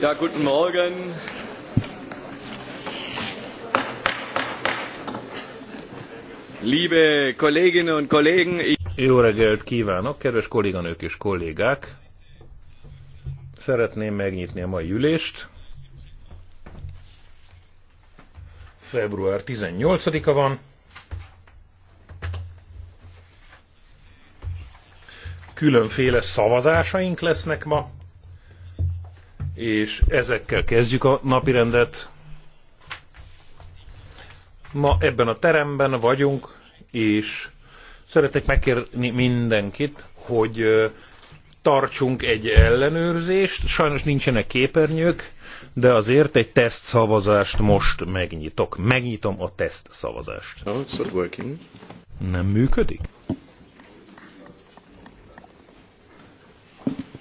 Ja, guten Morgen. Liebe Kolleginnen und Kollegen. Jó reggelt kívánok, kedves kolléganők és kollégák! Szeretném megnyitni a mai ülést. Február 18-a van. Különféle szavazásaink lesznek ma és ezekkel kezdjük a napirendet. Ma ebben a teremben vagyunk, és szeretek megkérni mindenkit, hogy tartsunk egy ellenőrzést. Sajnos nincsenek képernyők, de azért egy teszt szavazást most megnyitok. Megnyitom a teszt szavazást. Oh, Nem működik?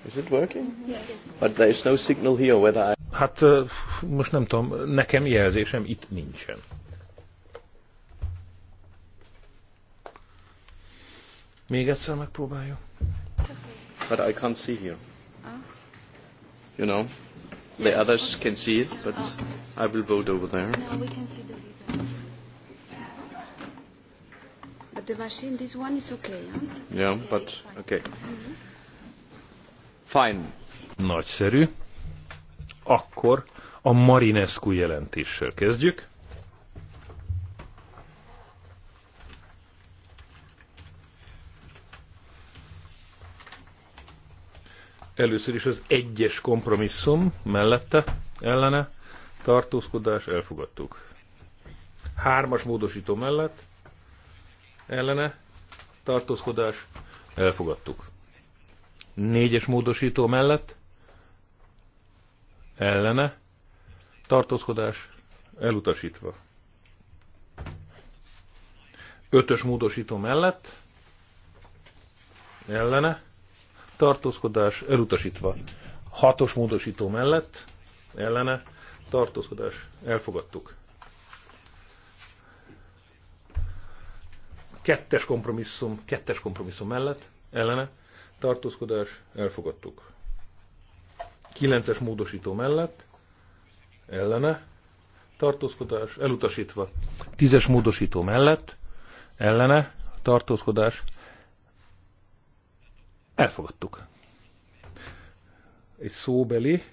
Is it working? Yes. But there is no signal here whether I... Hát most nem tudom, nekem jelzésem itt nincsen. Még egyszer megpróbáljuk. But I can't see here. You know, the others can see it, but I will vote over there. No, we can see the But the machine, this one is okay. Huh? Yeah, but okay. Mm -hmm. Fine. Nagyszerű. Akkor a Marinescu jelentéssel kezdjük. Először is az egyes kompromisszum mellette, ellene, tartózkodás, elfogadtuk. Hármas módosító mellett, ellene, tartózkodás, elfogadtuk. Négyes módosító mellett ellene tartózkodás elutasítva. Ötös módosító mellett ellene tartózkodás elutasítva. Hatos módosító mellett ellene tartózkodás elfogadtuk. Kettes kompromisszum, kettes kompromisszum mellett ellene tartózkodás, elfogadtuk. 9-es módosító mellett, ellene, tartózkodás, elutasítva. 10-es módosító mellett, ellene, tartózkodás, elfogadtuk. Egy szóbeli,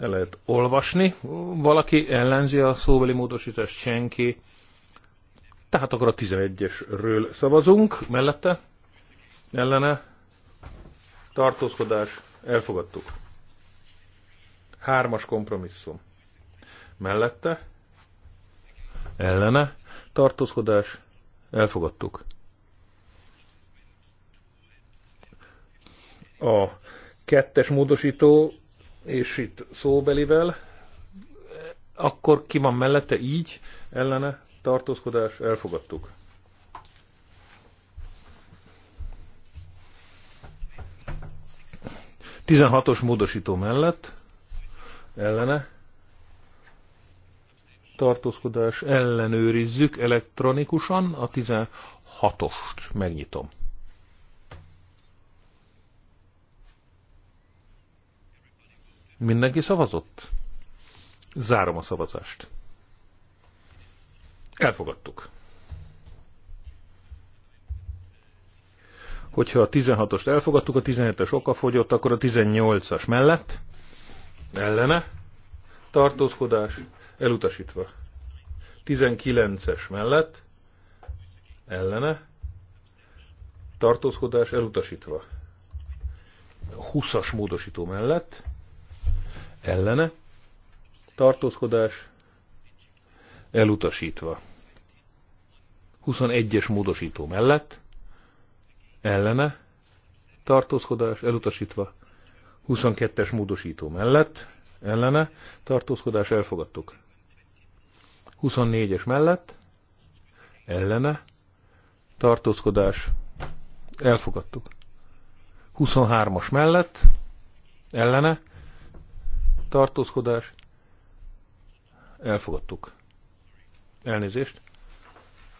el lehet olvasni, valaki ellenzi a szóbeli módosítást, senki, tehát akkor a 11-esről szavazunk, mellette, ellene, tartózkodás, elfogadtuk. Hármas kompromisszum. Mellette, ellene, tartózkodás, elfogadtuk. A kettes módosító, és itt szóbelivel, akkor ki van mellette így, ellene, tartózkodás, elfogadtuk. Tizenhatos módosító mellett, ellene, tartózkodás, ellenőrizzük elektronikusan a tizenhatost. Megnyitom. Mindenki szavazott? Zárom a szavazást. Elfogadtuk. Hogyha a 16-ost elfogadtuk, a 17-es okafogyott, akkor a 18-as mellett ellene tartózkodás elutasítva. 19-es mellett ellene tartózkodás elutasítva. 20-as módosító mellett ellene tartózkodás elutasítva. 21-es módosító mellett, ellene, tartózkodás elutasítva, 22-es módosító mellett, ellene, tartózkodás elfogadtuk. 24-es mellett, ellene, tartózkodás elfogadtuk. 23-as mellett, ellene, tartózkodás elfogadtuk. Elnézést.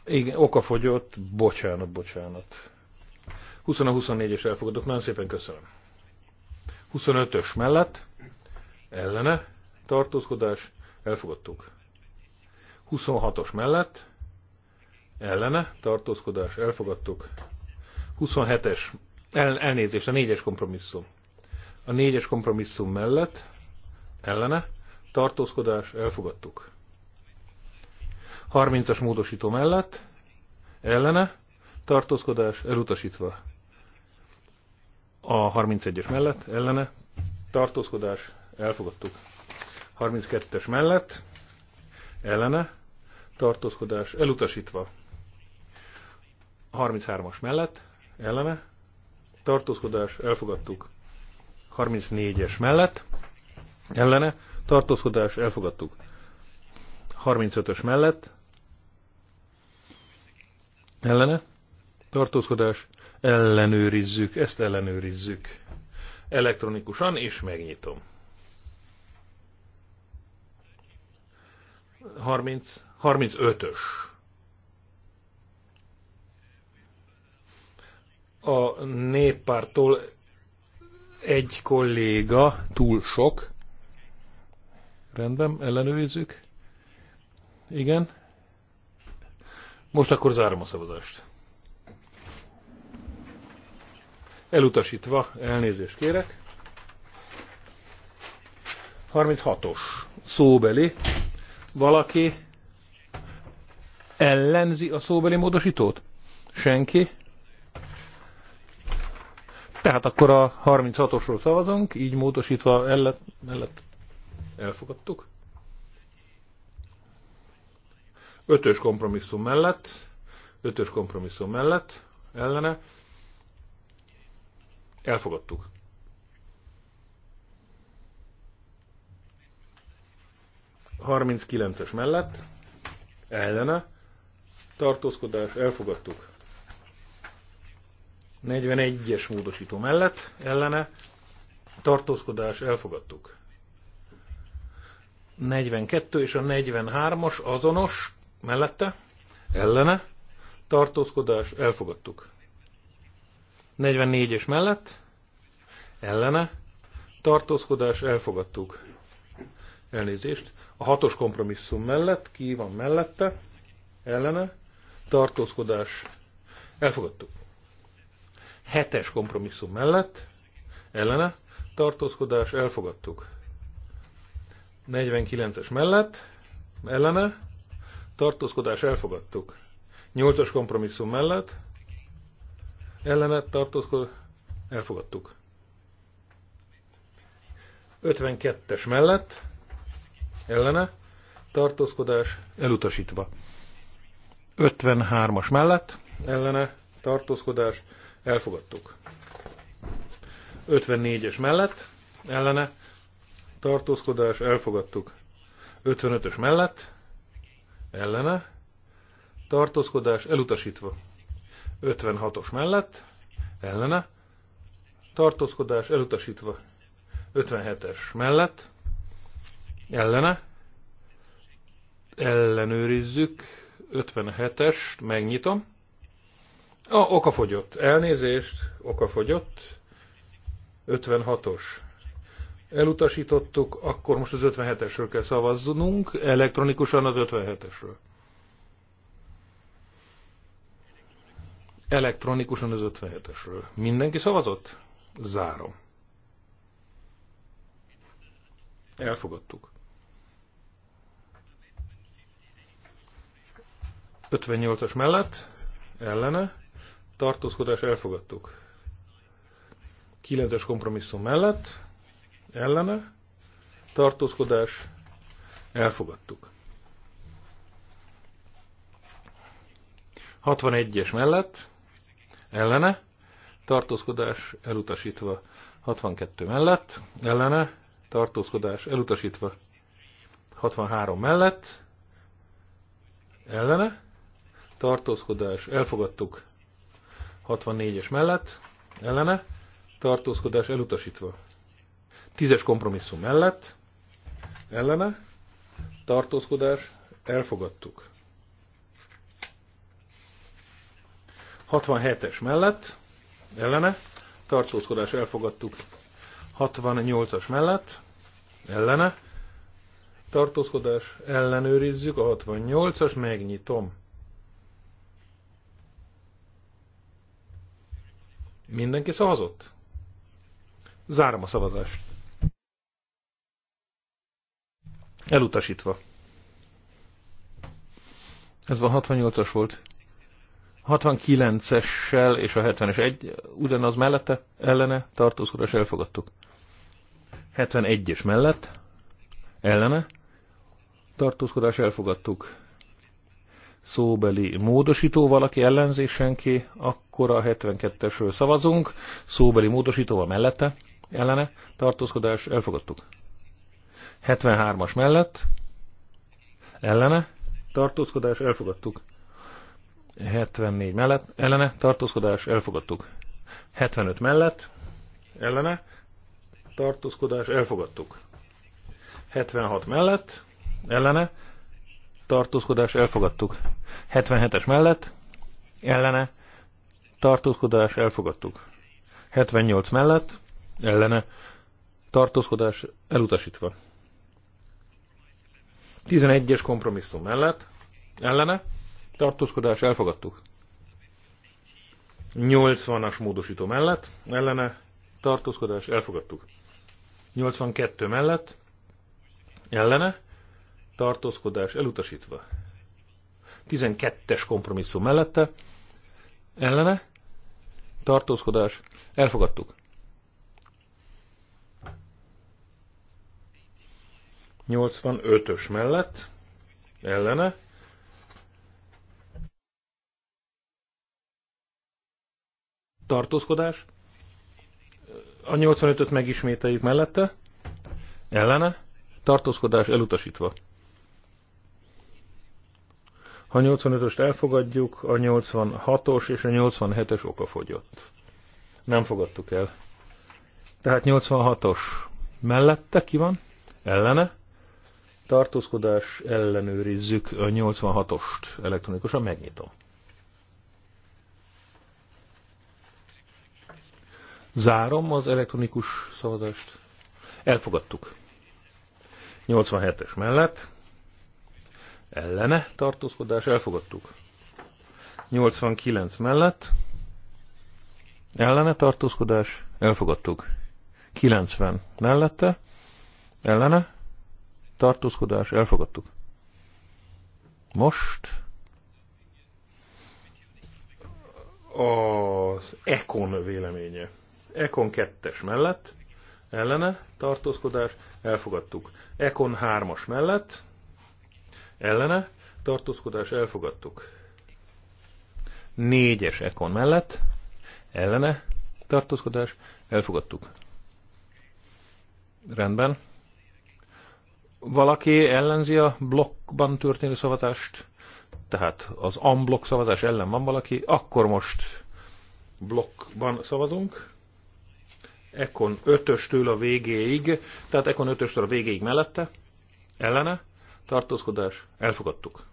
Igen, okafogyott, bocsánat, bocsánat. 20-24-es elfogadok, nagyon szépen köszönöm. 25-ös mellett, ellene, tartózkodás, elfogadtuk. 26-os mellett, ellene, tartózkodás, elfogadtuk. 27-es, el, elnézést, a 4-es kompromisszum. A 4-es kompromisszum mellett, ellene, tartózkodás, elfogadtuk. 30-as módosító mellett, ellene, tartózkodás elutasítva. A 31-es mellett, ellene, tartózkodás elfogadtuk. 32-es mellett, ellene, tartózkodás elutasítva. 33-as mellett, ellene, tartózkodás elfogadtuk. 34-es mellett, ellene, tartózkodás elfogadtuk. 35-ös mellett, Ellene? Tartózkodás? Ellenőrizzük, ezt ellenőrizzük. Elektronikusan, és megnyitom. 30, 35-ös. A néppártól egy kolléga túl sok. Rendben, ellenőrizzük. Igen, most akkor zárom a szavazást. Elutasítva, elnézést kérek. 36-os szóbeli. Valaki ellenzi a szóbeli módosítót? Senki? Tehát akkor a 36-osról szavazunk, így módosítva ellet, ellet elfogadtuk. Ötös kompromisszum mellett, ötös kompromisszum mellett, ellene, elfogadtuk. kilences mellett, ellene, tartózkodás, elfogadtuk. 41-es módosító mellett, ellene, tartózkodás, elfogadtuk. 42 és a 43-as azonos mellette, ellene, tartózkodás, elfogadtuk. 44-es mellett, ellene, tartózkodás, elfogadtuk. Elnézést. A hatos kompromisszum mellett, ki van mellette, ellene, tartózkodás, elfogadtuk. Hetes kompromisszum mellett, ellene, tartózkodás, elfogadtuk. 49-es mellett, ellene, tartózkodás elfogadtuk. Nyolcas kompromisszum mellett ellene tartózkodás elfogadtuk. 52-es mellett ellene tartózkodás elutasítva. 53-as mellett ellene tartózkodás elfogadtuk. 54-es mellett ellene tartózkodás elfogadtuk. 55-ös mellett ellene, tartózkodás elutasítva. 56-os mellett, ellene, tartózkodás elutasítva. 57-es mellett, ellene, ellenőrizzük, 57-est megnyitom. A, okafogyott, elnézést, okafogyott, 56-os elutasítottuk, akkor most az 57-esről kell szavazzunk. elektronikusan az 57-esről. Elektronikusan az 57-esről. Mindenki szavazott? Zárom. Elfogadtuk. 58-as mellett, ellene, tartózkodás elfogadtuk. 9-es kompromisszum mellett, ellene, tartózkodás, elfogadtuk. 61-es mellett, ellene, tartózkodás elutasítva. 62 mellett, ellene, tartózkodás elutasítva. 63 mellett, ellene, tartózkodás elfogadtuk. 64-es mellett, ellene, tartózkodás elutasítva. Tízes kompromisszum mellett, ellene, tartózkodás, elfogadtuk. 67-es mellett, ellene, tartózkodás, elfogadtuk. 68-as mellett, ellene, tartózkodás, ellenőrizzük, a 68-as, megnyitom. Mindenki szavazott? Zárom a szavazást. Elutasítva. Ez van 68-as volt. 69-essel és a 70-es egy, ugyanaz mellette, ellene, tartózkodás elfogadtuk. 71-es mellett, ellene, tartózkodás elfogadtuk. Szóbeli módosító, valaki ellenzés, senki, akkor a 72-esről szavazunk. Szóbeli módosítóval mellette, ellene, tartózkodás elfogadtuk. 73-as mellett ellene tartózkodás elfogadtuk. 74 mellett ellene tartózkodás elfogadtuk. 75 mellett ellene tartózkodás elfogadtuk. 76 mellett ellene tartózkodás elfogadtuk. 77-es mellett ellene tartózkodás elfogadtuk. 78 mellett ellene tartózkodás elutasítva. 11-es kompromisszum mellett, ellene, tartózkodás elfogadtuk. 80-as módosító mellett, ellene, tartózkodás elfogadtuk. 82 mellett, ellene, tartózkodás elutasítva. 12-es kompromisszum mellette, ellene, tartózkodás, elfogadtuk. 85-ös mellett ellene. Tartózkodás. A 85-öt megismételjük mellette. Ellene. Tartózkodás elutasítva. Ha 85-öst elfogadjuk, a 86-os és a 87-es oka fogyott. Nem fogadtuk el. Tehát 86-os mellette ki van? Ellene? tartózkodás, ellenőrizzük a 86-ost elektronikusan, megnyitom. Zárom az elektronikus szavazást. Elfogadtuk. 87-es mellett. Ellene tartózkodás. Elfogadtuk. 89 mellett. Ellene tartózkodás. Elfogadtuk. 90 mellette. Ellene tartózkodás, elfogadtuk. Most az Econ véleménye. Econ 2-es mellett, ellene, tartózkodás, elfogadtuk. Econ 3-as mellett, ellene, tartózkodás, elfogadtuk. 4-es Econ mellett, ellene, tartózkodás, elfogadtuk. Rendben. Valaki ellenzi a blokkban történő szavazást, tehát az unblock szavazás ellen van valaki, akkor most blokkban szavazunk. Ekon 5-östől a végéig, tehát Ekon 5-östől a végéig mellette, ellene, tartózkodás, elfogadtuk.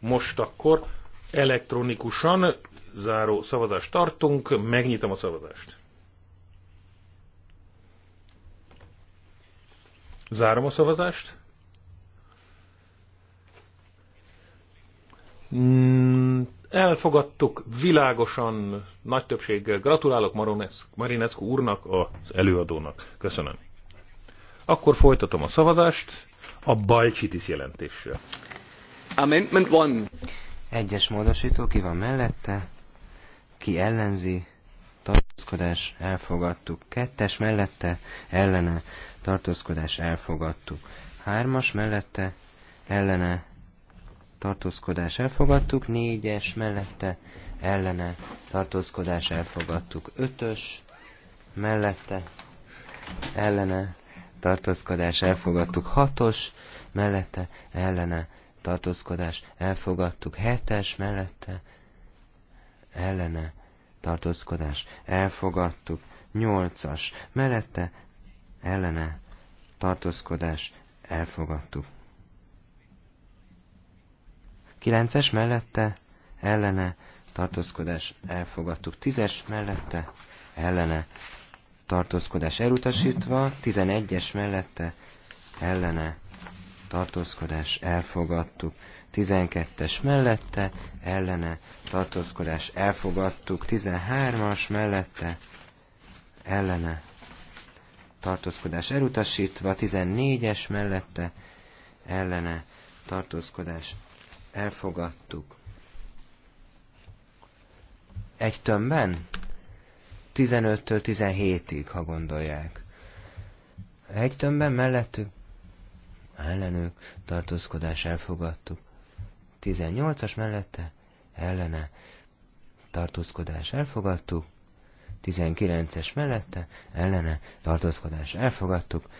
Most akkor elektronikusan záró szavazást tartunk, megnyitom a szavazást. Zárom a szavazást. Mm, elfogadtuk világosan, nagy többséggel. Gratulálok Marinecku úrnak, az előadónak. Köszönöm. Akkor folytatom a szavazást a Balcsitis jelentéssel. Amendment 1. Egyes módosító, ki van mellette, ki ellenzi, tartózkodás elfogadtuk. Kettes mellette ellene tartózkodás elfogadtuk. Hármas mellette ellene tartózkodás elfogadtuk. Négyes mellette ellene tartózkodás elfogadtuk. Ötös mellette ellene tartózkodás elfogadtuk. Hatos mellette ellene tartózkodás elfogadtuk. Hetes mellette ellene tartózkodás, elfogadtuk. nyolcas mellette, ellene, tartózkodás, elfogadtuk. kilences mellette, ellene, tartózkodás, elfogadtuk. Tízes mellette, ellene, tartózkodás elutasítva, tizenegyes mellette, ellene, tartózkodás, elfogadtuk. 12-es mellette, ellene tartózkodás elfogadtuk, 13-as mellette, ellene tartózkodás elutasítva, 14-es mellette, ellene tartózkodás elfogadtuk. Egy tömbben? 15-től 17-ig, ha gondolják. Egy tömbben mellettük ellenők tartózkodás elfogadtuk. 18-as mellette ellene tartózkodás elfogadtuk, 19-es mellette ellene tartózkodás elfogadtuk,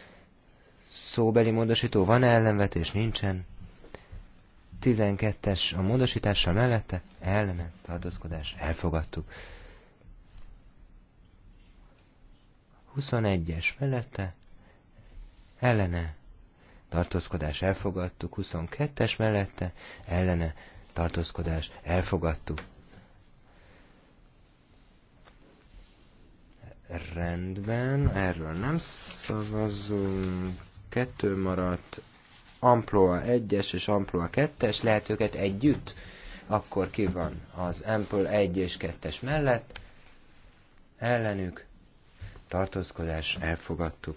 szóbeli módosító van -e ellenvetés nincsen, 12-es a módosítással mellette ellene tartózkodás elfogadtuk. 21-es mellette ellene tartózkodás elfogadtuk, 22-es mellette ellene tartózkodás elfogadtuk. Rendben, erről nem szavazunk. Kettő maradt Amploa 1-es és Amploa 2-es, lehet őket együtt? Akkor ki van az Ample 1 és 2-es mellett? Ellenük tartózkodás elfogadtuk.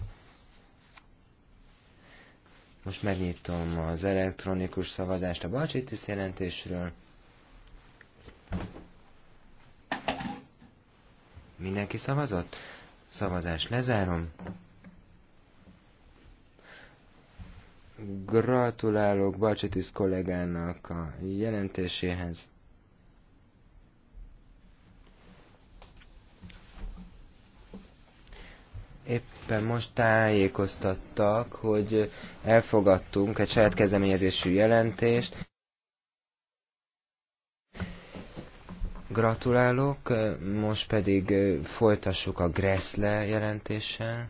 Most megnyitom az elektronikus szavazást a Balcsitis jelentésről. Mindenki szavazott? Szavazás lezárom. Gratulálok Balcsitis kollégának a jelentéséhez. Éppen most tájékoztattak, hogy elfogadtunk egy saját kezdeményezésű jelentést. Gratulálok, most pedig folytassuk a Gressle jelentéssel.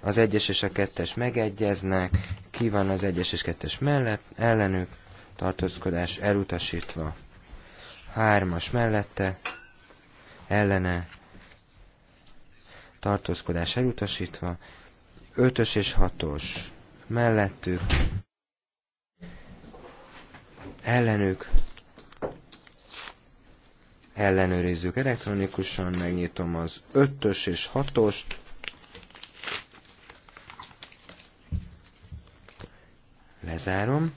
Az egyes és a kettes megegyeznek, ki van az egyes és kettes mellett, ellenük, tartózkodás elutasítva. Hármas mellette, ellene, tartózkodás elutasítva, 5-ös és 6-os mellettük, ellenük, ellenőrizzük elektronikusan, megnyitom az 5-ös és 6-ost, lezárom,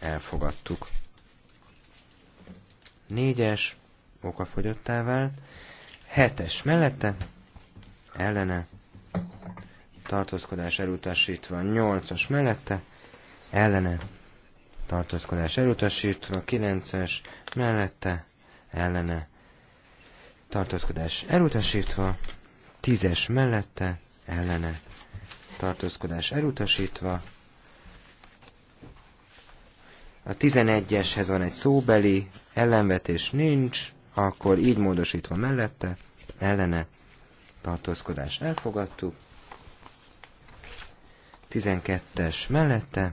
elfogadtuk. 4-es okafogyottá vált, Hetes mellette, ellene, tartózkodás elutasítva. Nyolcas mellette, ellene, tartózkodás elutasítva. Kilences mellette, ellene, tartózkodás elutasítva. Tízes mellette, ellene, tartózkodás elutasítva. A 11-eshez van egy szóbeli, ellenvetés nincs, akkor így módosítva mellette, ellene tartózkodás elfogadtuk. 12-es mellette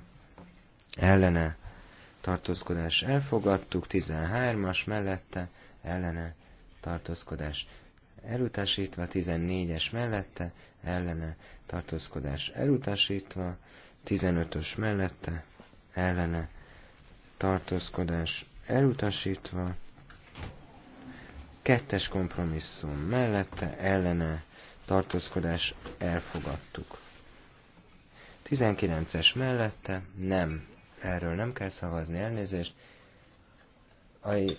ellene tartózkodás elfogadtuk, 13-as mellette ellene tartózkodás elutasítva, 14-es mellette ellene tartózkodás elutasítva, 15-ös mellette ellene tartózkodás elutasítva, Kettes kompromisszum mellette ellene tartózkodás elfogadtuk. 19-es mellette nem. Erről nem kell szavazni, elnézést.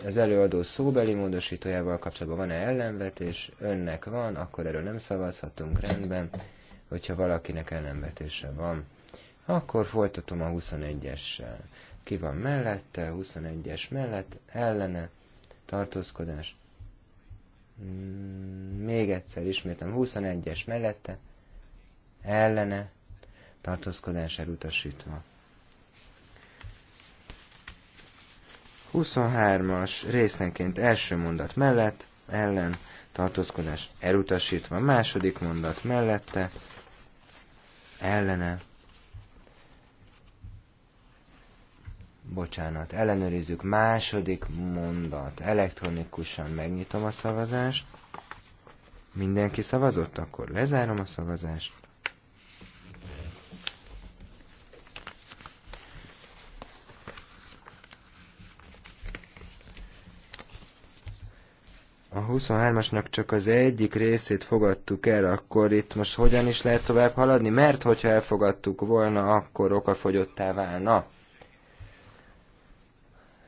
Az előadó szóbeli módosítójával kapcsolatban van-e ellenvetés? Önnek van, akkor erről nem szavazhatunk, rendben. Hogyha valakinek ellenvetése van, akkor folytatom a 21-essel. Ki van mellette, 21-es mellett, ellene, tartózkodás, Mm, még egyszer ismétem, 21-es mellette, ellene, tartózkodás elutasítva. 23-as részenként első mondat mellett, ellen, tartózkodás elutasítva, második mondat mellette, ellene, bocsánat, ellenőrizzük, második mondat, elektronikusan megnyitom a szavazást, mindenki szavazott, akkor lezárom a szavazást, a 23-asnak csak az egyik részét fogadtuk el, akkor itt most hogyan is lehet tovább haladni? Mert hogyha elfogadtuk volna, akkor okafogyottá válna.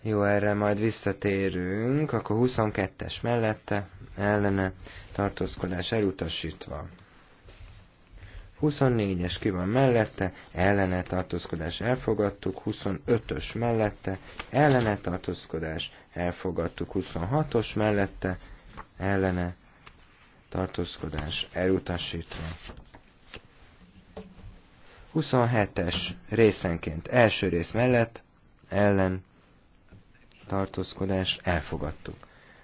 Jó, erre majd visszatérünk. Akkor 22-es mellette, ellene, tartózkodás elutasítva. 24-es ki van mellette, ellene tartózkodás elfogadtuk, 25-ös mellette, ellene tartózkodás elfogadtuk, 26-os mellette, ellene tartózkodás elutasítva. 27-es részenként első rész mellett, ellen tartózkodás, elfogadtuk.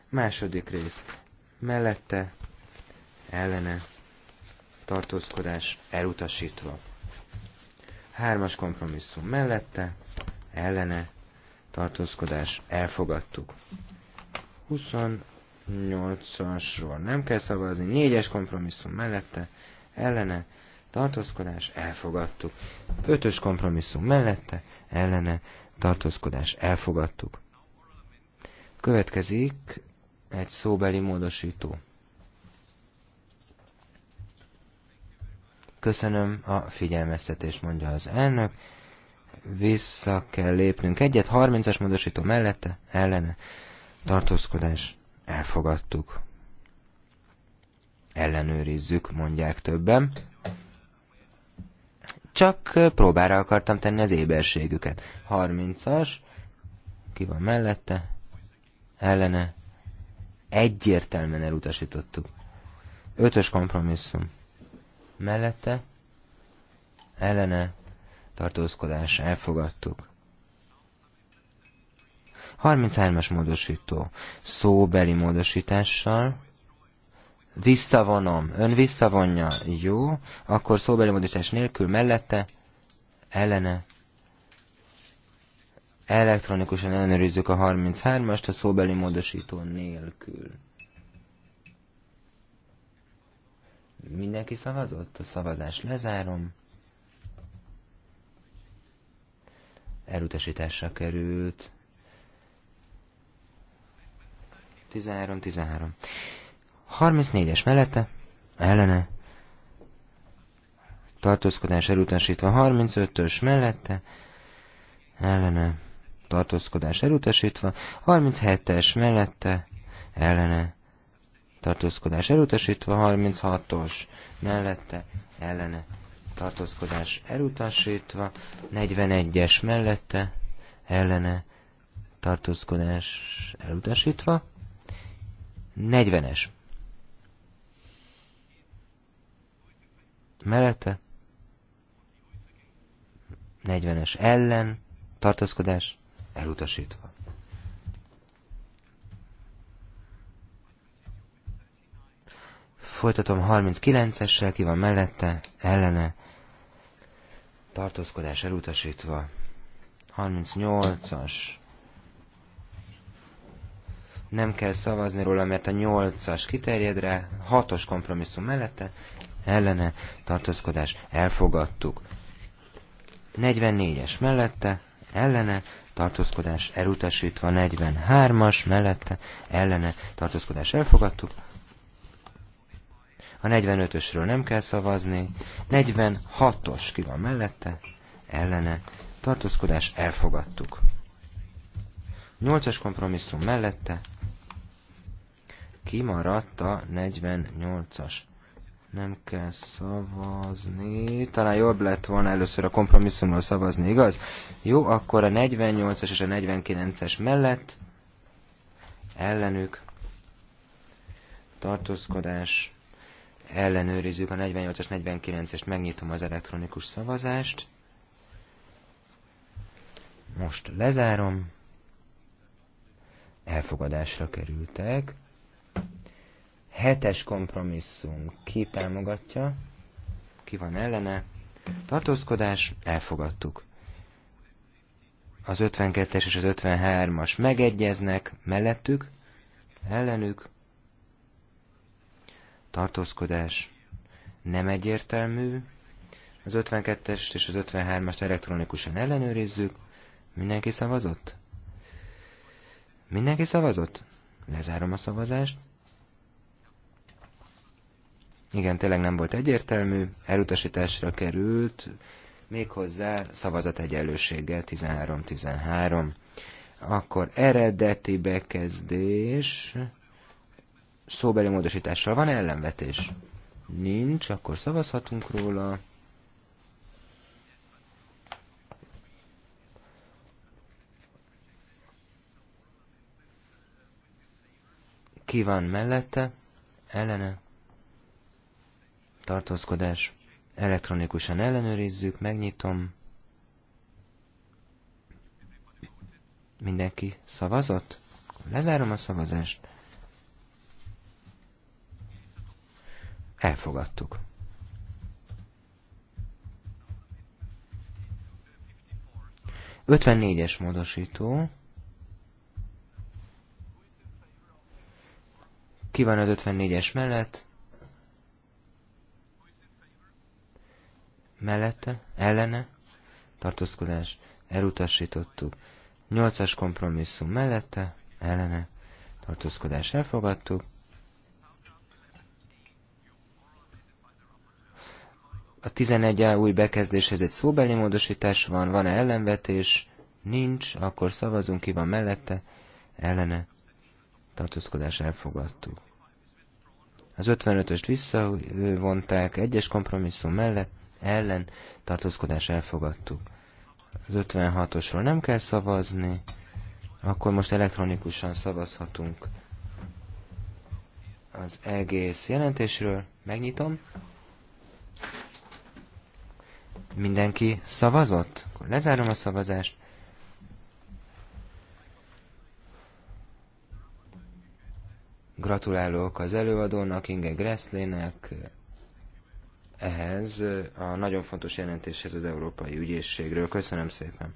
Második rész, mellette, ellene, tartózkodás, elutasítva. Hármas kompromisszum mellette, ellene, tartózkodás, elfogadtuk. 28-asról nem kell szavazni, Négyes kompromisszum mellette, ellene, tartózkodás, elfogadtuk. Ötös kompromisszum mellette, ellene, tartózkodás, elfogadtuk. Következik egy szóbeli módosító. Köszönöm a figyelmeztetést, mondja az elnök. Vissza kell lépnünk. Egyet 30-as módosító mellette, ellene. Tartózkodás. Elfogadtuk. Ellenőrizzük, mondják többen. Csak próbára akartam tenni az éberségüket. 30-as. Ki van mellette? ellene egyértelműen elutasítottuk. Ötös kompromisszum. Mellette ellene tartózkodás elfogadtuk. 33-as módosító szóbeli módosítással visszavonom, ön visszavonja, jó, akkor szóbeli módosítás nélkül mellette ellene Elektronikusan ellenőrizzük a 33-ast a szóbeli módosító nélkül. Mindenki szavazott? A szavazást lezárom. Elutasításra került. 13, 13. 34-es mellette, ellene, tartózkodás elutasítva 35-ös mellette, ellene, tartózkodás elutasítva, 37-es mellette ellene tartózkodás elutasítva, 36-os mellette ellene tartózkodás elutasítva, 41-es mellette ellene tartózkodás elutasítva, 40-es mellette 40-es ellen tartózkodás elutasítva. Folytatom 39-essel, ki van mellette, ellene, tartózkodás elutasítva. 38-as. Nem kell szavazni róla, mert a 8-as kiterjed rá, 6-os kompromisszum mellette, ellene, tartózkodás, elfogadtuk. 44-es mellette, ellene, tartózkodás elutasítva, 43-as mellette ellene tartózkodás elfogadtuk. A 45-ösről nem kell szavazni, 46-os ki van mellette, ellene tartózkodás elfogadtuk. 8-as kompromisszum mellette kimaradt a 48-as nem kell szavazni. Talán jobb lett volna először a kompromisszumról szavazni, igaz? Jó, akkor a 48-as és a 49-es mellett ellenük tartózkodás ellenőrizzük a 48-as, 49 es megnyitom az elektronikus szavazást. Most lezárom. Elfogadásra kerültek. Hetes kompromisszum. Ki támogatja? Ki van ellene? Tartózkodás. Elfogadtuk. Az 52-es és az 53-as megegyeznek. Mellettük? Ellenük? Tartózkodás. Nem egyértelmű. Az 52-est és az 53-ast elektronikusan ellenőrizzük. Mindenki szavazott? Mindenki szavazott? Lezárom a szavazást. Igen, tényleg nem volt egyértelmű, elutasításra került, méghozzá szavazat egyenlőséggel 13-13. Akkor eredeti bekezdés, szóbeli módosítással van ellenvetés? Nincs, akkor szavazhatunk róla. Ki van mellette? Ellene? tartózkodás, elektronikusan ellenőrizzük, megnyitom. Mindenki szavazott? Lezárom a szavazást. Elfogadtuk. 54-es módosító. Ki van az 54-es mellett? mellette, ellene, tartózkodás, elutasítottuk. Nyolcas kompromisszum mellette, ellene, tartózkodás, elfogadtuk. A 11 -e új bekezdéshez egy szóbeli módosítás van, van-e ellenvetés? Nincs, akkor szavazunk, ki van mellette, ellene, tartózkodás, elfogadtuk. Az 55-öst visszavonták, egyes kompromisszum mellett, ellen tartózkodás elfogadtuk. Az 56-osról nem kell szavazni, akkor most elektronikusan szavazhatunk az egész jelentésről. Megnyitom. Mindenki szavazott? Akkor lezárom a szavazást. Gratulálok az előadónak, Inge Gresslének, ehhez a nagyon fontos jelentéshez az Európai Ügyészségről. Köszönöm szépen!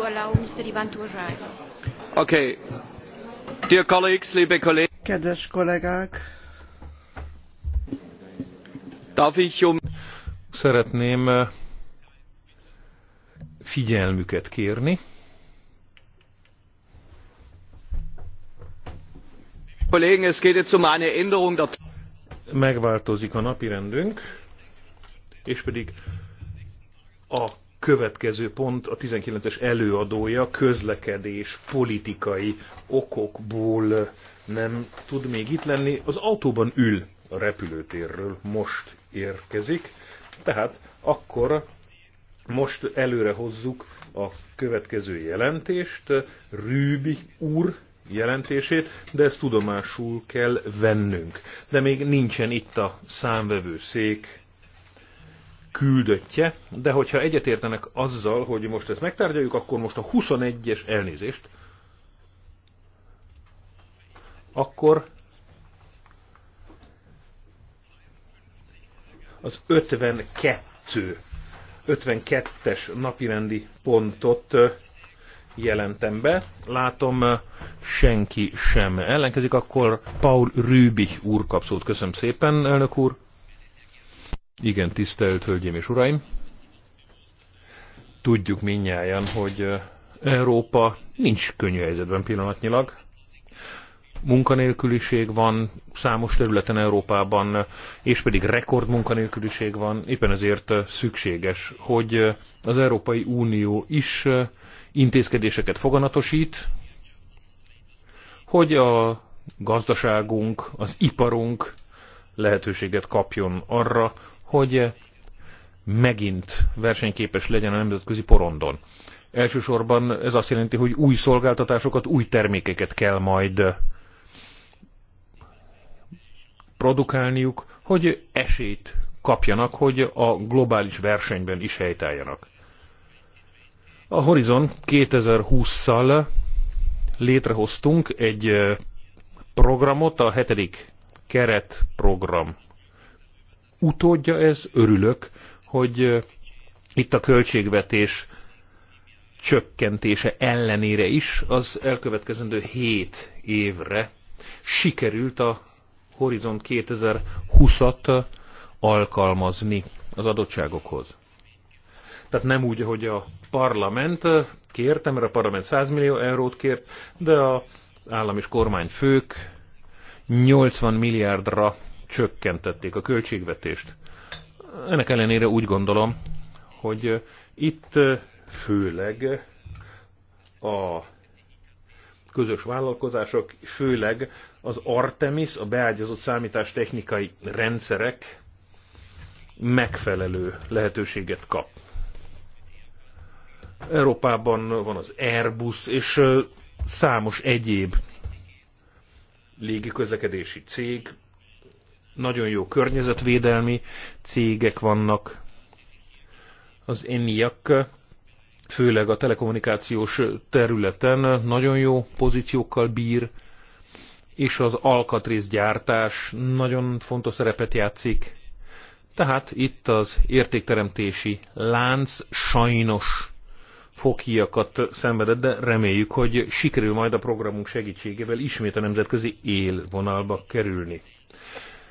to allow Mr. Ivan to arrive. Okay. Dear colleagues, liebe Kollegen. Kedves kollégák. Darf ich um... Szeretném eh, figyelmüket kérni. Kollegen, es geht jetzt um eine Änderung der... Megváltozik a napirendünk, és pedig a következő pont a 19-es előadója közlekedés politikai okokból nem tud még itt lenni. Az autóban ül a repülőtérről, most érkezik. Tehát akkor most előre hozzuk a következő jelentést, Rübi úr jelentését, de ezt tudomásul kell vennünk. De még nincsen itt a számvevő szék küldöttje, de hogyha egyetértenek azzal, hogy most ezt megtárgyaljuk, akkor most a 21-es elnézést, akkor az 52 52-es napirendi pontot jelentem be. Látom, senki sem ellenkezik, akkor Paul Rübi úr kapszót. Köszönöm szépen, elnök úr. Igen, tisztelt Hölgyeim és Uraim! Tudjuk minnyáján, hogy Európa nincs könnyű helyzetben pillanatnyilag. Munkanélküliség van számos területen Európában, és pedig rekord munkanélküliség van. Éppen ezért szükséges, hogy az Európai Unió is intézkedéseket foganatosít, hogy a gazdaságunk, az iparunk lehetőséget kapjon arra, hogy megint versenyképes legyen a nemzetközi porondon. Elsősorban ez azt jelenti, hogy új szolgáltatásokat, új termékeket kell majd produkálniuk, hogy esélyt kapjanak, hogy a globális versenyben is helytálljanak. A Horizon 2020-szal létrehoztunk egy programot, a hetedik keretprogram utódja ez, örülök, hogy itt a költségvetés csökkentése ellenére is az elkövetkezendő 7 évre sikerült a Horizont 2020-at alkalmazni az adottságokhoz. Tehát nem úgy, hogy a parlament kérte, mert a parlament 100 millió eurót kért, de az állam és kormányfők 80 milliárdra csökkentették a költségvetést. Ennek ellenére úgy gondolom, hogy itt főleg a közös vállalkozások, főleg az Artemis, a beágyazott számítástechnikai rendszerek megfelelő lehetőséget kap. Európában van az Airbus, és számos egyéb légiközlekedési cég, nagyon jó környezetvédelmi cégek vannak. Az ENIAC főleg a telekommunikációs területen nagyon jó pozíciókkal bír, és az alkatrészgyártás nagyon fontos szerepet játszik. Tehát itt az értékteremtési lánc sajnos fokhiakat szenvedett, de reméljük, hogy sikerül majd a programunk segítségével ismét a nemzetközi élvonalba kerülni.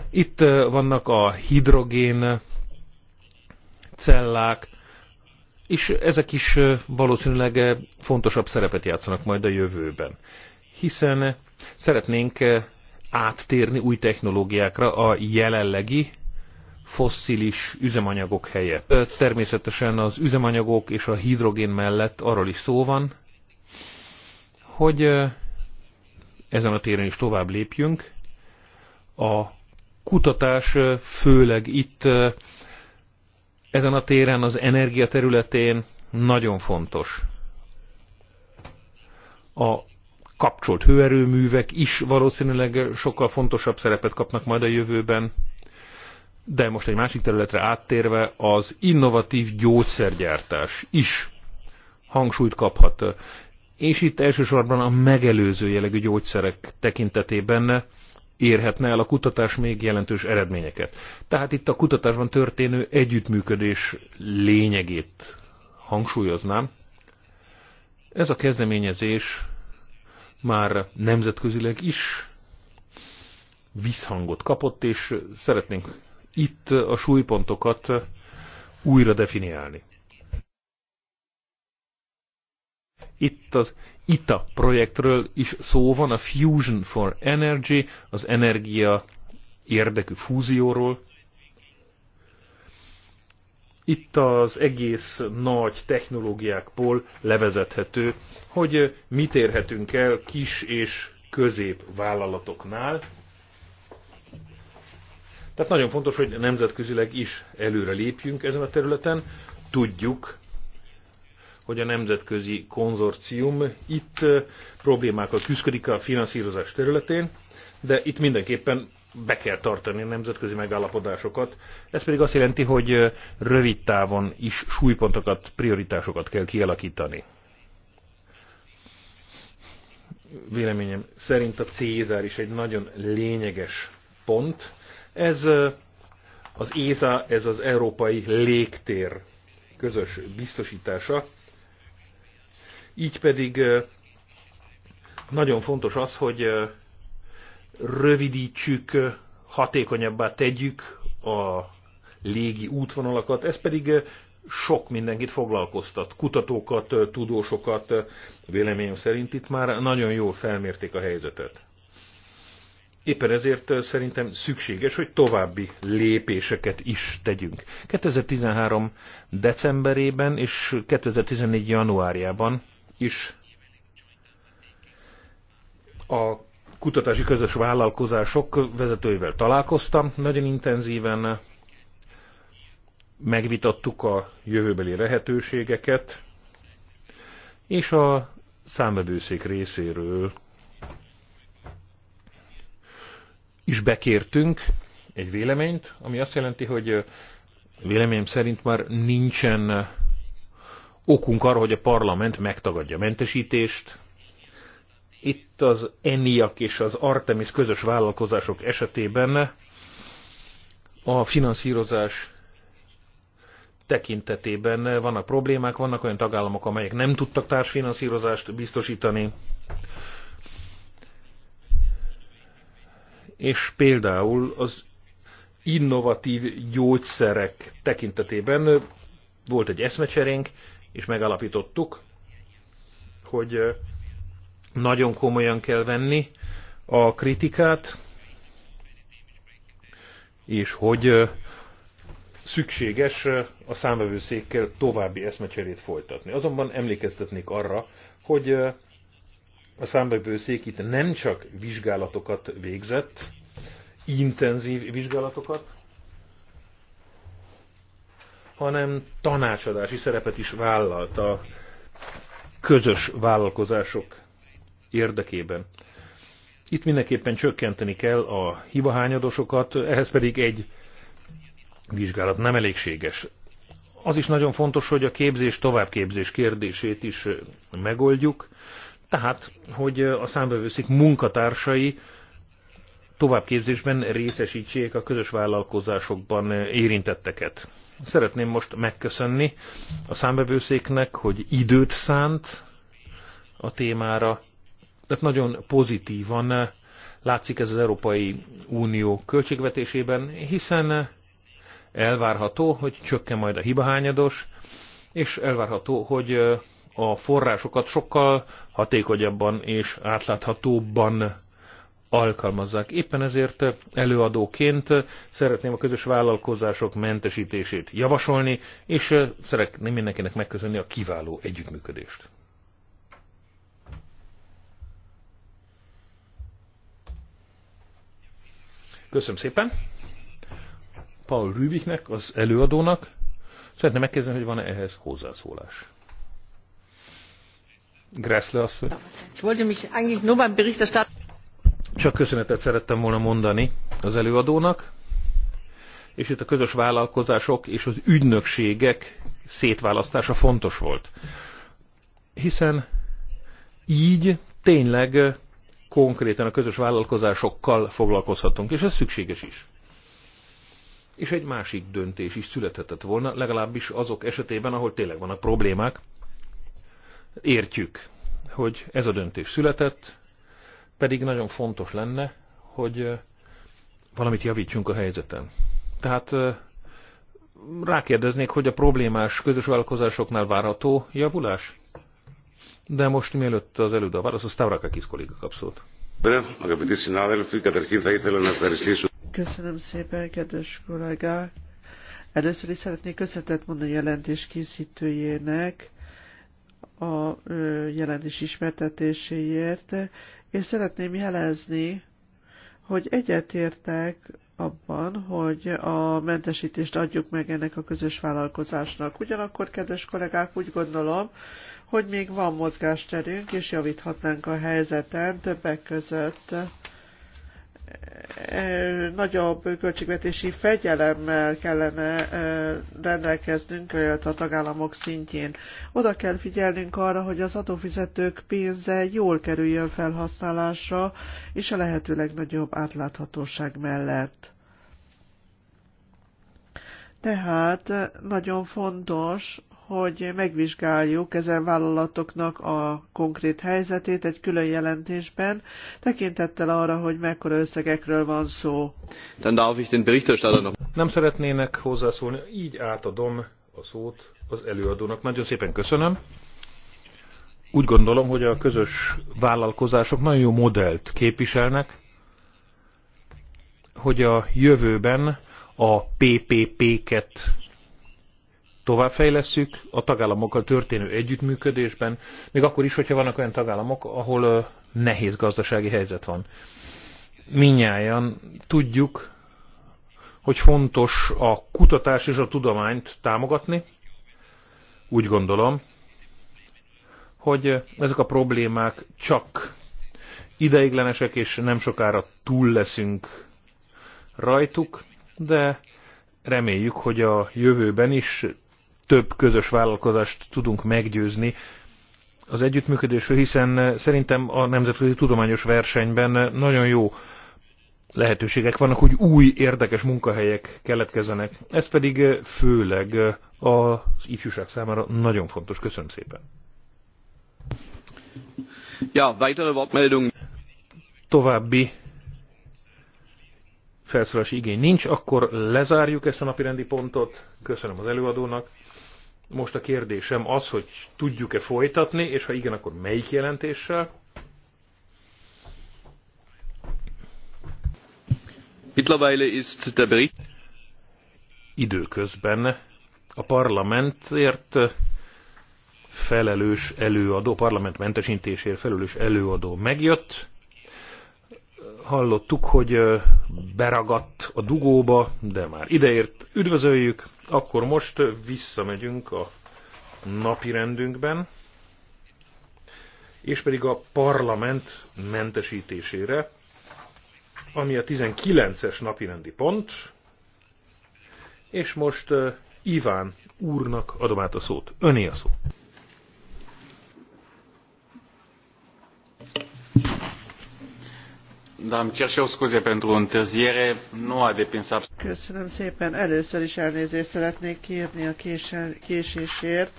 Itt vannak a hidrogén cellák, és ezek is valószínűleg fontosabb szerepet játszanak majd a jövőben. Hiszen szeretnénk áttérni új technológiákra a jelenlegi fosszilis üzemanyagok helyett. Természetesen az üzemanyagok és a hidrogén mellett arról is szó van, hogy ezen a téren is tovább lépjünk. A kutatás főleg itt ezen a téren, az energia területén nagyon fontos. A kapcsolt hőerőművek is valószínűleg sokkal fontosabb szerepet kapnak majd a jövőben. De most egy másik területre áttérve az innovatív gyógyszergyártás is hangsúlyt kaphat. És itt elsősorban a megelőző jellegű gyógyszerek tekintetében érhetne el a kutatás még jelentős eredményeket. Tehát itt a kutatásban történő együttműködés lényegét hangsúlyoznám. Ez a kezdeményezés már nemzetközileg is visszhangot kapott, és szeretnénk itt a súlypontokat újra definiálni. Itt az ITA projektről is szó van, a Fusion for Energy, az energia érdekű fúzióról. Itt az egész nagy technológiákból levezethető, hogy mit érhetünk el kis és közép vállalatoknál. Tehát nagyon fontos, hogy nemzetközileg is előre lépjünk ezen a területen. Tudjuk, hogy a nemzetközi konzorcium itt problémákkal küzdik a finanszírozás területén, de itt mindenképpen be kell tartani a nemzetközi megállapodásokat. Ez pedig azt jelenti, hogy rövid távon is súlypontokat, prioritásokat kell kialakítani. Véleményem szerint a Cézár is egy nagyon lényeges pont. Ez az ÉZA, ez az Európai Légtér közös biztosítása, így pedig nagyon fontos az, hogy rövidítsük, hatékonyabbá tegyük a légi útvonalakat, ez pedig sok mindenkit foglalkoztat, kutatókat, tudósokat, véleményem szerint itt már nagyon jól felmérték a helyzetet. Éppen ezért szerintem szükséges, hogy további lépéseket is tegyünk. 2013. decemberében és 2014. januárjában is a kutatási közös vállalkozások vezetőivel találkoztam nagyon intenzíven, megvitattuk a jövőbeli lehetőségeket, és a számvevőszék részéről is bekértünk egy véleményt, ami azt jelenti, hogy véleményem szerint már nincsen okunk arra, hogy a parlament megtagadja a mentesítést. Itt az ENIAK és az Artemis közös vállalkozások esetében a finanszírozás tekintetében vannak problémák, vannak olyan tagállamok, amelyek nem tudtak társfinanszírozást biztosítani. És például az innovatív gyógyszerek tekintetében volt egy eszmecserénk, és megalapítottuk, hogy nagyon komolyan kell venni a kritikát, és hogy szükséges a számvevőszékkel további eszmecserét folytatni. Azonban emlékeztetnék arra, hogy a számvevőszék itt nem csak vizsgálatokat végzett, intenzív vizsgálatokat, hanem tanácsadási szerepet is vállalt a közös vállalkozások érdekében. Itt mindenképpen csökkenteni kell a hibahányadosokat, ehhez pedig egy vizsgálat nem elégséges. Az is nagyon fontos, hogy a képzés továbbképzés kérdését is megoldjuk, tehát, hogy a számbevőszik munkatársai továbbképzésben részesítsék a közös vállalkozásokban érintetteket. Szeretném most megköszönni a számbevőszéknek, hogy időt szánt a témára. Tehát nagyon pozitívan látszik ez az Európai Unió költségvetésében, hiszen elvárható, hogy csökken majd a hibahányados, és elvárható, hogy a forrásokat sokkal hatékonyabban és átláthatóbban alkalmazzák. Éppen ezért előadóként szeretném a közös vállalkozások mentesítését javasolni, és szeretném mindenkinek megköszönni a kiváló együttműködést. Köszönöm szépen. Paul Rübiknek, az előadónak. Szeretném megkérdezni, hogy van-e ehhez hozzászólás. Gressle asszony. Ich wollte mich eigentlich nur beim Berichterstatter csak köszönetet szerettem volna mondani az előadónak, és itt a közös vállalkozások és az ügynökségek szétválasztása fontos volt. Hiszen így tényleg konkrétan a közös vállalkozásokkal foglalkozhatunk, és ez szükséges is. És egy másik döntés is születhetett volna, legalábbis azok esetében, ahol tényleg vannak problémák. Értjük, hogy ez a döntés született, pedig nagyon fontos lenne, hogy valamit javítsunk a helyzeten. Tehát rákérdeznék, hogy a problémás közös vállalkozásoknál várható javulás? De most mielőtt az előd a válasz, a Stavrakakis kolléga kap szót. Köszönöm szépen, kedves kollégák! Először is szeretnék köszönetet mondani a jelentés készítőjének a jelentés ismertetéséért, és szeretném jelezni, hogy egyetértek abban, hogy a mentesítést adjuk meg ennek a közös vállalkozásnak. Ugyanakkor, kedves kollégák, úgy gondolom, hogy még van mozgásterünk, és javíthatnánk a helyzeten többek között E, nagyobb költségvetési fegyelemmel kellene e, rendelkeznünk a tagállamok szintjén. Oda kell figyelnünk arra, hogy az adófizetők pénze jól kerüljön felhasználásra, és a lehető nagyobb átláthatóság mellett. Tehát nagyon fontos hogy megvizsgáljuk ezen vállalatoknak a konkrét helyzetét egy külön jelentésben, tekintettel arra, hogy mekkora összegekről van szó. Nem szeretnének hozzászólni, így átadom a szót az előadónak. Nagyon szépen köszönöm. Úgy gondolom, hogy a közös vállalkozások nagyon jó modellt képviselnek, hogy a jövőben a PPP-ket továbbfejlesszük a tagállamokkal történő együttműködésben, még akkor is, hogyha vannak olyan tagállamok, ahol nehéz gazdasági helyzet van. Minnyáján tudjuk, hogy fontos a kutatás és a tudományt támogatni. Úgy gondolom, hogy ezek a problémák csak ideiglenesek, és nem sokára túl leszünk rajtuk, de reméljük, hogy a jövőben is több közös vállalkozást tudunk meggyőzni az együttműködésről, hiszen szerintem a nemzetközi tudományos versenyben nagyon jó lehetőségek vannak, hogy új érdekes munkahelyek keletkezenek. Ez pedig főleg az ifjúság számára nagyon fontos. Köszönöm szépen. Ja, weitere Wortmeldung. További felszólási igény nincs, akkor lezárjuk ezt a napirendi pontot. Köszönöm az előadónak. Most a kérdésem az, hogy tudjuk-e folytatni, és ha igen, akkor melyik jelentéssel? Mittlerweile ist der Bericht időközben a parlamentért felelős előadó, parlament mentesítésért felelős előadó megjött, hallottuk, hogy beragadt a dugóba, de már ideért üdvözöljük. Akkor most visszamegyünk a napi rendünkben, és pedig a parlament mentesítésére, ami a 19-es rendi pont, és most Iván úrnak adom át a szót. Öné a szó. Köszönöm szépen. Először is elnézést szeretnék kérni a késésért,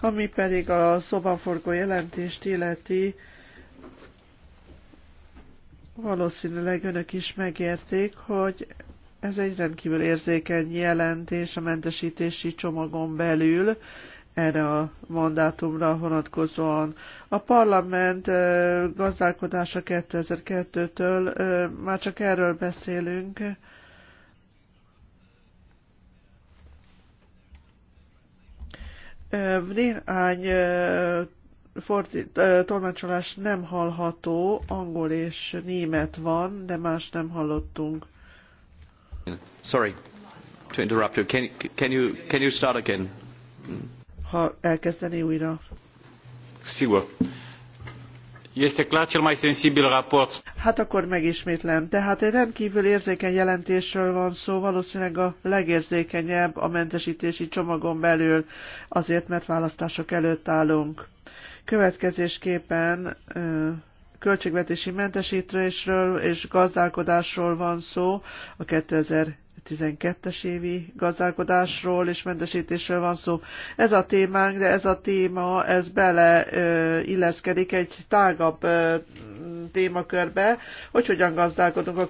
ami pedig a szobaforgó jelentést illeti. Valószínűleg önök is megérték, hogy ez egy rendkívül érzékeny jelentés a mentesítési csomagon belül, erre a mandátumra vonatkozóan. A parlament gazdálkodása 2002-től már csak erről beszélünk, Néhány tolmácsolás nem hallható, angol és német van, de más nem hallottunk. Sorry to interrupt you. Can, can you. can you start again? ha elkezdené újra. Sigur. Este clar cel mai sensibil raport. Hát akkor megismétlem. Tehát egy rendkívül érzékeny jelentésről van szó, valószínűleg a legérzékenyebb a mentesítési csomagon belül, azért mert választások előtt állunk. Következésképpen költségvetési mentesítésről és gazdálkodásról van szó a 2000 2012-es évi gazdálkodásról és mentesítésről van szó. Ez a témánk, de ez a téma, ez bele illeszkedik egy tágabb témakörbe, hogy hogyan gazdálkodunk a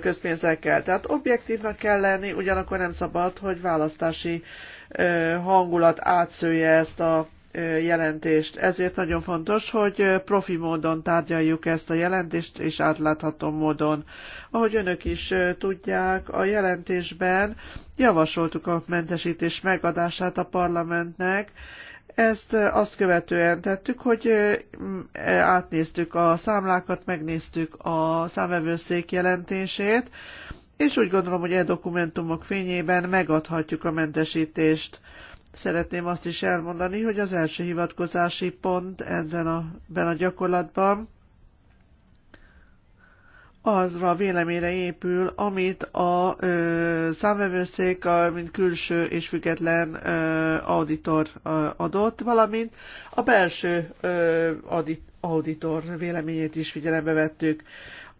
közpénzekkel. Tehát objektívnak kell lenni, ugyanakkor nem szabad, hogy választási hangulat átszője ezt a jelentést. Ezért nagyon fontos, hogy profi módon tárgyaljuk ezt a jelentést, és átlátható módon. Ahogy önök is tudják, a jelentésben javasoltuk a mentesítés megadását a parlamentnek, ezt azt követően tettük, hogy átnéztük a számlákat, megnéztük a számvevőszék jelentését, és úgy gondolom, hogy e dokumentumok fényében megadhatjuk a mentesítést. Szeretném azt is elmondani, hogy az első hivatkozási pont ezen a, ben a gyakorlatban azra a véleményre épül, amit a ö, számvevőszék, a, mint külső és független ö, auditor ö, adott, valamint a belső ö, audit, auditor véleményét is figyelembe vettük.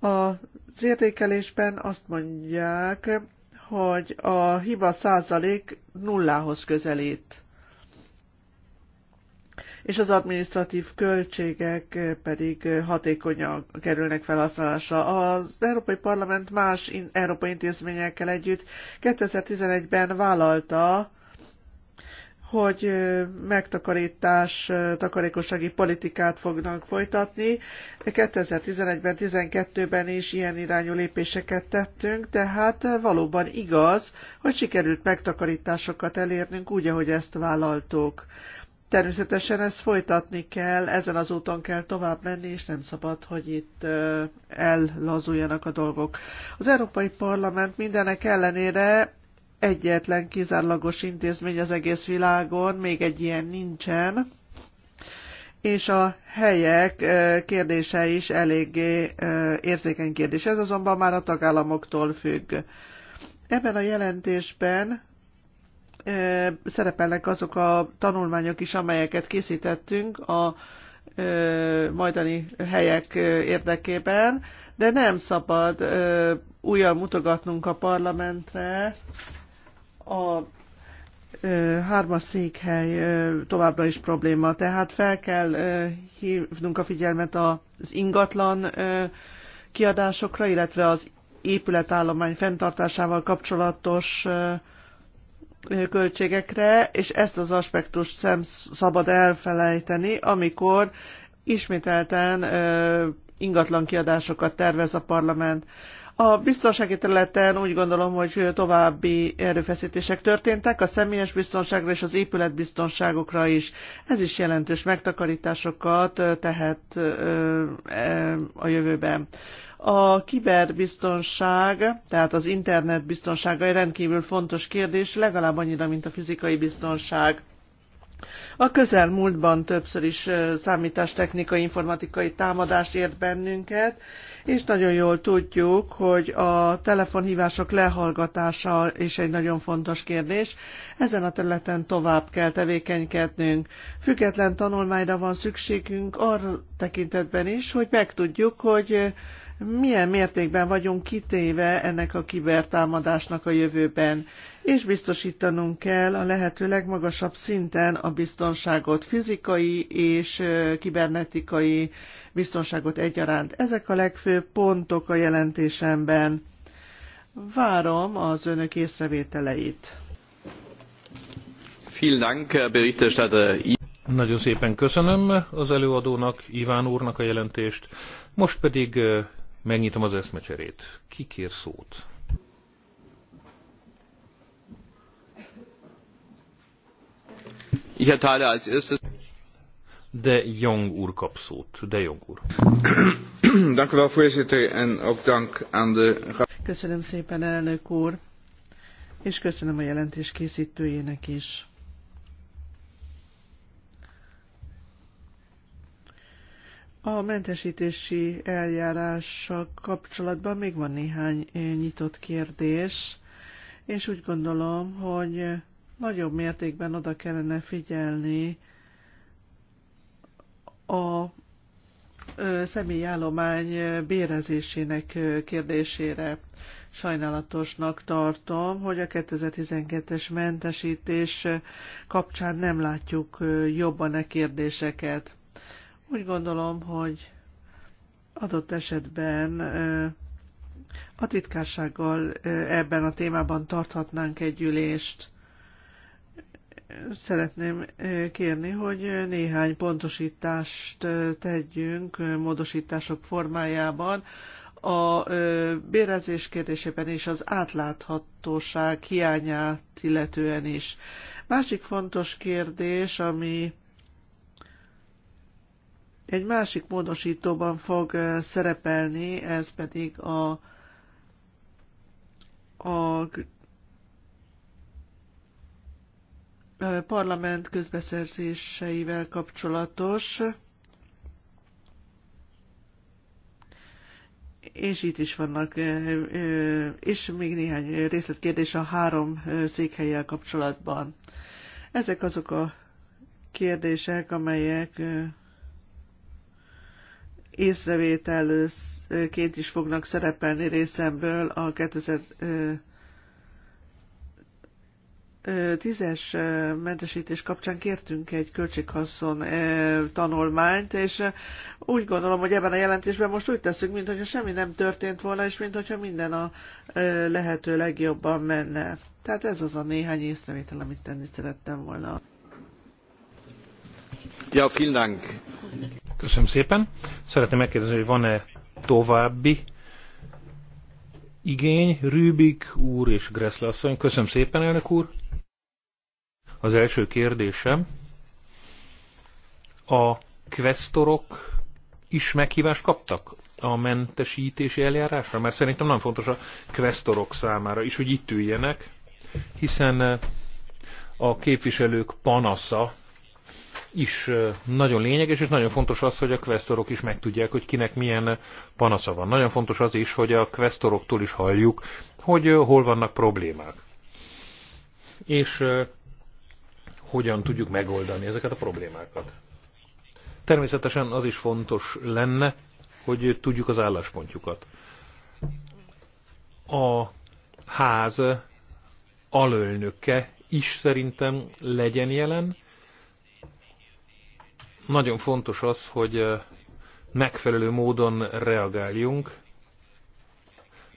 Az értékelésben azt mondják, hogy a hiba százalék nullához közelít, és az administratív költségek pedig hatékonyan kerülnek felhasználásra. Az Európai Parlament más európai intézményekkel együtt 2011-ben vállalta, hogy megtakarítás, takarékossági politikát fognak folytatni. 2011-ben, 12-ben is ilyen irányú lépéseket tettünk, tehát valóban igaz, hogy sikerült megtakarításokat elérnünk úgy, ahogy ezt vállaltuk. Természetesen ezt folytatni kell, ezen az úton kell tovább menni, és nem szabad, hogy itt ellazuljanak a dolgok. Az Európai Parlament mindenek ellenére egyetlen kizárólagos intézmény az egész világon, még egy ilyen nincsen, és a helyek kérdése is eléggé érzékeny kérdés. Ez azonban már a tagállamoktól függ. Ebben a jelentésben szerepelnek azok a tanulmányok is, amelyeket készítettünk a majdani helyek érdekében, de nem szabad újra mutogatnunk a parlamentre, a hármas székhely továbbra is probléma, tehát fel kell hívnunk a figyelmet az ingatlan kiadásokra, illetve az épületállomány fenntartásával kapcsolatos költségekre, és ezt az aspektust sem szabad elfelejteni, amikor ismételten ingatlan kiadásokat tervez a parlament. A biztonsági területen úgy gondolom, hogy további erőfeszítések történtek a személyes biztonságra és az épületbiztonságokra is. Ez is jelentős megtakarításokat tehet a jövőben. A kiberbiztonság, tehát az internet biztonsága egy rendkívül fontos kérdés, legalább annyira, mint a fizikai biztonság. A közelmúltban többször is számítástechnikai, informatikai támadást ért bennünket, és nagyon jól tudjuk, hogy a telefonhívások lehallgatása is egy nagyon fontos kérdés. Ezen a területen tovább kell tevékenykednünk. Független tanulmányra van szükségünk arra tekintetben is, hogy megtudjuk, hogy milyen mértékben vagyunk kitéve ennek a kibertámadásnak a jövőben, és biztosítanunk kell a lehető legmagasabb szinten a biztonságot, fizikai és kibernetikai biztonságot egyaránt. Ezek a legfőbb pontok a jelentésemben. Várom az önök észrevételeit. Nagyon szépen köszönöm az előadónak, Iván úrnak a jelentést. Most pedig Megnyitom az eszmecserét. Ki kér szót? Ja, erteile als de Jong úr kap szót. De Jong úr. Köszönöm szépen, elnök úr, és köszönöm a jelentés készítőjének is. A mentesítési eljárással kapcsolatban még van néhány eh, nyitott kérdés, és úgy gondolom, hogy nagyobb mértékben oda kellene figyelni a személyállomány bérezésének kérdésére. Sajnálatosnak tartom, hogy a 2012-es mentesítés kapcsán nem látjuk jobban e kérdéseket. Úgy gondolom, hogy adott esetben a titkársággal ebben a témában tarthatnánk egy ülést. Szeretném kérni, hogy néhány pontosítást tegyünk módosítások formájában a bérezés kérdésében és az átláthatóság hiányát illetően is. Másik fontos kérdés, ami egy másik módosítóban fog szerepelni, ez pedig a, a parlament közbeszerzéseivel kapcsolatos, és itt is vannak, és még néhány részletkérdés a három székhelyjel kapcsolatban. Ezek azok a kérdések, amelyek észrevételként is fognak szerepelni részemből a 2010-es mentesítés kapcsán kértünk egy költséghaszon eh, tanulmányt, és eh, úgy gondolom, hogy ebben a jelentésben most úgy teszünk, mintha semmi nem történt volna, és mintha minden a eh, lehető legjobban menne. Tehát ez az a néhány észrevétel, amit tenni szerettem volna. Ja, vielen Dank. Köszönöm szépen. Szeretném megkérdezni, hogy van-e további igény, Rübik úr és Gressle asszony. Köszönöm szépen, elnök úr. Az első kérdésem. A questorok is meghívást kaptak a mentesítési eljárásra? Mert szerintem nagyon fontos a questorok számára is, hogy itt üljenek, hiszen a képviselők panasza is nagyon lényeges, és nagyon fontos az, hogy a questorok is megtudják, hogy kinek milyen panasza van. Nagyon fontos az is, hogy a questoroktól is halljuk, hogy hol vannak problémák. És hogyan tudjuk megoldani ezeket a problémákat. Természetesen az is fontos lenne, hogy tudjuk az álláspontjukat. A ház alölnöke is szerintem legyen jelen, nagyon fontos az, hogy megfelelő módon reagáljunk.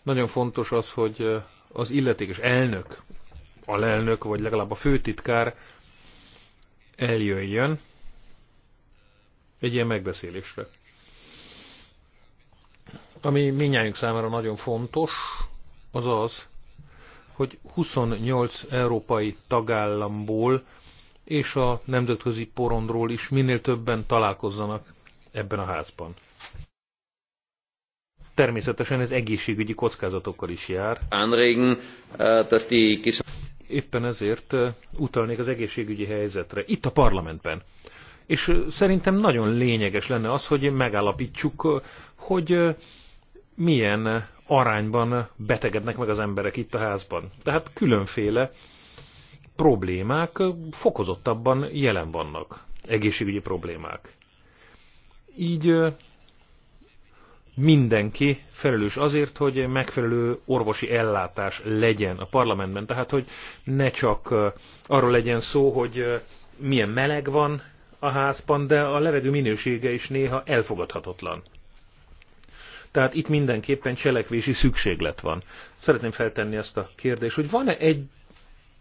Nagyon fontos az, hogy az illetékes elnök, a lelnök vagy legalább a főtitkár eljöjjön egy ilyen megbeszélésre. Ami minnyájunk számára nagyon fontos, az az, hogy 28 európai tagállamból és a nemzetközi porondról is minél többen találkozzanak ebben a házban. Természetesen ez egészségügyi kockázatokkal is jár. Eh, Éppen ezért eh, utalnék az egészségügyi helyzetre, itt a parlamentben. És eh, szerintem nagyon lényeges lenne az, hogy megállapítsuk, hogy milyen arányban betegednek meg az emberek itt a házban. Tehát különféle problémák fokozottabban jelen vannak, egészségügyi problémák. Így mindenki felelős azért, hogy megfelelő orvosi ellátás legyen a parlamentben. Tehát, hogy ne csak arról legyen szó, hogy milyen meleg van a házban, de a levegő minősége is néha elfogadhatatlan. Tehát itt mindenképpen cselekvési szükséglet van. Szeretném feltenni azt a kérdést, hogy van-e egy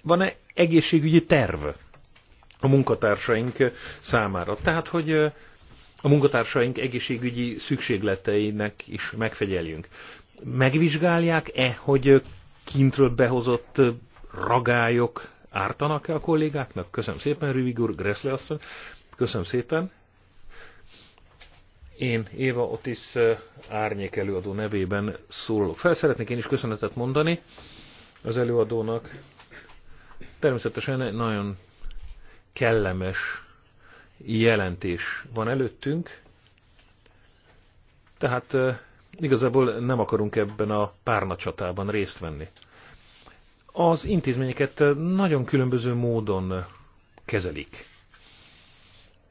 van-e egészségügyi terv a munkatársaink számára? Tehát, hogy a munkatársaink egészségügyi szükségleteinek is megfegyeljünk. Megvizsgálják-e, hogy kintről behozott ragályok ártanak-e a kollégáknak? Köszönöm szépen, Rüvig úr, Gressle asszony. Köszönöm szépen. Én Éva Otis árnyék előadó nevében szólok Felszeretnék én is köszönetet mondani az előadónak Természetesen egy nagyon kellemes jelentés van előttünk, tehát igazából nem akarunk ebben a párnacsatában részt venni. Az intézményeket nagyon különböző módon kezelik.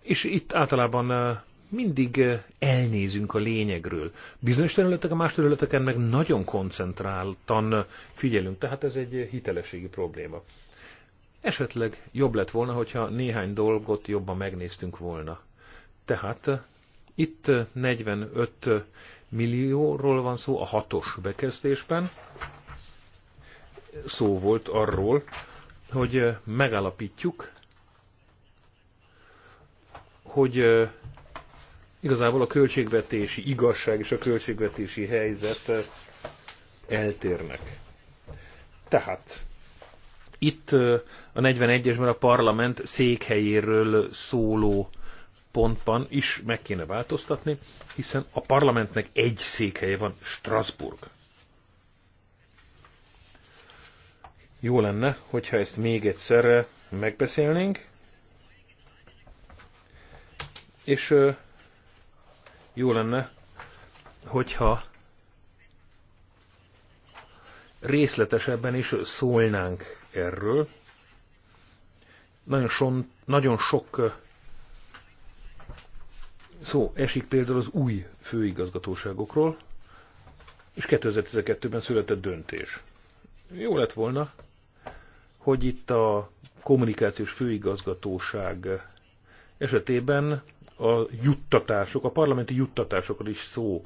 És itt általában mindig elnézünk a lényegről. Bizonyos területeken, más területeken meg nagyon koncentráltan figyelünk, tehát ez egy hitelességi probléma. Esetleg jobb lett volna, hogyha néhány dolgot jobban megnéztünk volna. Tehát eh, itt 45 eh, eh, millióról van szó a hatos bekezdésben. Szó volt arról, hogy megállapítjuk, hogy igazából a költségvetési igazság és a költségvetési helyzet eltérnek. Tehát itt a 41-esben a parlament székhelyéről szóló pontban is meg kéne változtatni, hiszen a parlamentnek egy székhelye van, Strasbourg. Jó lenne, hogyha ezt még egyszer megbeszélnénk, és jó lenne, hogyha részletesebben is szólnánk erről. Nagyon, son, nagyon sok szó esik például az új főigazgatóságokról, és 2012-ben született döntés. Jó lett volna, hogy itt a kommunikációs főigazgatóság esetében a juttatások, a parlamenti juttatásokról is szó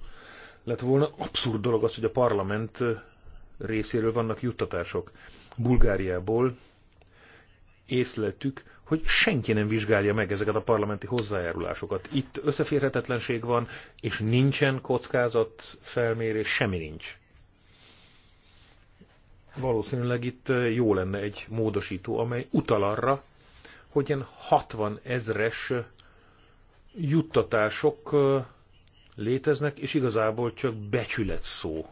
lett volna. Abszurd dolog az, hogy a parlament részéről vannak juttatások Bulgáriából, észletük, hogy senki nem vizsgálja meg ezeket a parlamenti hozzájárulásokat. Itt összeférhetetlenség van, és nincsen kockázat felmérés, semmi nincs. Valószínűleg itt eh, jó lenne egy módosító, amely utal arra, hogy ilyen 60 ezres eh, juttatások eh, léteznek, és igazából csak becsület szó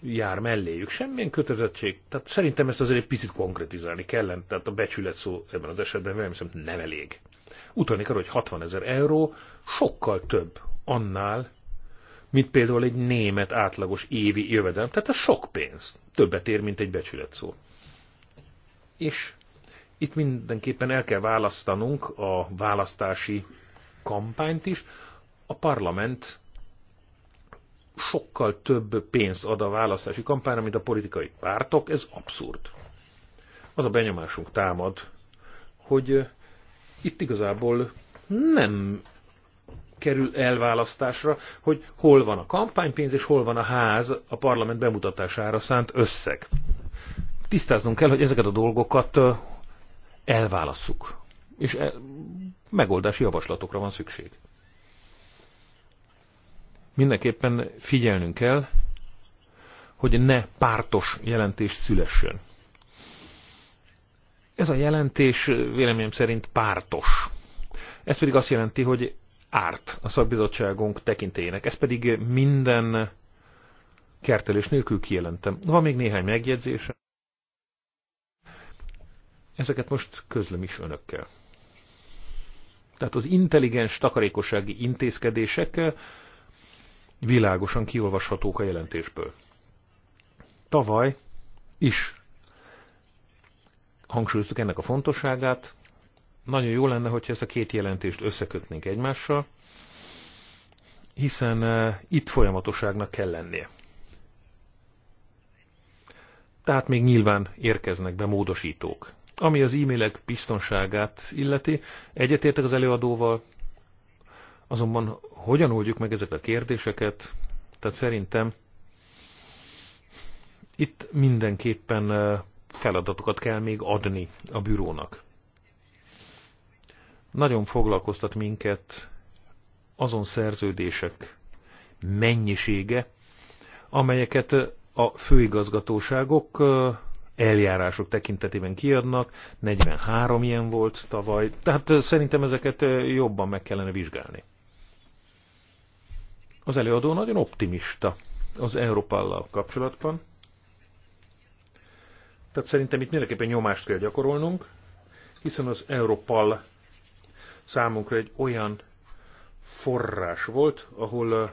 jár melléjük. Semmilyen kötelezettség. Tehát szerintem ezt azért egy picit konkretizálni kellene, tehát a becsület szó ebben az esetben velem szerint nem elég. Utalni kell, hogy 60 ezer euró sokkal több annál, mint például egy német átlagos évi jövedelem. Tehát ez sok pénz. Többet ér, mint egy becsület szó. És itt mindenképpen el kell választanunk a választási kampányt is. A parlament sokkal több pénzt ad a választási kampányra, mint a politikai pártok, ez abszurd. Az a benyomásunk támad, hogy eh, itt igazából nem kerül elválasztásra, hogy hol van a kampánypénz és hol van a ház a parlament bemutatására szánt összeg. Tisztáznunk kell, hogy ezeket a dolgokat eh, elválasszuk, és eh, megoldási javaslatokra van szükség mindenképpen figyelnünk kell, hogy ne pártos jelentés szülessön. Ez a jelentés véleményem szerint pártos. Ez pedig azt jelenti, hogy árt a szakbizottságunk tekintélyének. Ez pedig minden kertelés nélkül kijelentem. Van még néhány megjegyzése. Ezeket most közlöm is önökkel. Tehát az intelligens takarékossági intézkedésekkel világosan kiolvashatók a jelentésből. Tavaly is hangsúlyoztuk ennek a fontosságát. Nagyon jó lenne, hogyha ezt a két jelentést összekötnénk egymással, hiszen eh, itt folyamatosságnak kell lennie. Tehát még nyilván érkeznek be módosítók. Ami az e-mailek biztonságát illeti, egyetértek az előadóval, Azonban hogyan oldjuk meg ezeket a kérdéseket? Tehát szerintem itt mindenképpen feladatokat kell még adni a bürónak. Nagyon foglalkoztat minket azon szerződések mennyisége, amelyeket a főigazgatóságok eljárások tekintetében kiadnak, 43 ilyen volt tavaly, tehát szerintem ezeket jobban meg kellene vizsgálni. Az előadó nagyon optimista az Európállal kapcsolatban. Tehát szerintem itt mindenképpen nyomást kell gyakorolnunk, hiszen az Európal számunkra egy olyan forrás volt, ahol uh,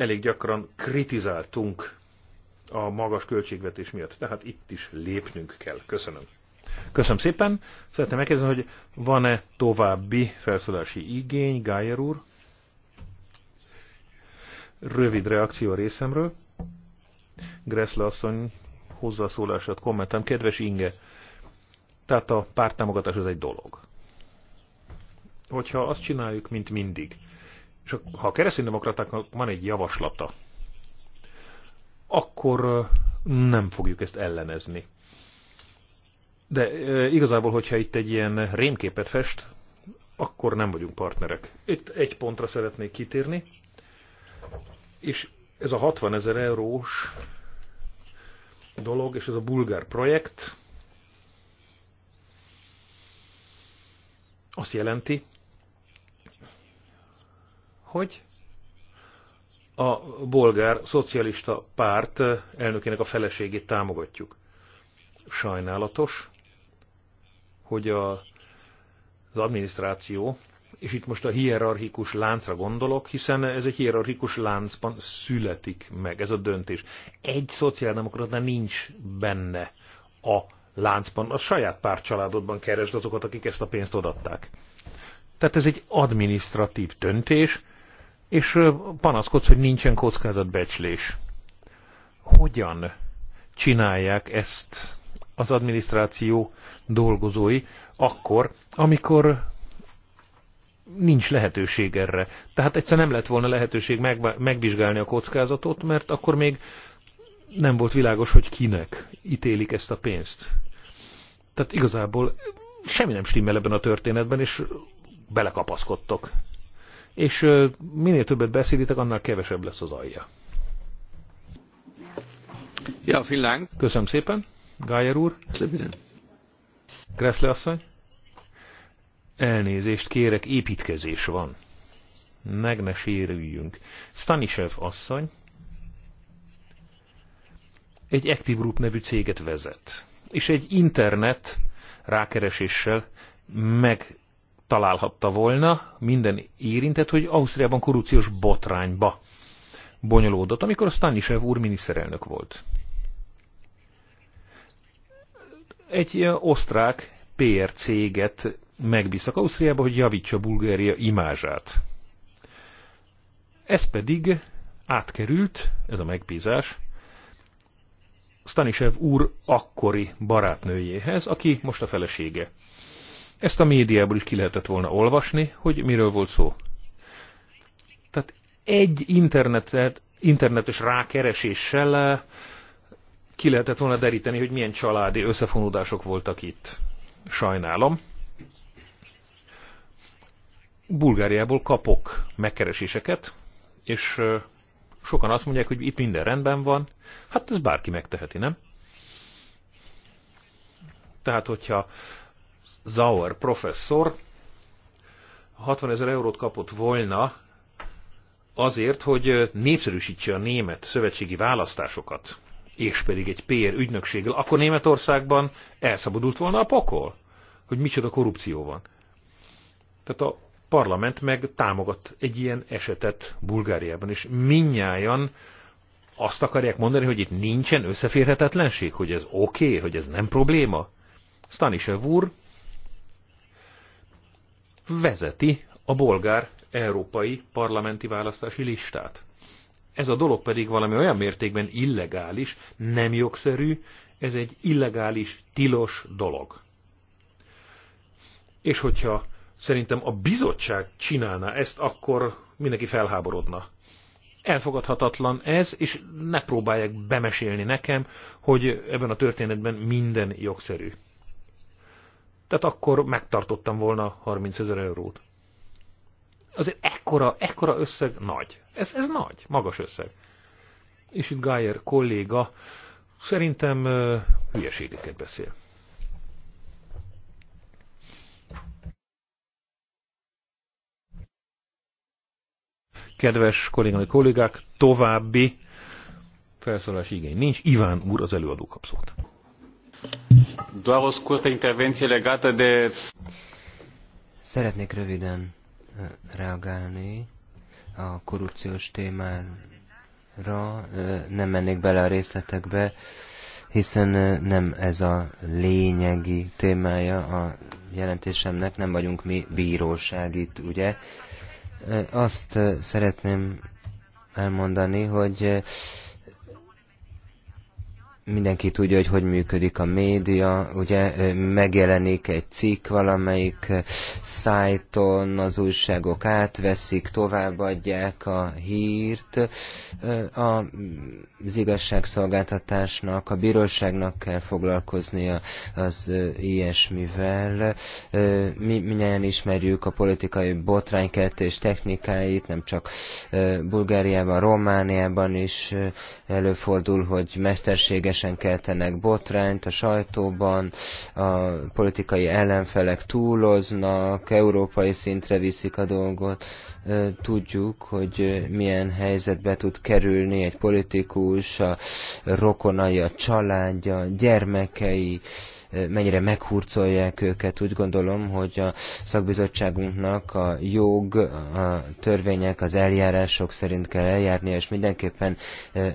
elég gyakran kritizáltunk a magas költségvetés miatt. Tehát itt is lépnünk kell. Köszönöm. Köszönöm szépen. Szeretném megkérdezni, hogy van-e további felszólási igény, Gájer úr? Rövid reakció a részemről. Gressle asszony hozzászólását kommentem. Kedves Inge, tehát a pártámogatás az egy dolog. Hogyha azt csináljuk, mint mindig, és ha a kereszténydemokratáknak van egy javaslata, akkor nem fogjuk ezt ellenezni. De igazából, hogyha itt egy ilyen rémképet fest, akkor nem vagyunk partnerek. Itt egy pontra szeretnék kitérni. És ez a 60 ezer eurós dolog, és ez a bulgár projekt azt jelenti, hogy a bolgár szocialista párt elnökének a feleségét támogatjuk. Sajnálatos, hogy a, az adminisztráció és itt most a hierarchikus láncra gondolok, hiszen ez egy hierarchikus láncban születik meg ez a döntés. Egy szociáldemokrata nincs benne a láncban, a saját pártcsaládodban keresd azokat, akik ezt a pénzt odatták. Tehát ez egy administratív döntés, és panaszkodsz, hogy nincsen kockázatbecslés. Hogyan csinálják ezt az adminisztráció dolgozói akkor, amikor nincs lehetőség erre. Tehát egyszer nem lett volna lehetőség meg, megvizsgálni a kockázatot, mert akkor még nem volt világos, hogy kinek ítélik ezt a pénzt. Tehát igazából semmi nem stimmel ebben a történetben, és belekapaszkodtok. És minél többet beszélitek, annál kevesebb lesz az alja. Ja, vielen Köszönöm szépen, Gájer úr. Köszönöm. Kreszle asszony. Elnézést kérek, építkezés van. Meg ne sérüljünk. Stanisev asszony egy Active Group nevű céget vezet, és egy internet rákereséssel megtalálhatta volna minden érintett, hogy Ausztriában korrupciós botrányba bonyolódott, amikor a Stanisev úr miniszterelnök volt. Egy osztrák PR céget megbíztak Ausztriába, hogy javítsa Bulgária imázsát. Ez pedig átkerült, ez a megbízás, Stanisev úr akkori barátnőjéhez, aki most a felesége. Ezt a médiából is ki lehetett volna olvasni, hogy miről volt szó. Tehát egy internetet, internetes rákereséssel eh, ki lehetett volna deríteni, hogy milyen családi összefonódások voltak itt. Sajnálom. Bulgáriából kapok megkereséseket, és sokan azt mondják, hogy itt minden rendben van. Hát ez bárki megteheti, nem? Tehát, hogyha Zauer professzor 60 ezer eurót kapott volna azért, hogy népszerűsítse a német szövetségi választásokat, és pedig egy PR ügynökséggel, akkor Németországban elszabadult volna a pokol, hogy micsoda korrupció van. Tehát a parlament meg támogat egy ilyen esetet Bulgáriában, és minnyáján azt akarják mondani, hogy itt nincsen összeférhetetlenség, hogy ez oké, okay, hogy ez nem probléma. Stanisev úr vezeti a bolgár európai parlamenti választási listát. Ez a dolog pedig valami olyan mértékben illegális, nem jogszerű, ez egy illegális, tilos dolog. És hogyha szerintem a bizottság csinálná ezt, akkor mindenki felháborodna. Elfogadhatatlan ez, és ne próbálják bemesélni nekem, hogy ebben a történetben minden jogszerű. Tehát akkor megtartottam volna 30 ezer eurót. Azért ekkora, ekkora összeg nagy. Ez, ez nagy, magas összeg. És itt Geyer kolléga szerintem hülyeségeket beszél. Kedves kolléganő kollégák, további felszólalási igény nincs. Iván úr az előadó kapszót. Szeretnék röviden reagálni a korrupciós témára. Nem mennék bele a részletekbe, hiszen nem ez a lényegi témája a jelentésemnek. Nem vagyunk mi bíróság itt, ugye? Azt szeretném elmondani, hogy mindenki tudja, hogy hogy működik a média, ugye megjelenik egy cikk valamelyik szájton, az újságok átveszik, továbbadják a hírt, az igazságszolgáltatásnak, a bíróságnak kell foglalkoznia az ilyesmivel. Mi minnyáján ismerjük a politikai botránykeltés technikáit, nem csak Bulgáriában, Romániában is előfordul, hogy mesterséges rendszeresen keltenek botrányt a sajtóban, a politikai ellenfelek túloznak, európai szintre viszik a dolgot. Tudjuk, hogy milyen helyzetbe tud kerülni egy politikus, a rokonai, a családja, gyermekei, mennyire meghurcolják őket. Úgy gondolom, hogy a szakbizottságunknak a jog, a törvények, az eljárások szerint kell eljárnia, és mindenképpen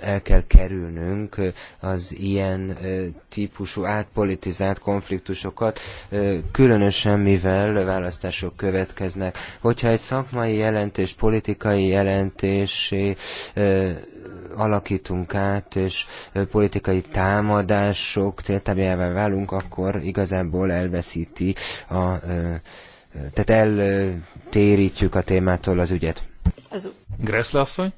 el kell kerülnünk az ilyen típusú átpolitizált konfliktusokat, különösen mivel választások következnek. Hogyha egy szakmai jelentés, politikai jelentés alakítunk át, és politikai támadások tértábjává válunk, akkor igazából elveszíti a... Tehát eltérítjük a témától az ügyet. Gressle asszony?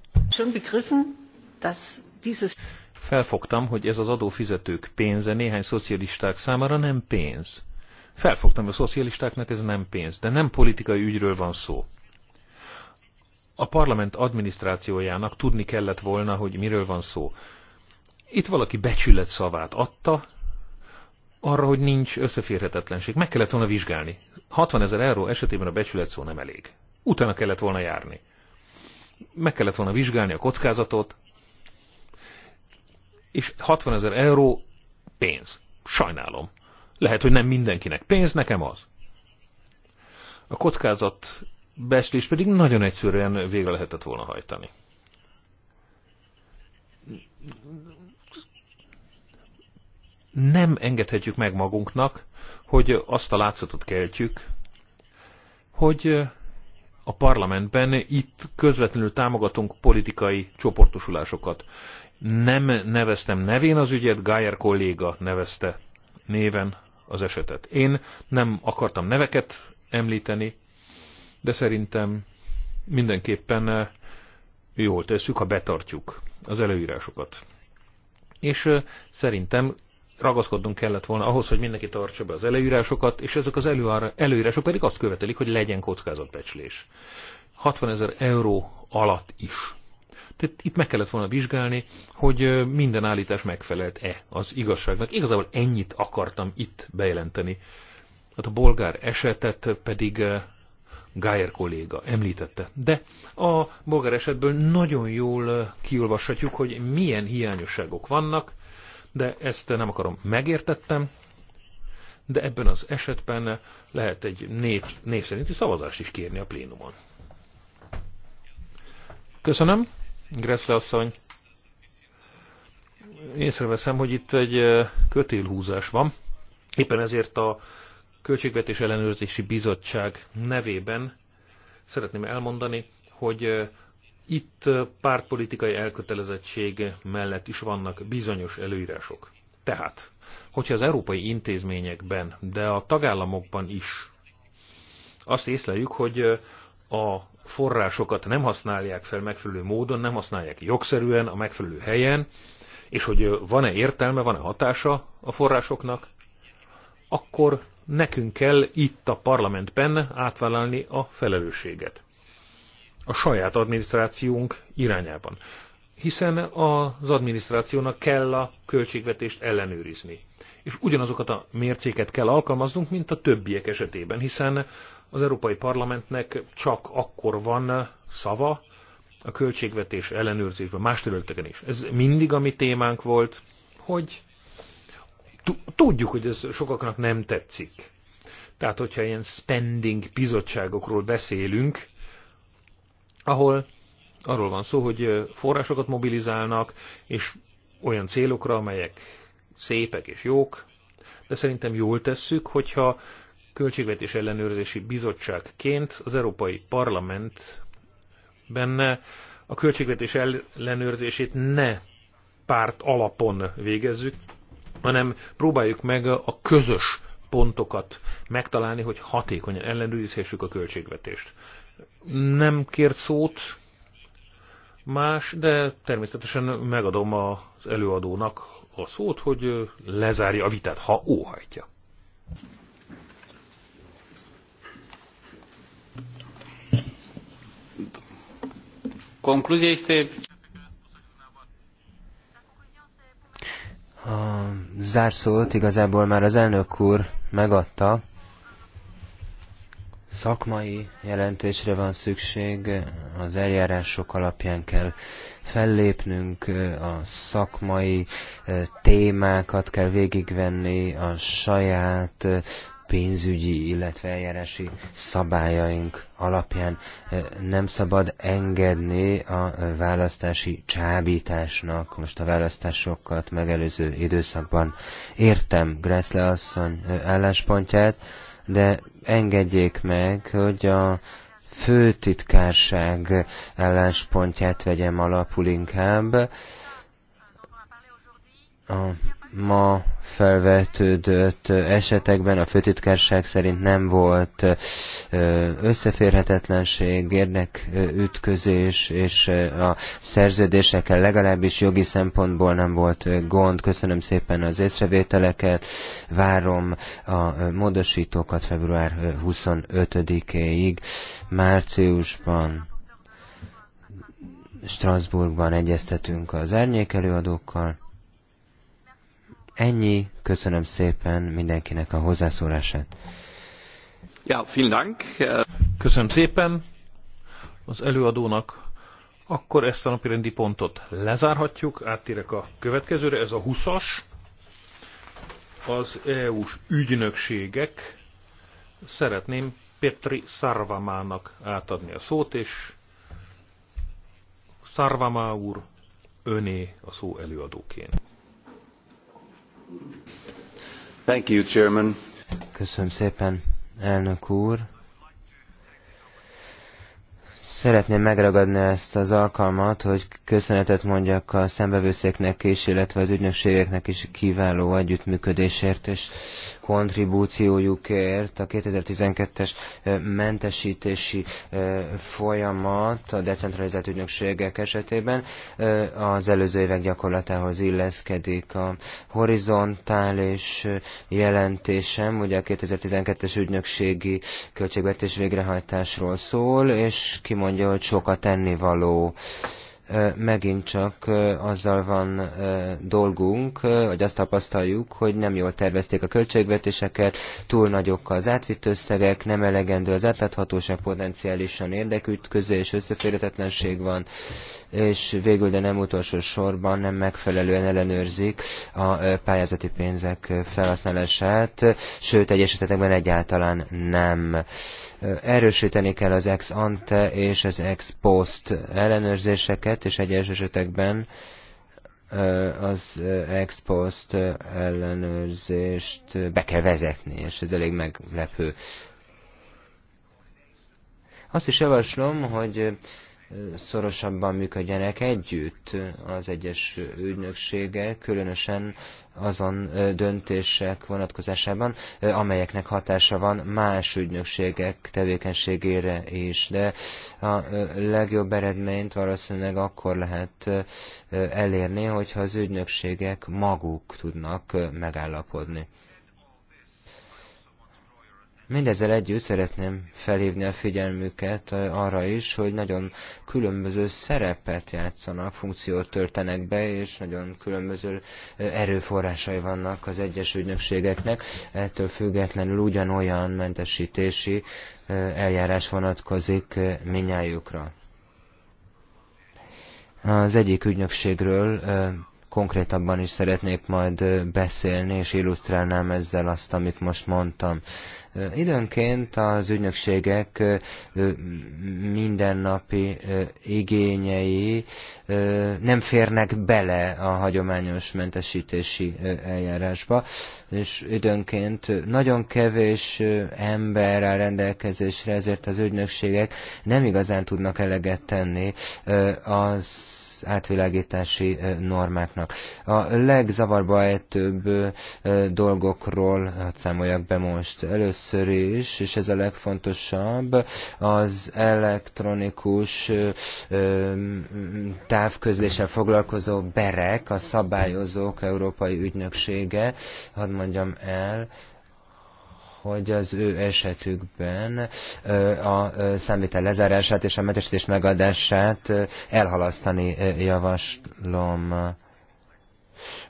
Felfogtam, hogy ez az adófizetők pénze néhány szocialisták számára nem pénz. Felfogtam, hogy a szocialistáknak ez nem pénz, de nem politikai ügyről van szó a parlament adminisztrációjának tudni kellett volna, hogy miről van szó. Itt valaki becsület szavát adta, arra, hogy nincs összeférhetetlenség. Meg kellett volna vizsgálni. 60 ezer euró esetében a becsület szó nem elég. Utána kellett volna járni. Meg kellett volna vizsgálni a kockázatot, és 60 ezer euró pénz. Sajnálom. Lehet, hogy nem mindenkinek pénz, nekem az. A kockázat beslés pedig nagyon egyszerűen végre lehetett volna hajtani. Nem engedhetjük meg magunknak, hogy azt a látszatot keltjük, hogy a parlamentben itt közvetlenül támogatunk politikai csoportosulásokat. Nem neveztem nevén az ügyet, Gájer kolléga nevezte néven az esetet. Én nem akartam neveket említeni, de szerintem mindenképpen eh, jól tesszük, ha betartjuk az előírásokat. És eh, szerintem ragaszkodnunk kellett volna ahhoz, hogy mindenki tartsa be az előírásokat, és ezek az előírások pedig azt követelik, hogy legyen kockázatbecslés. 60 ezer euró alatt is. Tehát itt meg kellett volna vizsgálni, hogy eh, minden állítás megfelelt-e az igazságnak. Igazából ennyit akartam itt bejelenteni. Hát a bolgár esetet pedig Geyer kolléga említette. De a bolgár esetből nagyon jól eh, kiolvashatjuk, hogy milyen hiányosságok vannak, de ezt nem akarom megértettem, de ebben az esetben lehet egy nép, név szerinti szavazást is kérni a plénumon. Köszönöm, Gressle asszony. Észreveszem, hogy itt egy eh, kötélhúzás van. Éppen ezért a Költségvetés Ellenőrzési Bizottság nevében szeretném elmondani, hogy itt pártpolitikai elkötelezettség mellett is vannak bizonyos előírások. Tehát, hogyha az európai intézményekben, de a tagállamokban is azt észleljük, hogy a forrásokat nem használják fel megfelelő módon, nem használják jogszerűen, a megfelelő helyen, és hogy van-e értelme, van-e hatása a forrásoknak, akkor nekünk kell itt a parlamentben átvállalni a felelősséget. A saját adminisztrációnk irányában. Hiszen az adminisztrációnak kell a költségvetést ellenőrizni. És ugyanazokat a mércéket kell alkalmaznunk, mint a többiek esetében, hiszen az Európai Parlamentnek csak akkor van szava a költségvetés ellenőrzésben, más területeken is. Ez mindig a mi témánk volt, hogy Tudjuk, hogy ez sokaknak nem tetszik. Tehát, hogyha ilyen spending bizottságokról beszélünk, ahol arról van szó, hogy forrásokat mobilizálnak, és olyan célokra, amelyek szépek és jók, de szerintem jól tesszük, hogyha Költségvetés Ellenőrzési Bizottságként az Európai Parlament benne a költségvetés ellenőrzését ne párt alapon végezzük, hanem próbáljuk meg a közös pontokat megtalálni, hogy hatékonyan ellenőrizhessük a költségvetést. Nem kért szót más, de természetesen megadom az előadónak a szót, hogy lezárja a vitát, ha óhajtja. Concluzia este A zárszót igazából már az elnök úr megadta. Szakmai jelentésre van szükség, az eljárások alapján kell fellépnünk, a szakmai eh, témákat kell végigvenni, a saját eh, pénzügyi, illetve eljárási szabályaink alapján nem szabad engedni a választási csábításnak most a választásokat megelőző időszakban. Értem Grászle asszony álláspontját, de engedjék meg, hogy a főtitkárság álláspontját vegyem alapul inkább. A ma felvetődött esetekben a főtitkárság szerint nem volt összeférhetetlenség, érdekütközés, és a szerződésekkel legalábbis jogi szempontból nem volt gond. Köszönöm szépen az észrevételeket, várom a módosítókat február 25-éig, márciusban. Strasbourgban egyeztetünk az árnyékelőadókkal Ennyi, köszönöm szépen mindenkinek a hozzászólását. Ja, vielen Dank. Köszönöm szépen az előadónak. Akkor ezt a napi rendi pontot lezárhatjuk, áttérek a következőre, ez a 20-as, az EU-s ügynökségek. Szeretném Petri Szarvamának átadni a szót, és Szarvamá úr öné a szó előadóként. Thank you, Chairman. Köszönöm szépen, elnök úr. Szeretném megragadni ezt az alkalmat, hogy köszönetet mondjak a szembevőszéknek is, illetve az ügynökségeknek is kiváló együttműködésért, és kontribúciójukért. A 2012-es mentesítési folyamat a decentralizált ügynökségek esetében az előző évek gyakorlatához illeszkedik. A horizontális jelentésem, ugye a 2012-es ügynökségi költségvetés végrehajtásról szól, és kimondja, hogy sokat tennivaló való megint csak azzal van dolgunk, hogy azt tapasztaljuk, hogy nem jól tervezték a költségvetéseket, túl nagyok az átvitt összegek, nem elegendő az átláthatóság, potenciálisan és összeférhetetlenség van, és végül, de nem utolsó sorban nem megfelelően ellenőrzik a pályázati pénzek felhasználását, sőt egyes esetekben egyáltalán nem. Erősíteni kell az ex ante és az ex post ellenőrzéseket, és egyes esetekben az ex post ellenőrzést be kell vezetni, és ez elég meglepő. Azt is javaslom, hogy szorosabban működjenek együtt az egyes ügynöksége, különösen azon döntések vonatkozásában, amelyeknek hatása van más ügynökségek tevékenységére is. De a legjobb eredményt valószínűleg akkor lehet elérni, hogyha az ügynökségek maguk tudnak megállapodni. Mindezzel együtt szeretném felhívni a figyelmüket arra is, hogy nagyon különböző szerepet játszanak, funkciót töltenek be, és nagyon különböző erőforrásai vannak az egyes ügynökségeknek. Ettől függetlenül ugyanolyan mentesítési eljárás vonatkozik minnyájukra. Az egyik ügynökségről konkrétabban is szeretnék majd beszélni, és illusztrálnám ezzel azt, amit most mondtam. Időnként az ügynökségek mindennapi igényei nem férnek bele a hagyományos mentesítési eljárásba, és időnként nagyon kevés ember áll rendelkezésre, ezért az ügynökségek nem igazán tudnak eleget tenni az átvilágítási normáknak. A legzavarba több dolgokról hát számoljak be most. Először is, és ez a legfontosabb, az elektronikus távközléssel foglalkozó berek, a szabályozók Európai Ügynöksége, hadd mondjam el, hogy az ő esetükben a számvétel lezárását és a mentesítés megadását elhalasztani javaslom.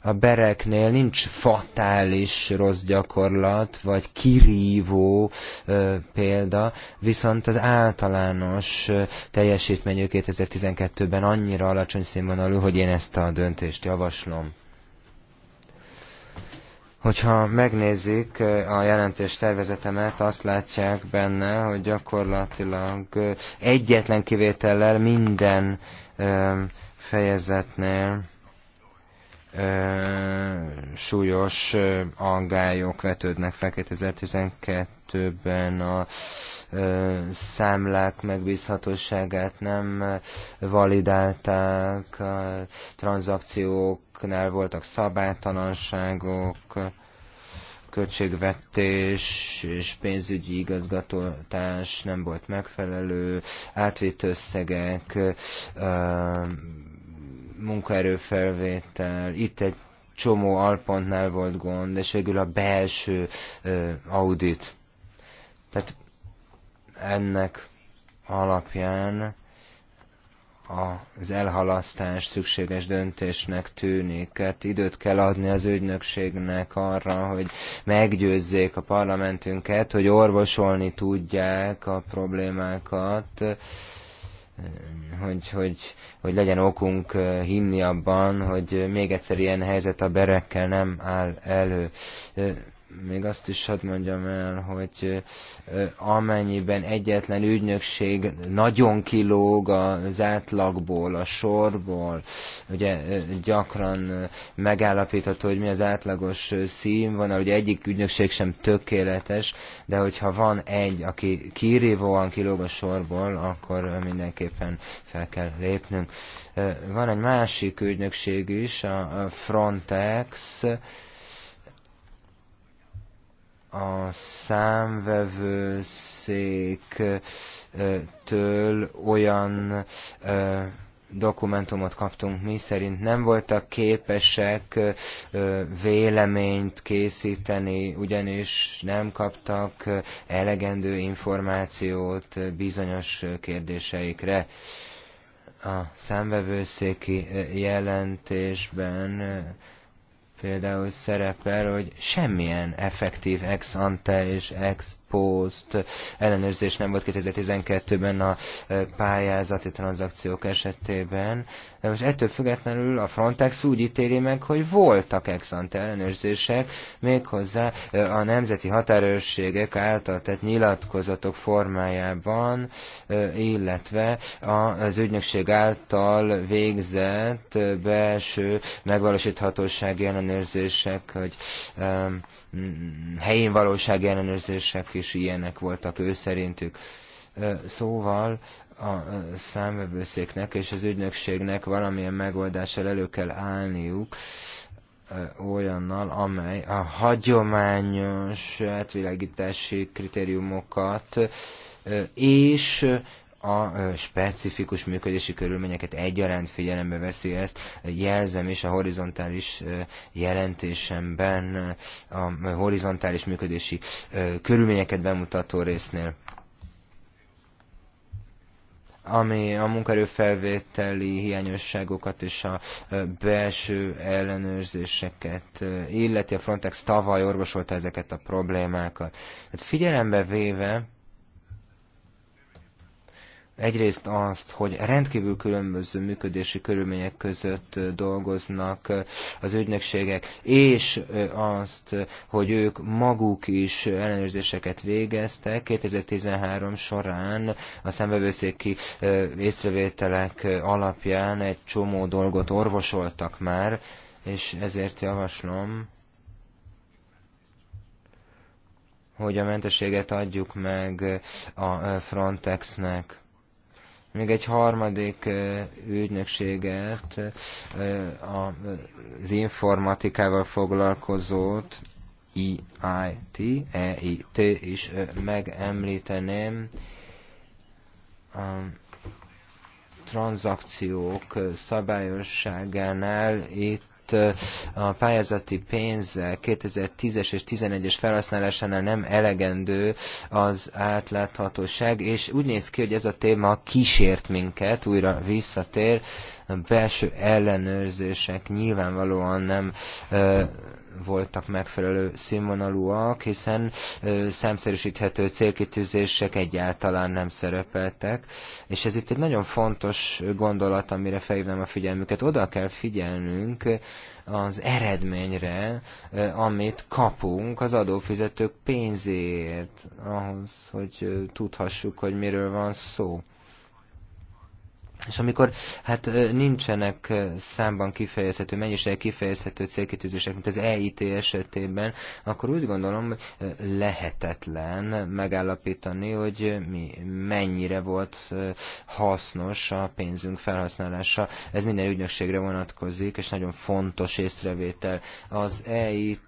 A bereknél nincs fatális rossz gyakorlat, vagy kirívó ö, példa, viszont az általános teljesítményű 2012-ben annyira alacsony színvonalú, hogy én ezt a döntést javaslom. Hogyha megnézik eh, a jelentés tervezetemet, azt látják benne, hogy gyakorlatilag eh, egyetlen kivétellel minden eh, fejezetnél súlyos aggályok vetődnek fel 2012-ben a számlák megbízhatóságát nem validálták, a tranzakcióknál voltak szabálytalanságok, költségvetés és pénzügyi igazgatás nem volt megfelelő, átvitt összegek, munkaerőfelvétel, itt egy csomó alpontnál volt gond, és végül a belső audit. Tehát ennek alapján az elhalasztás szükséges döntésnek tűnik. Hát időt kell adni az ügynökségnek arra, hogy meggyőzzék a parlamentünket, hogy orvosolni tudják a problémákat, hogy, hogy, hogy legyen okunk hinni abban, hogy még egyszer ilyen helyzet a berekkel nem áll elő még azt is hadd mondjam el, hogy amennyiben egyetlen ügynökség nagyon kilóg az átlagból, a sorból, ugye gyakran megállapítható, hogy mi az átlagos színvonal, ugye egyik ügynökség sem tökéletes, de hogyha van egy, aki kirívóan kilóg a sorból, akkor mindenképpen fel kell lépnünk. Van egy másik ügynökség is, a Frontex, a számvevőszéktől olyan dokumentumot kaptunk mi szerint nem voltak képesek véleményt készíteni, ugyanis nem kaptak elegendő információt bizonyos kérdéseikre. A számvevőszéki jelentésben például szerepel, hogy semmilyen effektív ex ante és ex Post ellenőrzés nem volt 2012-ben a eh, pályázati tranzakciók esetében. De eh, most ettől függetlenül a Frontex úgy ítéli meg, hogy voltak ex ante ellenőrzések, méghozzá eh, a nemzeti határőrségek által tett nyilatkozatok formájában, illetve az ügynökség által végzett belső megvalósíthatósági ellenőrzések, hogy helyén valóság ellenőrzések is ilyenek voltak ő szerintük. Szóval a számvevőszéknek és az ügynökségnek valamilyen megoldással elő kell állniuk, olyannal, amely a hagyományos átvilágítási kritériumokat és a specifikus működési körülményeket egyaránt figyelembe veszi ezt, jelzem és a horizontális jelentésemben a horizontális működési körülményeket bemutató résznél ami a munkaerőfelvételi hiányosságokat és a belső ellenőrzéseket illeti. A Frontex tavaly orvosolta ezeket a problémákat. Hát figyelembe véve egyrészt azt, hogy rendkívül különböző működési körülmények között dolgoznak az ügynökségek, és azt, hogy ők maguk is ellenőrzéseket végeztek 2013 során a szembevőszéki észrevételek alapján egy csomó dolgot orvosoltak már, és ezért javaslom, hogy a mentességet adjuk meg a Frontexnek még egy harmadik ügynökséget, az informatikával foglalkozót, EIT, EIT is megemlíteném. A tranzakciók szabályosságánál itt mert a pályázati pénz 2010-es és 2011-es felhasználásánál nem elegendő az átláthatóság, és úgy néz ki, hogy ez a téma kísért minket, újra visszatér, a belső ellenőrzések nyilvánvalóan nem voltak megfelelő színvonalúak, hiszen számszerűsíthető célkitűzések egyáltalán nem szerepeltek, és ez itt egy nagyon fontos gondolat, amire felhívnám a figyelmüket. Oda kell figyelnünk az eredményre, amit kapunk az adófizetők pénzéért, ahhoz, hogy tudhassuk, hogy miről van szó. És amikor hát nincsenek számban kifejezhető, mennyiségek kifejezhető célkitűzések, mint az EIT esetében, akkor úgy gondolom lehetetlen megállapítani, hogy mi mennyire volt hasznos a pénzünk felhasználása. Ez minden ügynökségre vonatkozik, és nagyon fontos észrevétel. Az EIT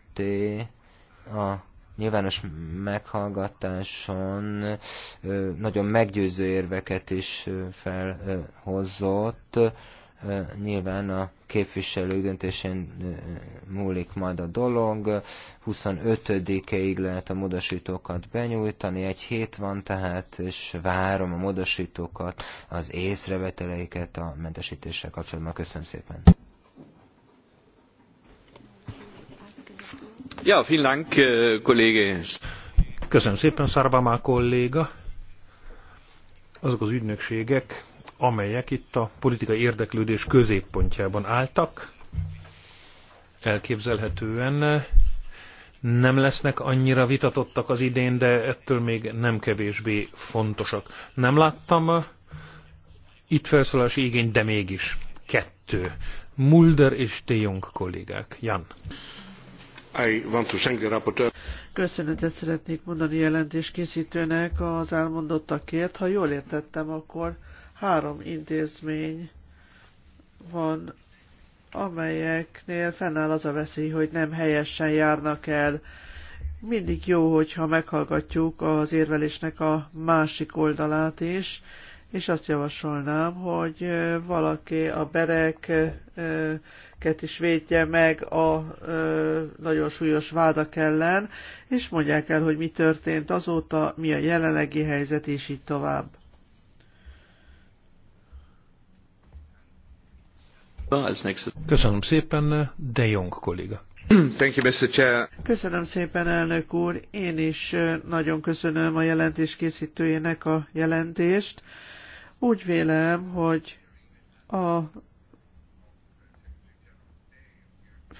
a nyilvános meghallgatáson nagyon meggyőző érveket is felhozott. Nyilván a képviselő döntésén múlik majd a dolog. 25-ig lehet a módosítókat benyújtani, egy hét van tehát, és várom a módosítókat, az észreveteleiket a mentesítéssel kapcsolatban. Köszönöm szépen! Ja, äh, Köszönöm szépen, Szárvámá kolléga. Azok az ügynökségek, amelyek itt a politikai érdeklődés középpontjában álltak, elképzelhetően nem lesznek annyira vitatottak az idén, de ettől még nem kevésbé fontosak. Nem láttam itt felszólási igény, de mégis kettő. Mulder és De Jong kollégák. Jan. Köszönetet szeretnék mondani jelentéskészítőnek az elmondottakért. Ha jól értettem, akkor három intézmény van, amelyeknél fennáll az a veszély, hogy nem helyesen járnak el. Mindig jó, hogyha meghallgatjuk az érvelésnek a másik oldalát is, és azt javasolnám, hogy valaki a berek ket is védje meg a ö, nagyon súlyos vádak ellen, és mondják el, hogy mi történt azóta, mi a jelenlegi helyzet, és így tovább. Köszönöm szépen, De Jong kolléga. Köszönöm szépen, elnök úr. Én is nagyon köszönöm a jelentés készítőjének a jelentést. Úgy vélem, hogy a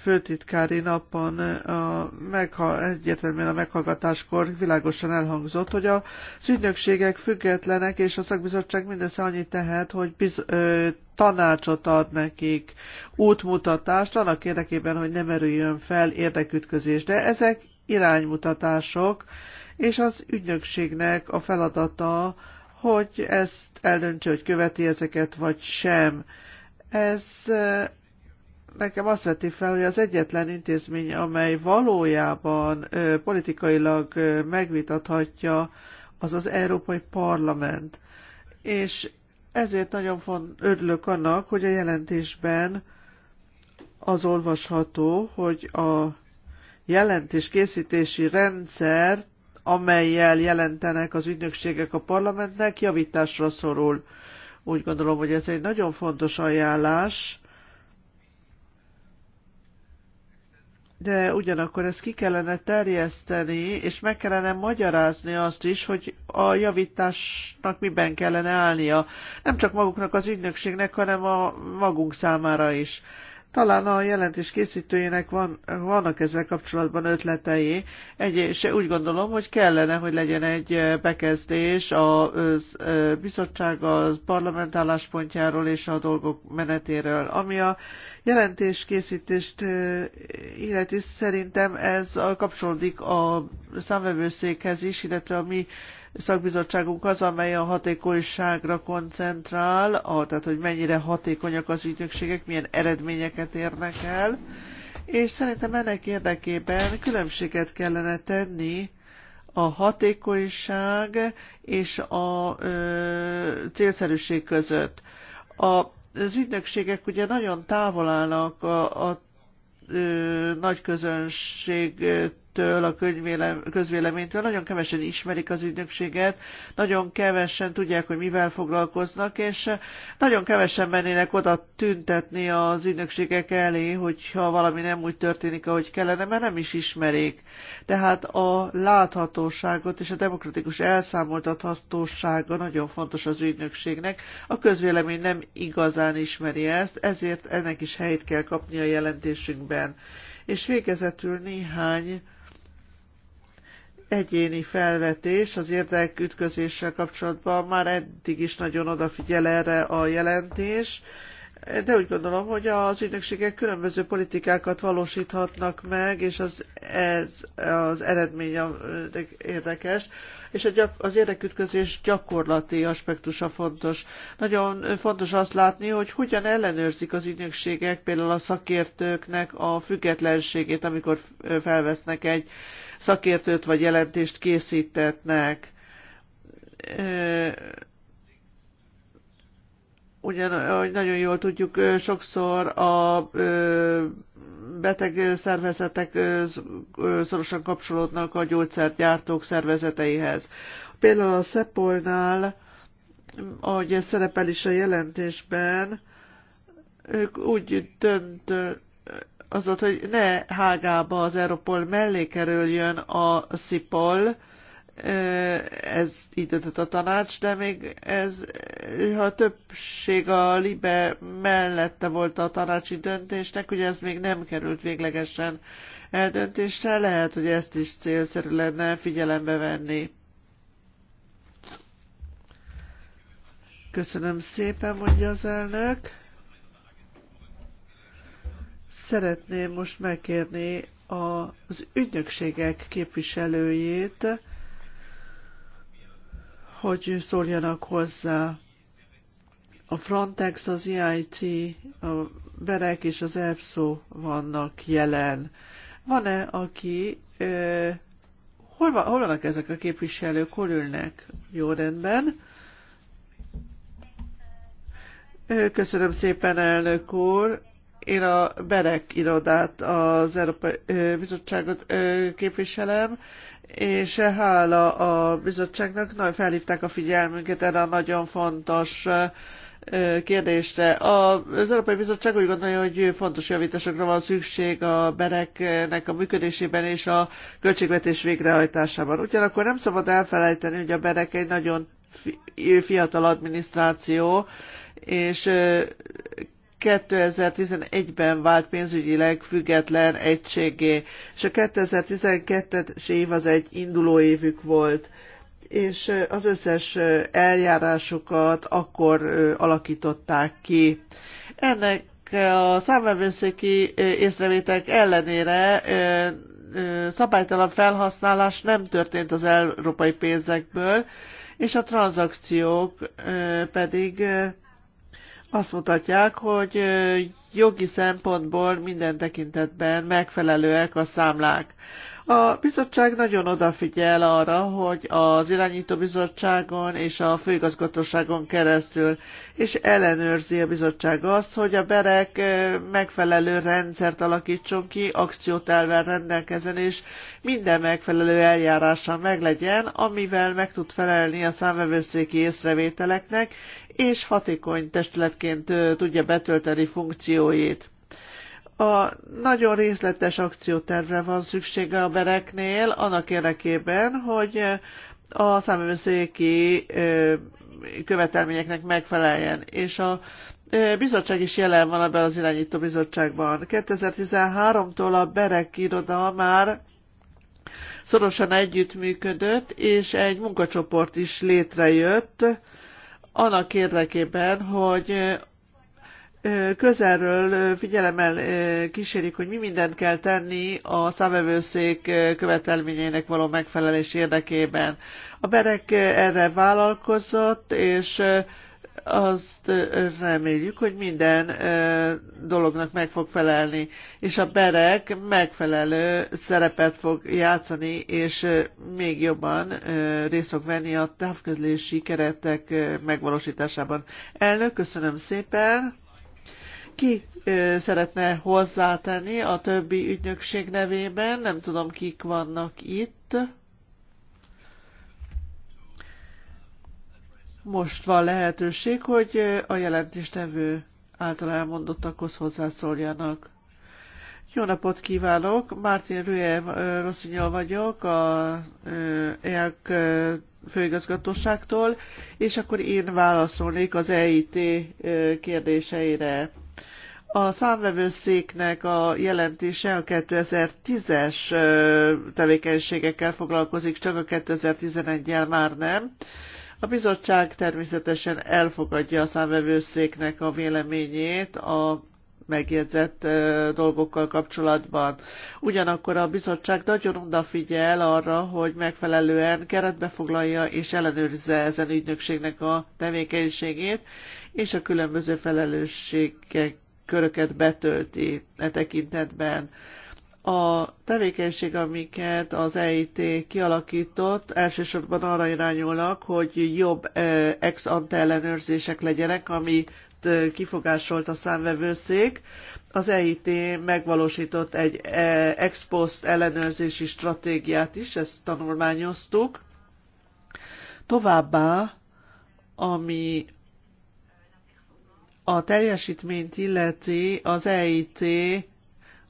főtitkári napon eh, a megha- egyetemben a meghallgatáskor világosan elhangzott, hogy a ügynökségek függetlenek, és a szakbizottság mindössze annyit tehet, hogy biz- ö, tanácsot ad nekik, útmutatást annak érdekében, hogy nem erüljön fel érdekütközés. De ezek iránymutatások, és az ügynökségnek a feladata, hogy ezt eldöntse, hogy követi ezeket, vagy sem. Ez nekem azt veti fel, hogy az egyetlen intézmény, amely valójában ö, politikailag ö, megvitathatja, az az Európai Parlament. És ezért nagyon font, örülök annak, hogy a jelentésben az olvasható, hogy a jelentés készítési rendszer, amelyel jelentenek az ügynökségek a parlamentnek, javításra szorul. Úgy gondolom, hogy ez egy nagyon fontos ajánlás, de ugyanakkor ezt ki kellene terjeszteni, és meg kellene magyarázni azt is, hogy a javításnak miben kellene állnia. Nem csak maguknak az ügynökségnek, hanem a magunk számára is. Talán a jelentés készítőjének van, vannak ezzel kapcsolatban ötletei. Egy, és úgy gondolom, hogy kellene, hogy legyen egy bekezdés a bizottság a parlament álláspontjáról és a dolgok menetéről. Ami a jelentés készítést illeti, szerintem ez kapcsolódik a számvevőszékhez is, illetve a mi szakbizottságunk az, amely a hatékonyságra koncentrál, a, tehát hogy mennyire hatékonyak az ügynökségek, milyen eredményeket érnek el, és szerintem ennek érdekében különbséget kellene tenni a hatékonyság és a ö, célszerűség között. A, az ügynökségek ugye nagyon távol állnak a, a ö, nagy közönség közvéleménytől, a közvéleménytől. Nagyon kevesen ismerik az ügynökséget, nagyon kevesen tudják, hogy mivel foglalkoznak, és nagyon kevesen mennének oda tüntetni az ügynökségek elé, hogyha valami nem úgy történik, ahogy kellene, mert nem is ismerik. Tehát a láthatóságot és a demokratikus elszámoltathatósága nagyon fontos az ügynökségnek. A közvélemény nem igazán ismeri ezt, ezért ennek is helyt kell kapni a jelentésünkben. És végezetül néhány egyéni felvetés az érdekütközéssel kapcsolatban már eddig is nagyon odafigyel erre a jelentés, de úgy gondolom, hogy az ügynökségek különböző politikákat valósíthatnak meg, és az, ez az eredmény érdekes, és az érdekütközés gyakorlati aspektusa fontos. Nagyon fontos azt látni, hogy hogyan ellenőrzik az ügynökségek például a szakértőknek a függetlenségét, amikor felvesznek egy szakértőt vagy jelentést készítetnek. Ugyan, ahogy nagyon jól tudjuk, sokszor a beteg szervezetek szorosan kapcsolódnak a gyógyszergyártók szervezeteihez. Például a Szepolnál, ahogy ez szerepel is a jelentésben, ők úgy döntött, az volt, hogy ne Hágába az Europol mellé kerüljön a SZIPOL, ez így döntött a tanács, de még ez, ha a többség a Libe mellette volt a tanácsi döntésnek, ugye ez még nem került véglegesen eldöntésre, lehet, hogy ezt is célszerű lenne figyelembe venni. Köszönöm szépen, mondja az elnök. Szeretném most megkérni az ügynökségek képviselőjét, hogy szóljanak hozzá. A Frontex, az EIT, a Berek és az EFSO vannak jelen. Van-e, aki... Ö, hol, van, hol vannak ezek a képviselők? Hol ülnek? Jó rendben. Köszönöm szépen, elnök úr. Én a Berek irodát, az Európai Bizottságot képviselem, és hála a bizottságnak nagyon felhívták a figyelmünket erre a nagyon fontos kérdésre. Az Európai Bizottság úgy gondolja, hogy fontos javításokra van szükség a bereknek a működésében és a költségvetés végrehajtásában. Ugyanakkor nem szabad elfelejteni, hogy a berek egy nagyon fiatal adminisztráció, és 2011-ben vált pénzügyileg független egységé, és a 2012-es év az egy induló évük volt, és az összes eljárásukat akkor alakították ki. Ennek a számvevőszéki észrevétek ellenére szabálytalan felhasználás nem történt az európai pénzekből, és a tranzakciók pedig azt mutatják, hogy jogi szempontból minden tekintetben megfelelőek a számlák. A bizottság nagyon odafigyel arra, hogy az irányító bizottságon és a főigazgatóságon keresztül, és ellenőrzi a bizottság azt, hogy a berek megfelelő rendszert alakítson ki, akciótelvel rendelkezen, és minden megfelelő eljárással meglegyen, amivel meg tud felelni a számvevőszéki észrevételeknek, és hatékony testületként tudja betölteni funkcióit. A nagyon részletes akciótervre van szüksége a bereknél annak érdekében, hogy a számőszéki követelményeknek megfeleljen, és a bizottság is jelen van ebben az irányító bizottságban. 2013-tól a Berek iroda már szorosan együttműködött, és egy munkacsoport is létrejött, annak érdekében, hogy közelről figyelemmel kísérik, hogy mi mindent kell tenni a számvevőszék követelményének való megfelelés érdekében. A berek erre vállalkozott, és azt reméljük, hogy minden dolognak meg fog felelni, és a berek megfelelő szerepet fog játszani, és még jobban részt fog venni a távközlési keretek megvalósításában. Elnök, köszönöm szépen! Ki szeretne hozzátenni a többi ügynökség nevében? Nem tudom, kik vannak itt. most van lehetőség, hogy a jelentéstevő által elmondottakhoz hozzászóljanak. Jó napot kívánok! Martin Rüe eh, Rosszinyol vagyok, a EAK eh, eh, főigazgatóságtól, és akkor én válaszolnék az EIT kérdéseire. A számvevőszéknek a jelentése a 2010-es tevékenységekkel foglalkozik, csak a 2011 el már nem a bizottság természetesen elfogadja a számvevőszéknek a véleményét a megjegyzett dolgokkal kapcsolatban. Ugyanakkor a bizottság nagyon odafigyel arra, hogy megfelelően keretbe foglalja és ellenőrizze ezen ügynökségnek a tevékenységét, és a különböző felelősségek köröket betölti e tekintetben. A tevékenység, amiket az EIT kialakított, elsősorban arra irányulnak, hogy jobb ex ante ellenőrzések legyenek, amit kifogásolt a számvevőszék. Az EIT megvalósított egy ex post ellenőrzési stratégiát is, ezt tanulmányoztuk. Továbbá, ami a teljesítményt illeti, az EIT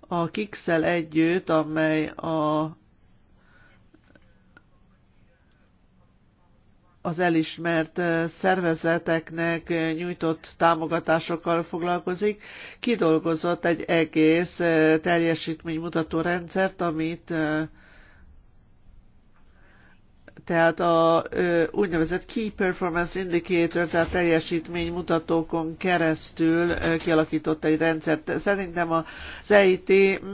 a Kixel együtt, amely a az elismert eh, szervezeteknek nyújtott támogatásokkal foglalkozik, kidolgozott egy egész eh, teljesítménymutató rendszert, amit eh, tehát a úgynevezett Key Performance Indicator, tehát teljesítménymutatókon keresztül kialakított egy rendszert. Szerintem az EIT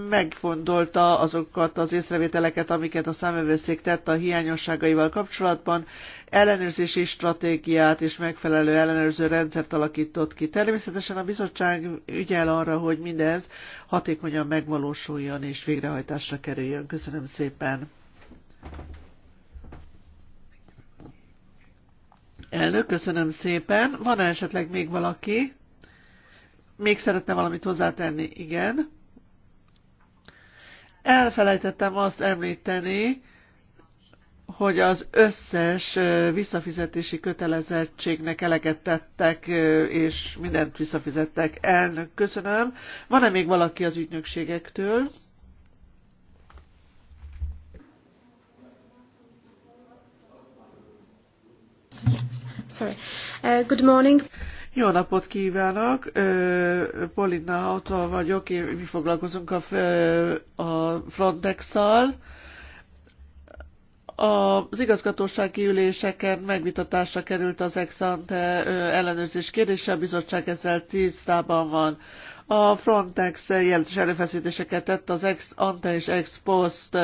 megfontolta azokat az észrevételeket, amiket a számövőszék tett a hiányosságaival kapcsolatban, ellenőrzési stratégiát és megfelelő ellenőrző rendszert alakított ki. Természetesen a bizottság ügyel arra, hogy mindez hatékonyan megvalósuljon és végrehajtásra kerüljön. Köszönöm szépen! Elnök, köszönöm szépen. van -e esetleg még valaki? Még szeretne valamit hozzátenni? Igen. Elfelejtettem azt említeni, hogy az összes visszafizetési kötelezettségnek eleget tettek, és mindent visszafizettek. Elnök, köszönöm. Van-e még valaki az ügynökségektől? Sorry. Uh, good morning. Jó napot kívánok! Polina Hautval vagyok, én mi foglalkozunk a, a Frontex-szal. Az igazgatósági üléseken megvitatásra került az ex-ante ellenőrzés kérdése, a bizottság ezzel tisztában van. A Frontex jelentős előfeszítéseket tett az ex-ante és ex-post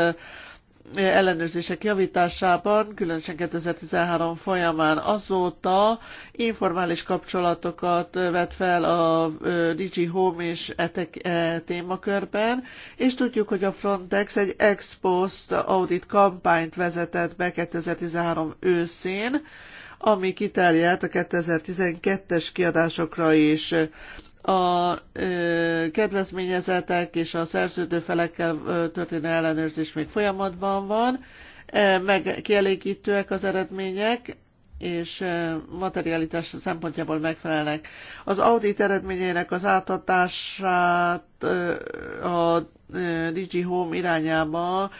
ellenőrzések javításában, különösen 2013 folyamán azóta informális kapcsolatokat vett fel a Digi Home és ETEK e témakörben, és tudjuk, hogy a Frontex egy ex post audit kampányt vezetett be 2013 őszén, ami kiterjedt a 2012-es kiadásokra is a kedvezményezetek és a szerződő felekkel történő ellenőrzés még folyamatban van, meg kielégítőek az eredmények, és materialitás szempontjából megfelelnek. Az audit eredményének az átadását a Digi Home irányába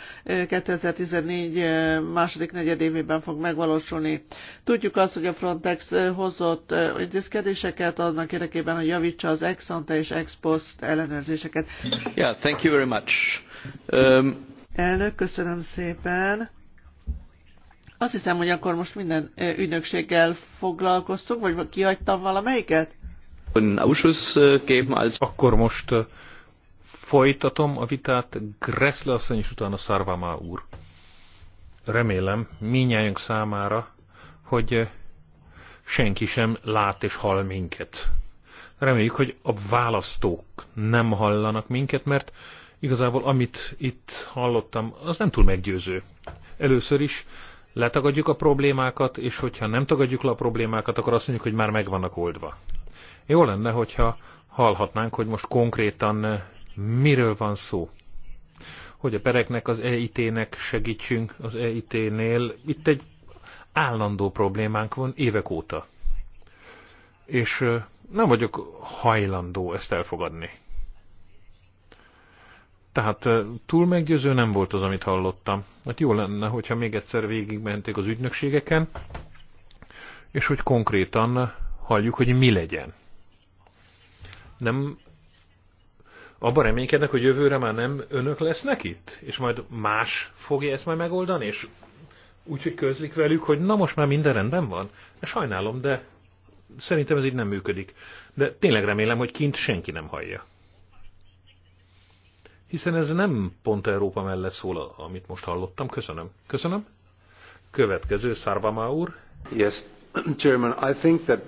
2014 második negyedévében fog megvalósulni. Tudjuk azt, hogy a Frontex hozott intézkedéseket adnak érdekében, hogy javítsa az ex ante és ex post ellenőrzéseket. Yeah, thank you very much. Um... Elnök, köszönöm szépen. Azt hiszem, hogy akkor most minden ügynökséggel foglalkoztunk, vagy kihagytam valamelyiket? Äh, akkor most äh, folytatom a vitát Gressle asszony és utána Szarvamá úr. Remélem minnyájunk számára, hogy senki sem lát és hall minket. Reméljük, hogy a választók nem hallanak minket, mert igazából amit itt hallottam, az nem túl meggyőző. Először is letagadjuk a problémákat, és hogyha nem tagadjuk le a problémákat, akkor azt mondjuk, hogy már meg vannak oldva. Jó lenne, hogyha hallhatnánk, hogy most konkrétan eh, miről van szó. Hogy a pereknek, az EIT-nek segítsünk az EIT-nél. Itt egy állandó problémánk van évek óta. És eh, nem vagyok hajlandó ezt elfogadni. Tehát túl meggyőző nem volt az, amit hallottam. Hát jó lenne, hogyha még egyszer végigmenték az ügynökségeken, és hogy konkrétan halljuk, hogy mi legyen. Nem abban reménykednek, hogy jövőre már nem önök lesznek itt? És majd más fogja ezt majd megoldani? És úgyhogy közlik velük, hogy na most már minden rendben van? Sajnálom, de szerintem ez így nem működik. De tényleg remélem, hogy kint senki nem hallja hiszen ez nem pont Európa mellett szól, amit most hallottam. Köszönöm. Köszönöm. Következő, Szárvamá úr. Yes. Chairman, I think that...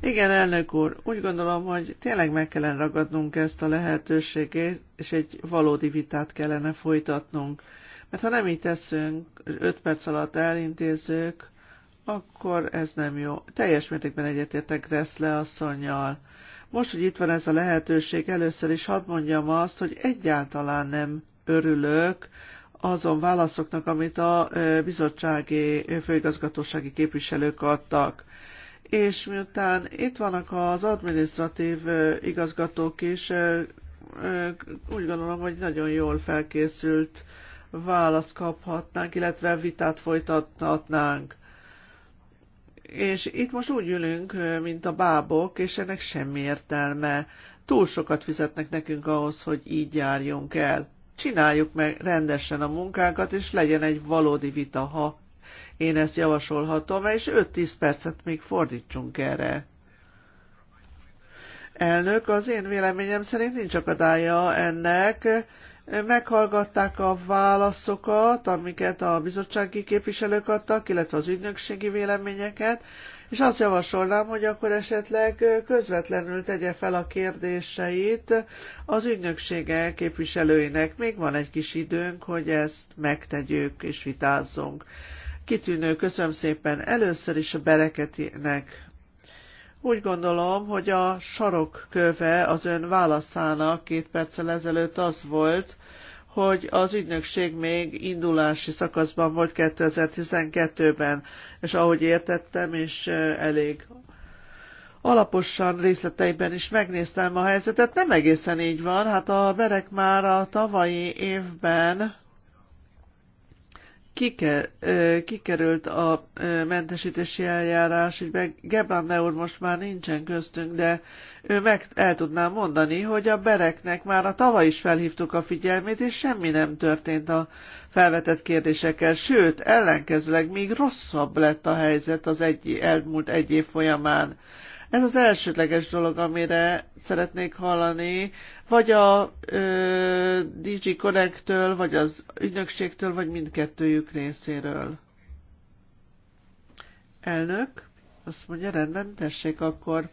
Igen, elnök úr, úgy gondolom, hogy tényleg meg kellene ragadnunk ezt a lehetőségét, és egy valódi vitát kellene folytatnunk. Mert ha nem így teszünk, öt perc alatt elintézők, akkor ez nem jó. Teljes mértékben egyetértek Gressle asszonynal most, hogy itt van ez a lehetőség, először is hadd mondjam azt, hogy egyáltalán nem örülök azon válaszoknak, amit a bizottsági főigazgatósági képviselők adtak és miután itt vannak az administratív igazgatók is, úgy gondolom, hogy nagyon jól felkészült választ kaphatnánk, illetve vitát folytathatnánk. És itt most úgy ülünk, mint a bábok, és ennek semmi értelme. Túl sokat fizetnek nekünk ahhoz, hogy így járjunk el. Csináljuk meg rendesen a munkánkat, és legyen egy valódi vita, ha én ezt javasolhatom, és 5-10 percet még fordítsunk erre. Elnök, az én véleményem szerint nincs akadálya ennek, Meghallgatták a válaszokat, amiket a bizottsági képviselők adtak, illetve az ügynökségi véleményeket, és azt javasolnám, hogy akkor esetleg közvetlenül tegye fel a kérdéseit az ügynöksége képviselőinek. Még van egy kis időnk, hogy ezt megtegyük és vitázzunk. Kitűnő, köszönöm szépen először is a Bereketinek úgy gondolom, hogy a sarok köve az ön válaszának két perccel ezelőtt az volt, hogy az ügynökség még indulási szakaszban volt 2012-ben, és ahogy értettem, és elég alaposan részleteiben is megnéztem a helyzetet. Nem egészen így van, hát a berek már a tavalyi évben kikerült a mentesítési eljárás, így Gebran úr most már nincsen köztünk, de ő meg el tudná mondani, hogy a bereknek már a tavaly is felhívtuk a figyelmét, és semmi nem történt a felvetett kérdésekkel, sőt, ellenkezőleg még rosszabb lett a helyzet az egy, elmúlt egy év folyamán. Ez az elsődleges dolog, amire szeretnék hallani, vagy a ö, DG Connect-től, vagy az ügynökségtől, vagy mindkettőjük részéről. Elnök, azt mondja, rendben, tessék akkor.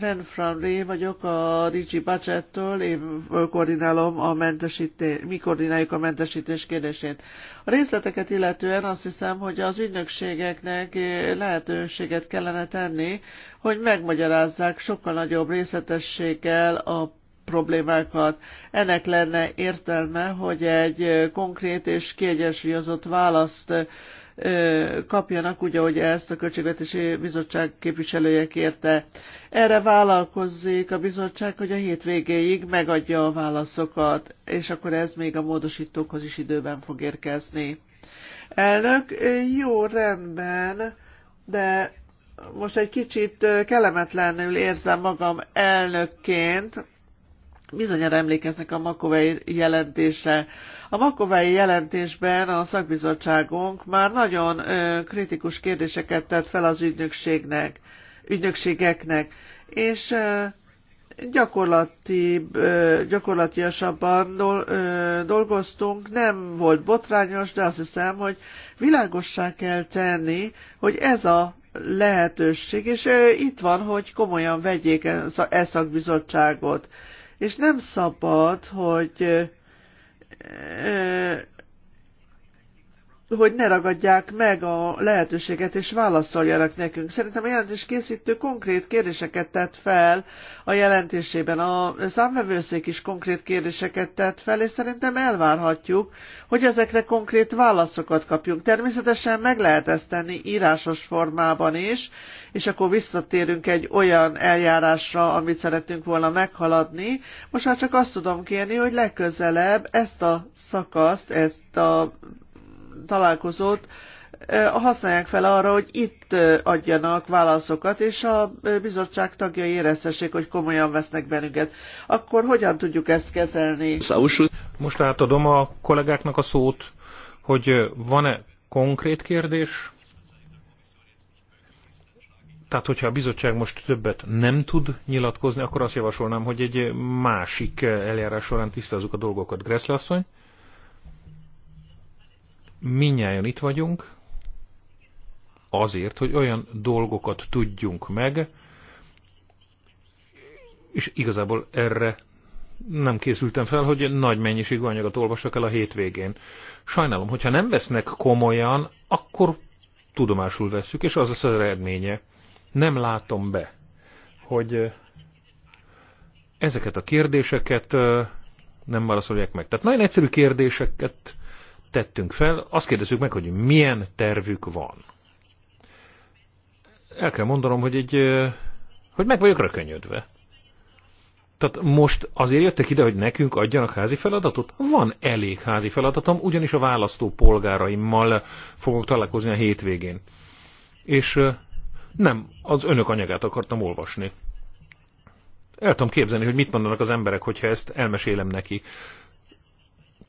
Ren Framlé vagyok a Ricsi Bacsettől, én koordinálom a mentesítés, mi koordináljuk a mentesítés kérdését. A részleteket illetően azt hiszem, hogy az ügynökségeknek lehetőséget kellene tenni, hogy megmagyarázzák sokkal nagyobb részletességgel a problémákat. Ennek lenne értelme, hogy egy konkrét és kiegyensúlyozott választ kapjanak, úgy, ahogy ezt a Költségvetési Bizottság képviselője kérte. Erre vállalkozzék a bizottság, hogy a hét végéig megadja a válaszokat, és akkor ez még a módosítókhoz is időben fog érkezni. Elnök, jó rendben, de most egy kicsit kellemetlenül érzem magam elnökként, Bizonyára emlékeznek a Makovei jelentésre. A Makovei jelentésben a szakbizottságunk már nagyon kritikus kérdéseket tett fel az ügynökségnek, ügynökségeknek, és gyakorlati, gyakorlatiasabban dolgoztunk, nem volt botrányos, de azt hiszem, hogy világossá kell tenni, hogy ez a lehetőség, és itt van, hogy komolyan vegyék ezt a e-, e-, szakbizottságot és nem szabad, hogy hogy ne ragadják meg a lehetőséget, és válaszoljanak nekünk. Szerintem a jelentés készítő konkrét kérdéseket tett fel a jelentésében. A számvevőszék is konkrét kérdéseket tett fel, és szerintem elvárhatjuk, hogy ezekre konkrét válaszokat kapjunk. Természetesen meg lehet ezt tenni írásos formában is, és akkor visszatérünk egy olyan eljárásra, amit szerettünk volna meghaladni. Most már csak azt tudom kérni, hogy legközelebb ezt a szakaszt, ezt a találkozót használják fel arra, hogy itt adjanak válaszokat, és a bizottság tagjai érezhessék, hogy komolyan vesznek bennünket. Akkor hogyan tudjuk ezt kezelni? Most átadom a kollégáknak a szót, hogy van-e konkrét kérdés? Tehát, hogyha a bizottság most többet nem tud nyilatkozni, akkor azt javasolnám, hogy egy másik eljárás során tisztázzuk a dolgokat. Gressle asszony? minnyáján itt vagyunk, azért, hogy olyan dolgokat tudjunk meg, és igazából erre nem készültem fel, hogy nagy mennyiségű anyagot olvassak el a hétvégén. Sajnálom, hogyha nem vesznek komolyan, akkor tudomásul vesszük, és az az eredménye. Nem látom be, hogy ezeket a kérdéseket nem válaszolják meg. Tehát nagyon egyszerű kérdéseket tettünk fel, azt kérdezzük meg, hogy milyen tervük van. El kell mondanom, hogy, egy, hogy meg vagyok rökönyödve. Tehát most azért jöttek ide, hogy nekünk adjanak házi feladatot? Van elég házi feladatom, ugyanis a választó polgáraimmal fogok találkozni a hétvégén. És nem, az önök anyagát akartam olvasni. El tudom képzelni, hogy mit mondanak az emberek, hogyha ezt elmesélem neki.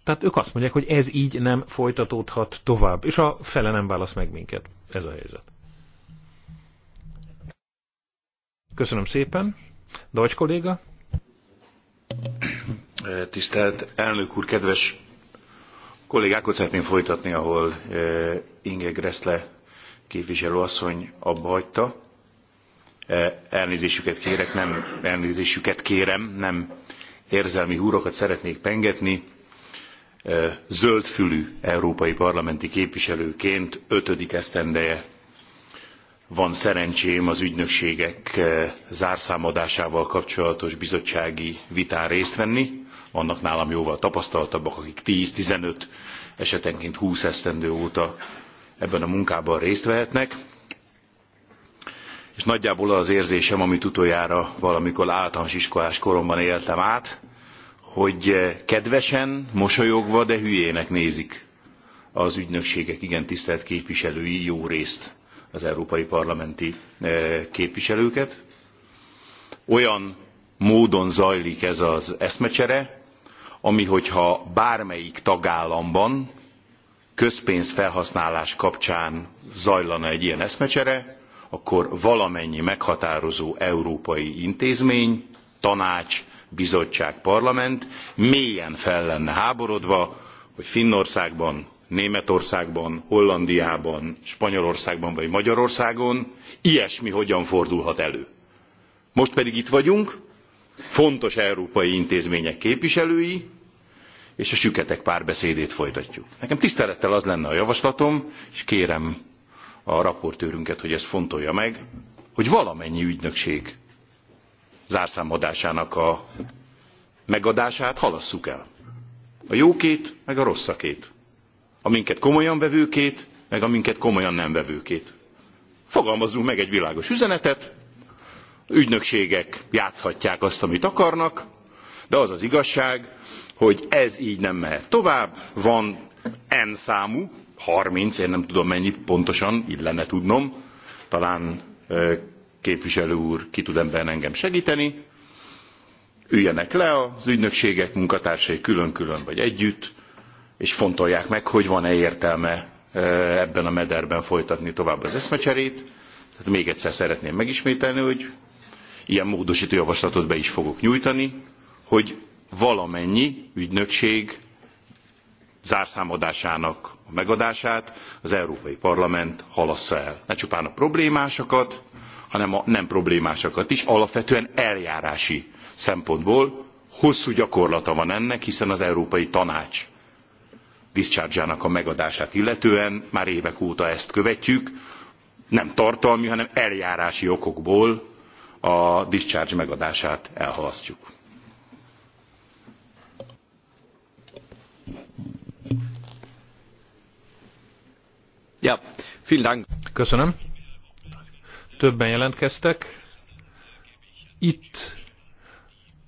Tehát ők azt mondják, hogy ez így nem folytatódhat tovább, és a fele nem válasz meg minket. Ez a helyzet. Köszönöm szépen. Dajcs kolléga. Tisztelt elnök úr, kedves kollégákat szeretném folytatni, ahol eh, Inge Gressle képviselő asszony abba hagyta. Eh, elnézésüket kérek, nem elnézésüket kérem, nem érzelmi húrokat szeretnék pengetni zöldfülű európai parlamenti képviselőként ötödik esztendeje van szerencsém az ügynökségek zárszámadásával kapcsolatos bizottsági vitán részt venni vannak nálam jóval tapasztaltabbak akik ten fifteen esetenként twenty esztendő óta ebben a munkában részt vehetnek és nagyjából az érzésem amit utoljára valamikor általános iskolás koromban éltem át hogy eh, kedvesen, mosolyogva, de hülyének nézik az ügynökségek igen tisztelt képviselői jó részt az európai parlamenti eh, képviselőket. Olyan módon zajlik ez az eszmecsere, ami hogyha bármelyik tagállamban közpénz felhasználás kapcsán zajlana egy ilyen eszmecsere, akkor valamennyi meghatározó európai intézmény, tanács, bizottság parlament mélyen fel lenne háborodva hogy finnországban németországban hollandiában spanyolországban vagy magyarországon ilyesmi hogyan fordulhat elő. most pedig itt vagyunk fontos európai intézmények képviselői és a süketek párbeszédét folytatjuk. nekem tisztelettel az lenne a javaslatom és kérem a raportőrünket hogy ezt fontolja meg hogy valamennyi ügynökség zárszámadásának a megadását halasszuk el. A jókét, meg a rosszakét. A minket komolyan vevőkét, meg a minket komolyan nem vevőkét. Fogalmazzunk meg egy világos üzenetet, ügynökségek játszhatják azt, amit akarnak, de az az igazság, hogy ez így nem mehet tovább, van N számú, 30, én nem tudom mennyi pontosan, illene tudnom, talán képviselő úr ki tud ebben engem segteni üljenek le az ügynökségek munkatársai külön külön vagy együtt és fontolják meg hogy van e értelme ebben a mederben folytatni tovább az eszmecserét. Tehát még egyszer szeretném megismételni, hogy ilyen módosító javaslatot be is fogok nyújtani, hogy valamennyi ügynökség zárszámadásának a megadását az Európai Parlament halassza el. Ne csupán a problémásakat, hanem a nem problémásakat is, alapvetően eljárási szempontból. Hosszú gyakorlata van ennek, hiszen az Európai Tanács discharge a megadását illetően már évek óta ezt követjük, nem tartalmi, hanem eljárási okokból a discharge megadását elhalasztjuk. Ja, vielen Dank. Köszönöm többen jelentkeztek. Itt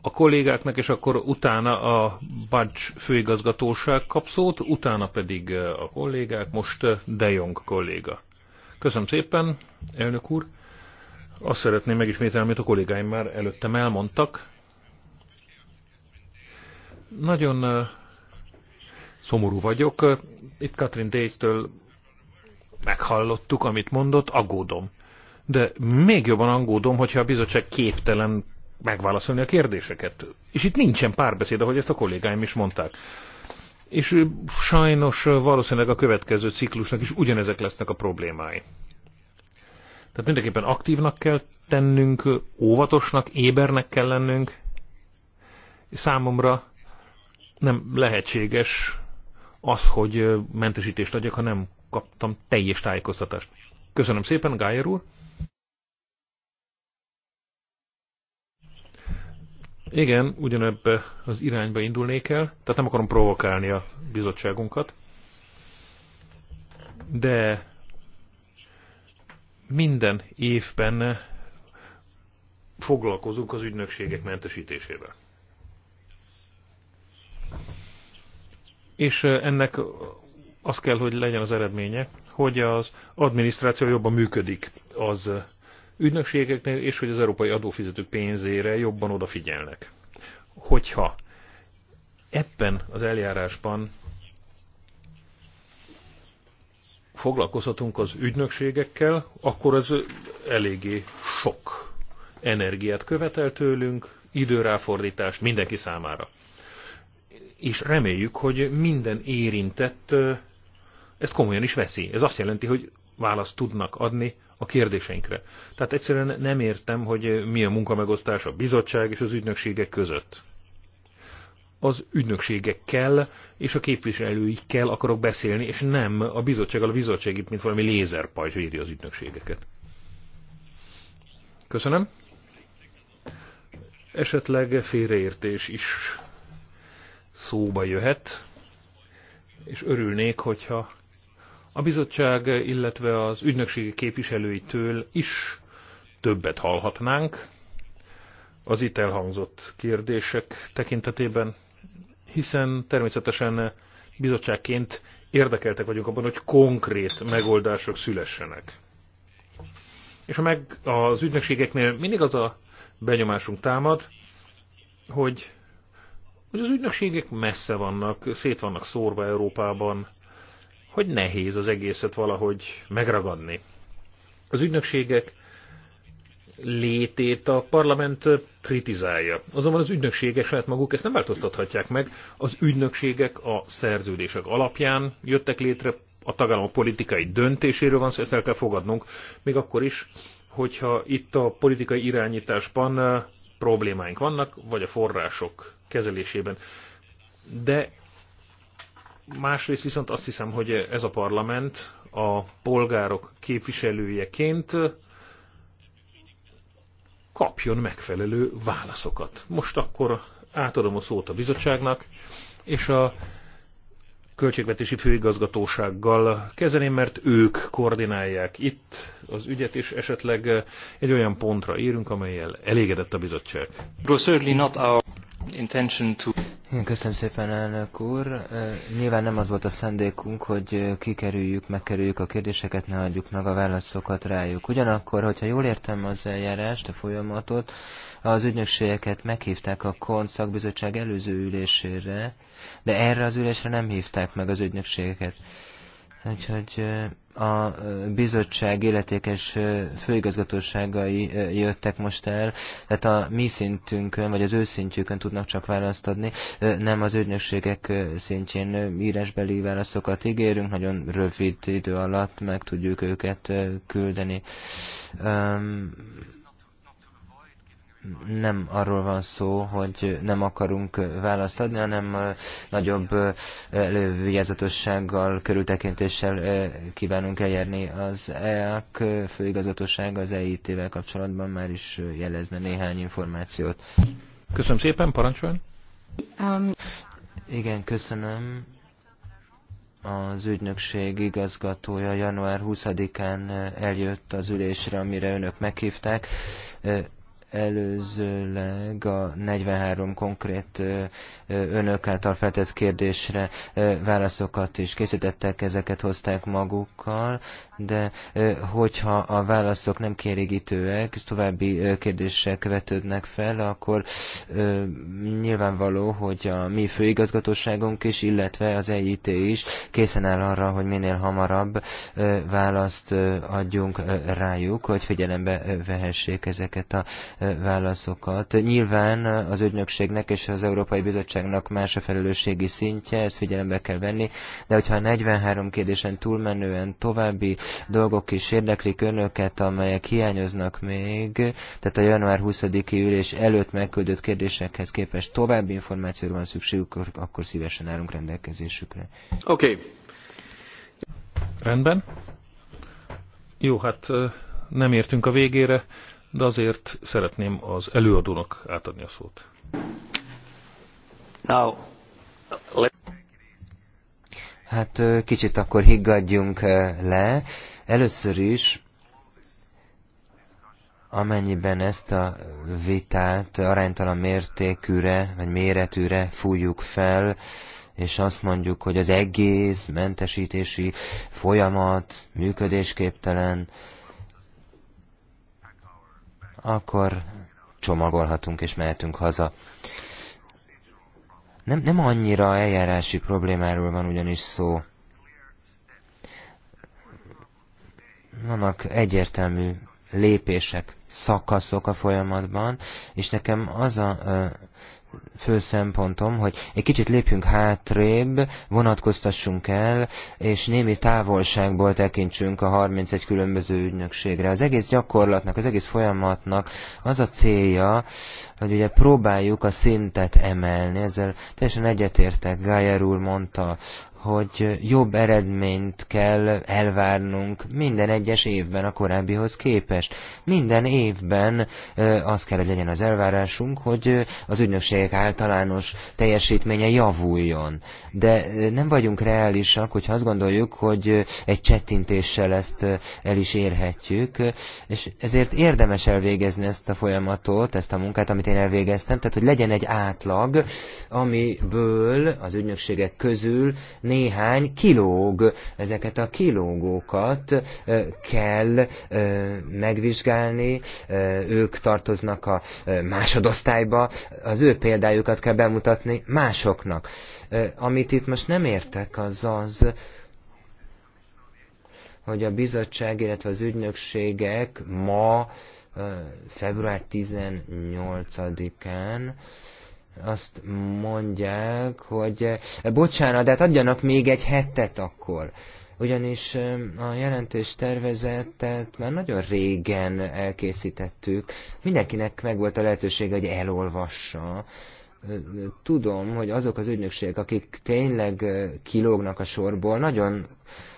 a kollégáknak, és akkor utána a Bács főigazgatóság kap szót, utána pedig a kollégák, most De Jong kolléga. Köszönöm szépen, elnök úr. Azt szeretném megismételni, amit a kollégáim már előttem elmondtak. Nagyon szomorú vagyok. Itt Katrin Days-től meghallottuk, amit mondott, aggódom de még jobban angódom, hogyha a bizottság képtelen megválaszolni a kérdéseket. És itt nincsen párbeszéd, ahogy ezt a kollégáim is mondták. És sajnos valószínűleg a következő ciklusnak is ugyanezek lesznek a problémái. Tehát mindenképpen aktívnak kell tennünk, óvatosnak, ébernek kell lennünk. Számomra nem lehetséges az, hogy mentesítést adjak, ha nem kaptam teljes tájékoztatást. Köszönöm szépen, Gájer úr! Igen, ugyanebbe az irányba indulnék el, tehát nem akarom provokálni a bizottságunkat, de minden évben foglalkozunk az ügynökségek mentesítésével. És eh, ennek az kell, hogy legyen az eredménye, hogy az adminisztráció jobban működik az eh, ügynökségeknél, és hogy az európai adófizetők pénzére jobban odafigyelnek. Hogyha ebben az eljárásban foglalkozhatunk az ügynökségekkel, akkor ez eléggé sok energiát követel tőlünk, időráfordítást mindenki számára. És reméljük, hogy minden érintett ezt komolyan is veszi. Ez azt jelenti, hogy választ tudnak adni a kérdéseinkre. Tehát egyszerűen nem értem, hogy mi a munkamegosztás a bizottság és az ügynökségek között. Az ügynökségekkel és a képviselőikkel akarok beszélni, és nem a bizottsággal, a bizottság itt, mint valami lézerpajzs védi az ügynökségeket. Köszönöm. Esetleg félreértés is szóba jöhet, és örülnék, hogyha a bizottság, illetve az ügynökségi képviselőitől is többet hallhatnánk az itt elhangzott kérdések tekintetében, hiszen természetesen bizottságként érdekeltek vagyunk abban, hogy konkrét megoldások szülessenek. És a meg az ügynökségeknél mindig az a benyomásunk támad, hogy, hogy az ügynökségek messze vannak, szét vannak szórva Európában, hogy nehéz az egészet valahogy megragadni. Az ügynökségek létét a parlament kritizálja. Azonban az ügynökségek saját maguk ezt nem változtathatják meg. Az ügynökségek a szerződések alapján jöttek létre, a tagállamok politikai döntéséről van szó, ezt el kell fogadnunk, még akkor is, hogyha itt a politikai irányításban eh, problémáink vannak, vagy a források kezelésében. De Másrészt viszont azt hiszem, hogy ez a parlament a polgárok képviselőjeként kapjon megfelelő válaszokat. Most akkor átadom a szót a bizottságnak, és a költségvetési főigazgatósággal kezelém, mert ők koordinálják itt az ügyet, és esetleg egy olyan pontra érünk, amelyel elégedett a bizottság. Köszönöm szépen, elnök úr. Nyilván nem az volt a szándékunk, hogy kikerüljük, megkerüljük a kérdéseket, ne adjuk meg a válaszokat rájuk. Ugyanakkor, hogyha jól értem az eljárást, a folyamatot, az ügynökségeket meghívták a KON szakbizottság előző ülésére, de erre az ülésre nem hívták meg az ügynökségeket. Úgyhogy a bizottság életékes főigazgatóságai jöttek most el, tehát a mi szintünkön, vagy az ő szintjükön tudnak csak választ adni, nem az ügynökségek szintjén írásbeli válaszokat ígérünk, nagyon rövid idő alatt meg tudjuk őket küldeni nem arról van szó, hogy nem akarunk választ adni, hanem nagyobb elővigyázatossággal, körültekintéssel kívánunk eljárni. Az EAK főigazgatóság az EIT-vel kapcsolatban már is jelezne néhány információt. Köszönöm szépen, parancsoljon! Um... Igen, köszönöm az ügynökség igazgatója január 20-án eljött az ülésre, amire önök meghívták előzőleg a 43 konkrét önök által feltett kérdésre válaszokat is készítettek, ezeket hozták magukkal de hogyha a válaszok nem kielégítőek, további kérdések követődnek fel, akkor nyilvánvaló, hogy a mi főigazgatóságunk is, illetve az EIT is készen áll arra, hogy minél hamarabb választ adjunk rájuk, hogy figyelembe vehessék ezeket a válaszokat. Nyilván az ügynökségnek és az Európai Bizottságnak más a felelősségi szintje, ezt figyelembe kell venni, de hogyha a 43 kérdésen túlmenően további dolgok is érdeklik önöket, amelyek hiányoznak még, tehát a január 20-i ülés előtt megküldött kérdésekhez képest további információra van szükségük, akkor szívesen állunk rendelkezésükre. Oké. Okay. Rendben. Jó, hát nem értünk a végére, de azért szeretném az előadónak átadni a szót. Now, let's... Hát kicsit akkor higgadjunk le. Először is, amennyiben ezt a vitát aránytalan mértékűre, vagy méretűre fújjuk fel, és azt mondjuk, hogy az egész mentesítési folyamat működésképtelen, akkor csomagolhatunk és mehetünk haza. Nem, nem annyira eljárási problémáról van ugyanis szó. Vannak egyértelmű lépések, szakaszok a folyamatban, és nekem az a fő szempontom, hogy egy kicsit lépjünk hátrébb, vonatkoztassunk el, és némi távolságból tekintsünk a 31 különböző ügynökségre. Az egész gyakorlatnak, az egész folyamatnak az a célja, hogy ugye próbáljuk a szintet emelni, ezzel teljesen egyetértek, Gájer úr mondta, hogy jobb eredményt kell elvárnunk minden egyes évben a korábbihoz képest. Minden évben az kell, hogy legyen az elvárásunk, hogy az ügynökségek általános teljesítménye javuljon. De nem vagyunk reálisak, hogyha azt gondoljuk, hogy egy csettintéssel ezt el is érhetjük, és ezért érdemes elvégezni ezt a folyamatot, ezt a munkát, amit én elvégeztem, tehát hogy legyen egy átlag, amiből az ügynökségek közül néhány kilóg. Ezeket a kilógókat kell megvizsgálni, ők tartoznak a másodosztályba, az ő példájukat kell bemutatni másoknak. Amit itt most nem értek, az az, hogy a bizottság, illetve az ügynökségek ma február 18-án azt mondják, hogy eh, bocsánat, de hát adjanak még egy hetet akkor. Ugyanis eh, a jelentés tervezetet már nagyon régen elkészítettük. Mindenkinek megvolt a lehetőség, hogy elolvassa. Tudom, hogy azok az ügynökségek, akik tényleg eh, kilógnak a sorból, nagyon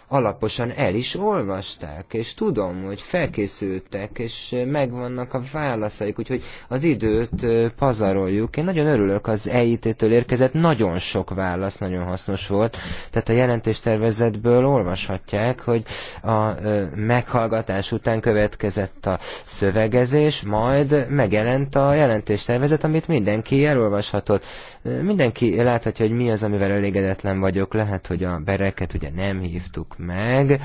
alaposan el is olvasták, és tudom, hogy felkészültek, és megvannak a válaszaik, úgyhogy az időt pazaroljuk. Én nagyon örülök az EIT-től érkezett, nagyon sok válasz, nagyon hasznos volt, tehát a jelentéstervezetből olvashatják, hogy a meghallgatás után következett a szövegezés, majd megjelent a jelentéstervezet, amit mindenki elolvashatott. Mindenki láthatja, hogy mi az, amivel elégedetlen vagyok, lehet, hogy a bereket ugye nem hívtuk meg,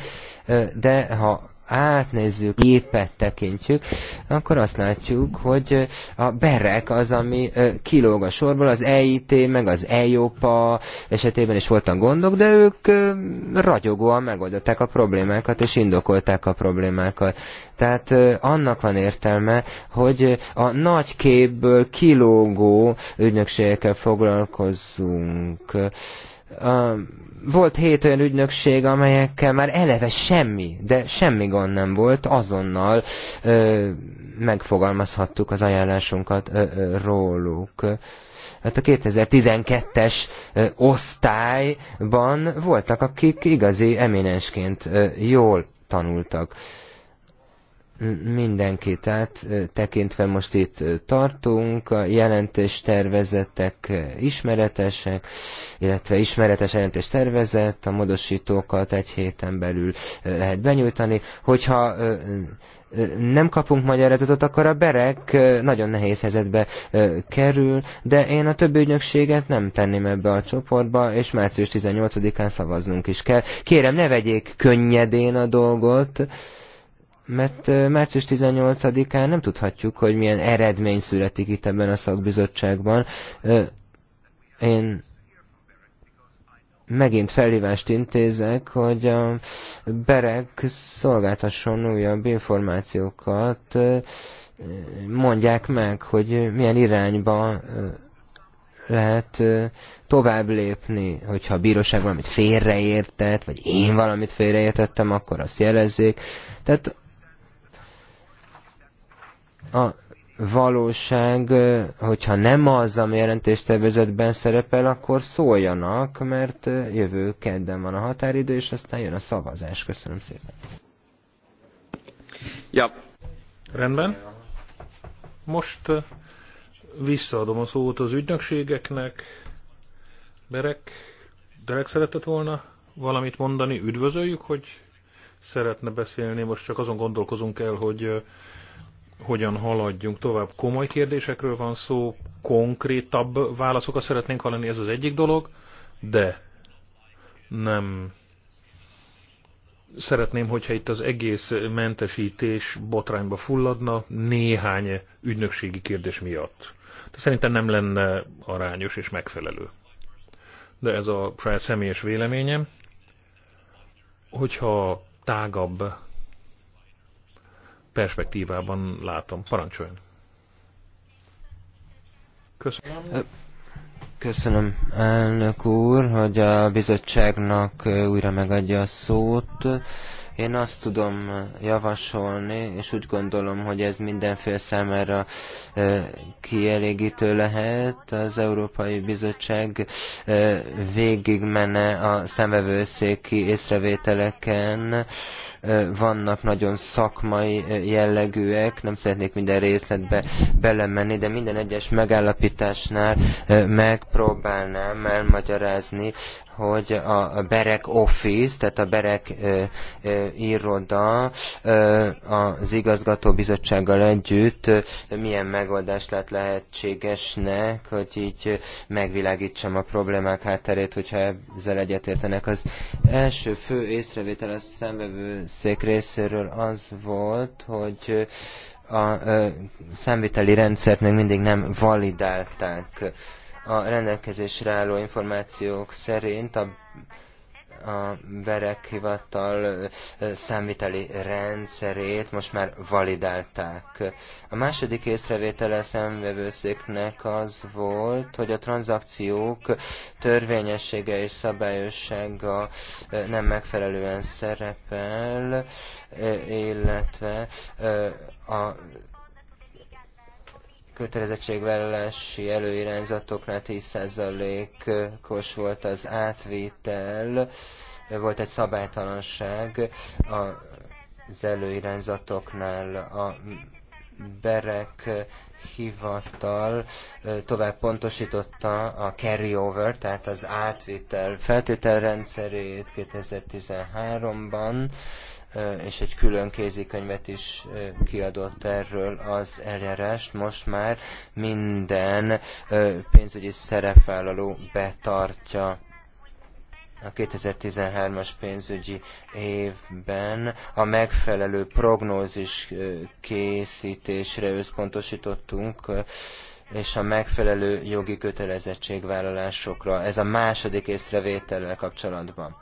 de ha átnézzük, épet tekintjük, akkor azt látjuk, hogy a berek az, ami kilóg a sorból, az EIT, meg az EIOPA esetében is voltak gondok, de ők ragyogóan megoldották a problémákat, és indokolták a problémákat. Tehát annak van értelme, hogy a nagy képből kilógó ügynökségekkel foglalkozzunk volt hét olyan ügynökség, amelyekkel már eleve semmi, de semmi gond nem volt, azonnal ö, megfogalmazhattuk az ajánlásunkat ö, ö, róluk. Hát a 2012-es osztályban voltak, akik igazi eminensként ö, jól tanultak mindenki. Tehát tekintve most itt tartunk, a tervezetek ismeretesek, illetve ismeretes jelentés tervezet, a modosítókat egy héten belül lehet benyújtani. Hogyha nem kapunk magyarázatot, akkor a berek nagyon nehéz helyzetbe kerül, de én a többi ügynökséget nem tenném ebbe a csoportba, és március 18-án szavaznunk is kell. Kérem, ne vegyék könnyedén a dolgot, mert március 18-án nem tudhatjuk, hogy milyen eredmény születik itt ebben a szakbizottságban. Én megint felhívást intézek, hogy a berek szolgáltasson újabb információkat, mondják meg, hogy milyen irányba lehet tovább lépni, hogyha a bíróság valamit félreértett, vagy én valamit félreértettem, akkor azt jelezzék. Tehát a valóság, hogyha nem az, ami jelentéstervezetben szerepel, akkor szóljanak, mert jövő kedden van a határidő, és aztán jön a szavazás. Köszönöm szépen. Ja. Rendben. Most visszaadom a szót az ügynökségeknek. Berek, Berek szeretett volna valamit mondani, üdvözöljük, hogy szeretne beszélni, most csak azon gondolkozunk el, hogy hogyan haladjunk tovább. Komoly kérdésekről van szó, konkrétabb válaszokat szeretnénk hallani, ez az egyik dolog, de nem szeretném, hogyha itt az egész mentesítés botrányba fulladna néhány ügynökségi kérdés miatt. De szerintem nem lenne arányos és megfelelő. De ez a saját személyes véleményem, hogyha tágabb perspektívában látom. Parancsoljon! Köszönöm. Köszönöm elnök úr, hogy a bizottságnak újra megadja a szót. Én azt tudom javasolni, és úgy gondolom, hogy ez mindenfél számára kielégítő lehet. Az Európai Bizottság végigmenne a szemvevőszéki észrevételeken, vannak nagyon szakmai jellegűek, nem szeretnék minden részletbe belemenni, de minden egyes megállapításnál megpróbálnám elmagyarázni hogy a Berek Office, tehát a Berek iroda az igazgatóbizottsággal együtt milyen megoldás lett lehetségesnek, hogy így megvilágítsam a problémák hátterét, hogyha ezzel egyetértenek. Az első fő észrevétel a szembevő szék részéről az volt, hogy a számviteli rendszert még mindig nem validálták a rendelkezésre álló információk szerint a a berek hivatal számviteli rendszerét most már validálták. A második észrevétele szemvevőszéknek az volt, hogy a tranzakciók törvényessége és szabályossága nem megfelelően szerepel, illetve a kötelezettségvállalási előirányzatoknál 10%-os volt az átvétel, volt egy szabálytalanság az előirányzatoknál a Berek hivatal tovább pontosította a carryover, tehát az átvitel feltételrendszerét 2013-ban, és egy külön kézikönyvet is kiadott erről az eljárást. Most már minden pénzügyi szerepvállaló betartja a 2013-as pénzügyi évben a megfelelő prognózis készítésre összpontosítottunk, és a megfelelő jogi kötelezettségvállalásokra. Ez a második észrevétellel kapcsolatban.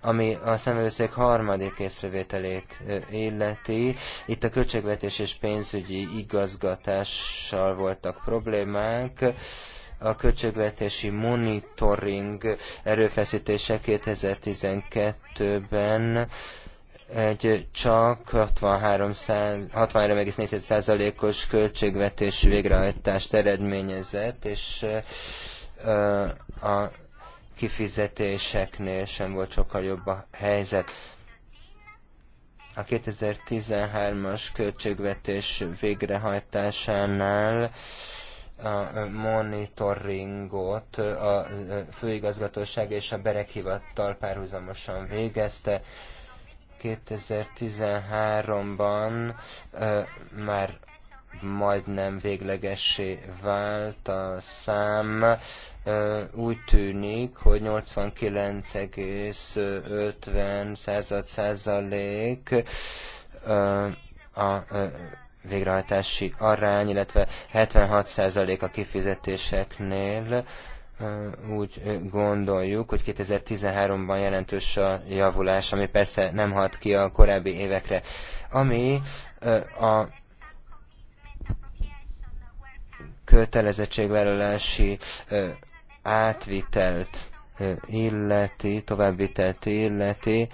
Ami a szemőszék harmadik észrevételét illeti, itt a költségvetés és pénzügyi igazgatással voltak problémák, a költségvetési monitoring erőfeszítése 2012-ben egy csak 63,4%-os költségvetési végrehajtást eredményezett, és a kifizetéseknél sem volt sokkal jobb a helyzet. A 2013-as költségvetés végrehajtásánál a monitoringot a főigazgatóság és a berekhivattal párhuzamosan végezte. 2013-ban már majdnem véglegessé vált a szám, úgy tűnik, hogy 89,50 század százalék a végrehajtási arány, illetve 76 százalék a kifizetéseknél úgy gondoljuk, hogy 2013-ban jelentős a javulás, ami persze nem hat ki a korábbi évekre. Ami a kötelezettségvállalási átvitelt illeti, továbbvitelt illeti,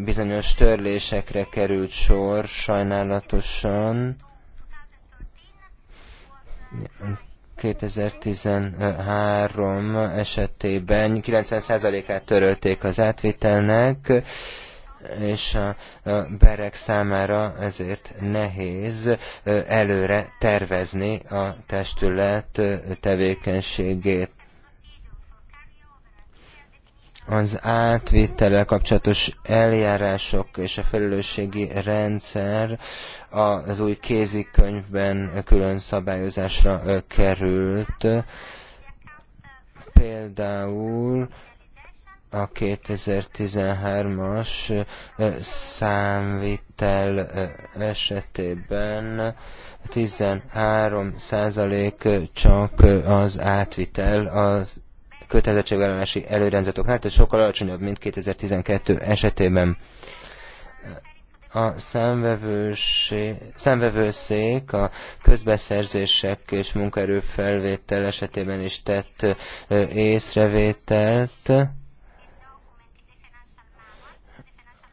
bizonyos törlésekre került sor sajnálatosan. 2013 esetében 90%-át törölték az átvitelnek, és a berek számára ezért nehéz előre tervezni a testület tevékenységét az átvétele kapcsolatos eljárások és a felelősségi rendszer az új kézikönyvben külön szabályozásra került. Például a 2013-as számvitel esetében 13% csak az átvitel az kötelezettségellenási előrendzatoknál, tehát sokkal alacsonyabb, mint 2012 esetében. A szemvevőszék a közbeszerzések és munkaerő felvétel esetében is tett észrevételt,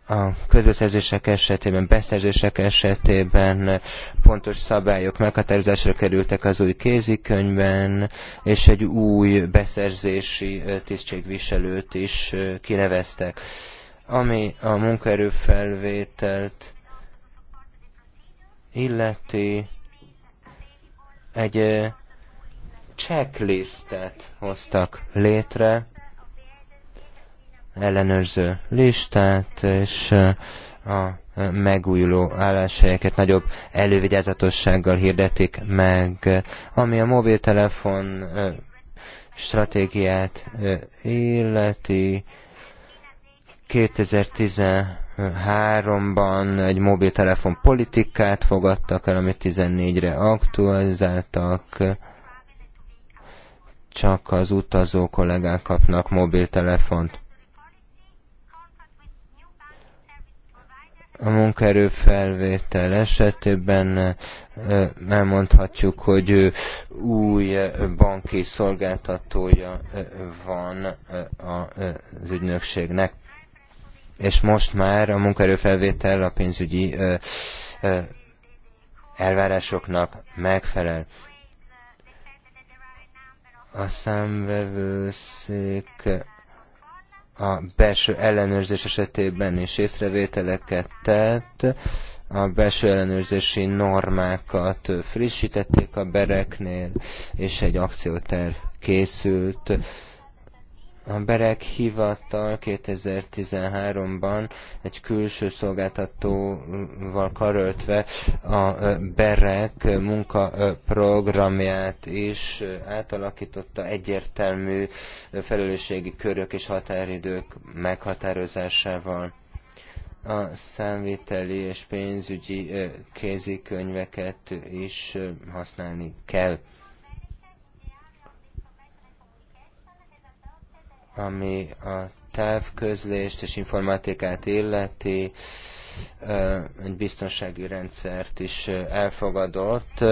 a közbeszerzések esetében, beszerzések esetében pontos szabályok meghatározásra kerültek az új kézikönyvben, és egy új beszerzési tisztségviselőt is kineveztek. Ami a munkaerőfelvételt illeti, egy checklistet hoztak létre, ellenőrző listát, és a megújuló álláshelyeket nagyobb elővigyázatossággal hirdetik meg, ami a mobiltelefon stratégiát illeti. 2013-ban egy mobiltelefon politikát fogadtak el, amit 14-re aktualizáltak. Csak az utazó kollégák kapnak mobiltelefont a munkaerő felvétel esetében elmondhatjuk, hogy új banki szolgáltatója van az ügynökségnek, és most már a munkaerőfelvétel a pénzügyi elvárásoknak megfelel. A számvevőszék a belső ellenőrzés esetében is észrevételeket tett, a belső ellenőrzési normákat frissítették a bereknél, és egy akcióterv készült a Berek hivatal 2013-ban egy külső szolgáltatóval karöltve a Berek munkaprogramját is átalakította egyértelmű felelősségi körök és határidők meghatározásával a számviteli és pénzügyi kézikönyveket is használni kell. ami a távközlést és informatikát illeti, egy biztonsági rendszert is elfogadott,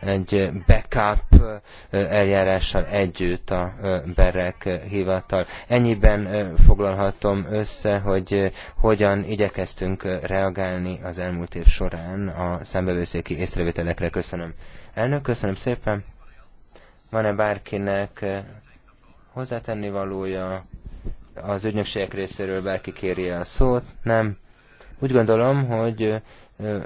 egy backup eljárással együtt a berek hivatal. Ennyiben foglalhatom össze, hogy hogyan igyekeztünk reagálni az elmúlt év során a számbevőszéki észrevételekre. Köszönöm. Elnök, köszönöm szépen. Van-e bárkinek hozzátenni valója? Az ügynökségek részéről bárki kéri a szót? Nem. Úgy gondolom, hogy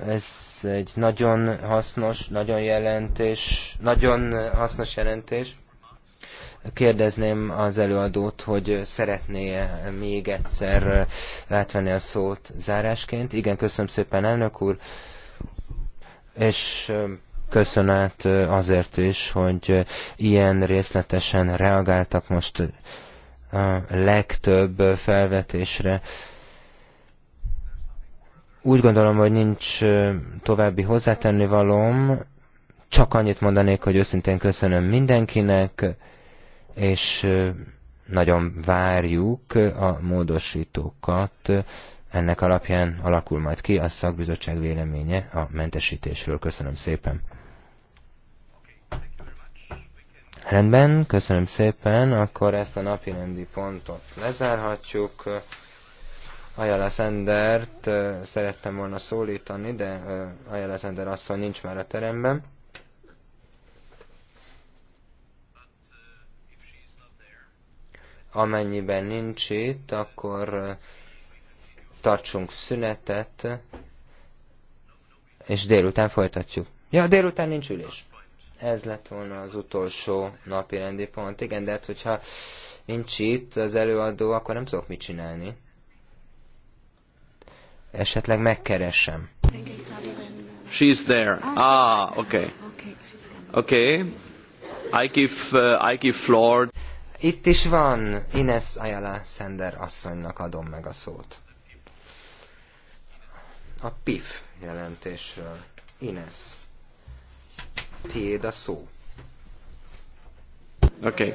ez egy nagyon hasznos, nagyon jelentés, nagyon hasznos jelentés. Kérdezném az előadót, hogy szeretné -e még egyszer átvenni a szót zárásként. Igen, köszönöm szépen, elnök úr. És köszönet azért is, hogy ilyen részletesen reagáltak most a legtöbb felvetésre. Úgy gondolom, hogy nincs további hozzátenni valóm, csak annyit mondanék, hogy őszintén köszönöm mindenkinek, és nagyon várjuk a módosítókat. Ennek alapján alakul majd ki a szakbizottság véleménye a mentesítésről. Köszönöm szépen! Rendben, köszönöm szépen, akkor ezt a napi rendi pontot lezárhatjuk. Ajala Szendert szerettem volna szólítani, de Ajala Szender asszony nincs már a teremben. Amennyiben nincs itt, akkor tartsunk szünetet, és délután folytatjuk. Ja, délután nincs ülés. Ez lett volna az utolsó napi rendi pont. Igen, de hát, hogyha nincs itt az előadó, akkor nem tudok mit csinálni. Esetleg megkeresem. She's there. Ah, okay. Okay. I give, uh, I give floor. Itt is van. Ines Ayala Sender asszonynak adom meg a szót. A PIF jelentésről. Ines. Tiéd a szó. Oké. Okay.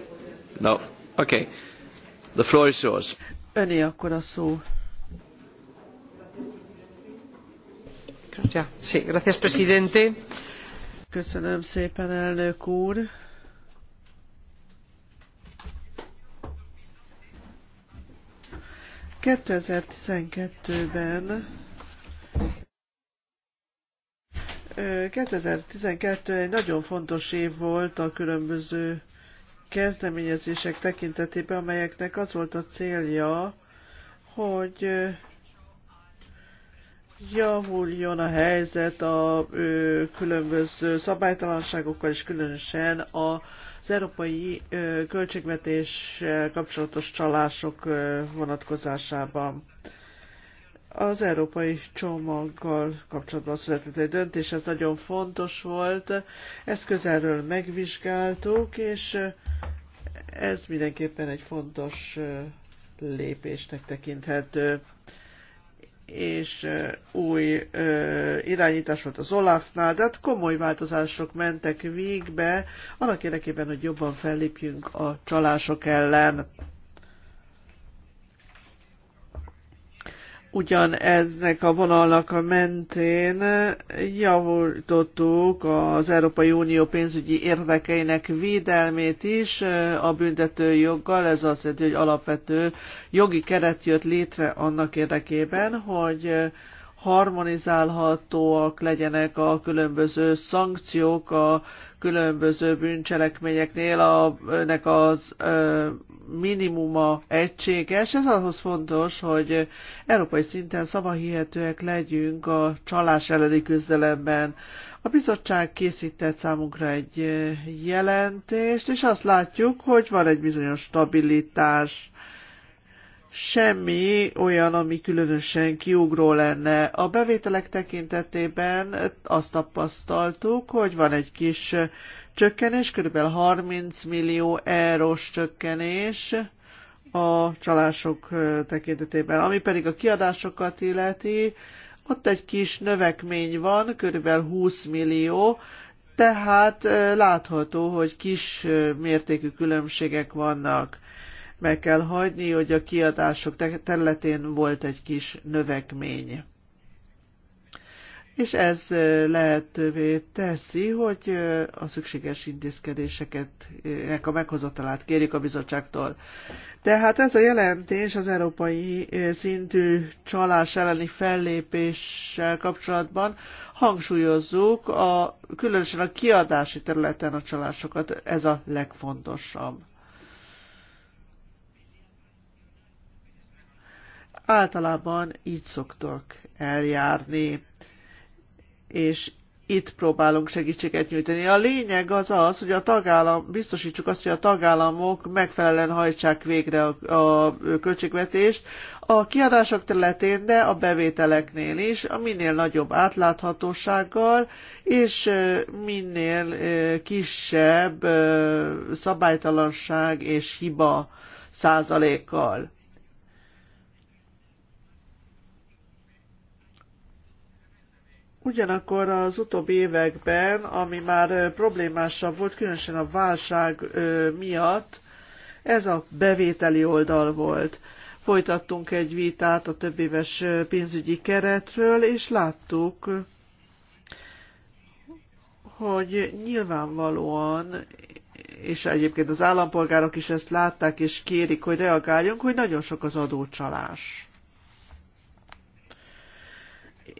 No. Oké. Okay. The floor is yours. Öné akkor a szó. Sí, gracias, presidente. Köszönöm szépen, elnök úr. Kettőezer-tizenkettőben 2012 egy nagyon fontos év volt a különböző kezdeményezések tekintetében, amelyeknek az volt a célja, hogy javuljon a helyzet a különböző szabálytalanságokkal, és különösen az európai költségvetéssel kapcsolatos csalások vonatkozásában az európai csomaggal kapcsolatban született egy döntés, ez nagyon fontos volt, ezt közelről megvizsgáltuk, és ez mindenképpen egy fontos lépésnek tekinthető és új ö, irányítás volt az Olafnál, de hát komoly változások mentek végbe, annak érdekében, hogy jobban fellépjünk a csalások ellen. ugyan eznek a vonalnak a mentén javultottuk az Európai Unió pénzügyi érdekeinek védelmét is a büntető joggal. Ez azt jelenti, hogy alapvető jogi keret jött létre annak érdekében, hogy harmonizálhatóak legyenek a különböző szankciók a különböző bűncselekményeknél, a, önnek az ö, minimuma egységes. Ez ahhoz fontos, hogy európai szinten szavahihetőek legyünk a csalás elleni küzdelemben. A bizottság készített számunkra egy jelentést, és azt látjuk, hogy van egy bizonyos stabilitás semmi olyan, ami különösen kiugró lenne. A bevételek tekintetében azt tapasztaltuk, hogy van egy kis csökkenés, kb. 30 millió eurós csökkenés a csalások tekintetében. Ami pedig a kiadásokat illeti, ott egy kis növekmény van, kb. 20 millió, tehát látható, hogy kis mértékű különbségek vannak meg kell hagyni, hogy a kiadások területén volt egy kis növekmény. És ez lehetővé teszi, hogy a szükséges intézkedéseket, a meghozatalát kérjük a bizottságtól. Tehát ez a jelentés az európai szintű csalás elleni fellépéssel kapcsolatban hangsúlyozzuk a, különösen a kiadási területen a csalásokat, ez a legfontosabb. Általában így szoktak eljárni, és itt próbálunk segítséget nyújtani. A lényeg az az, hogy a tagállam, biztosítsuk azt, hogy a tagállamok megfelelően hajtsák végre a, a költségvetést a kiadások területén, de a bevételeknél is, a minél nagyobb átláthatósággal, és minél kisebb szabálytalanság és hiba százalékkal Ugyanakkor az utóbbi években, ami már problémásabb volt, különösen a válság miatt, ez a bevételi oldal volt. Folytattunk egy vitát a többéves pénzügyi keretről, és láttuk, hogy nyilvánvalóan, és egyébként az állampolgárok is ezt látták és kérik, hogy reagáljunk, hogy nagyon sok az adócsalás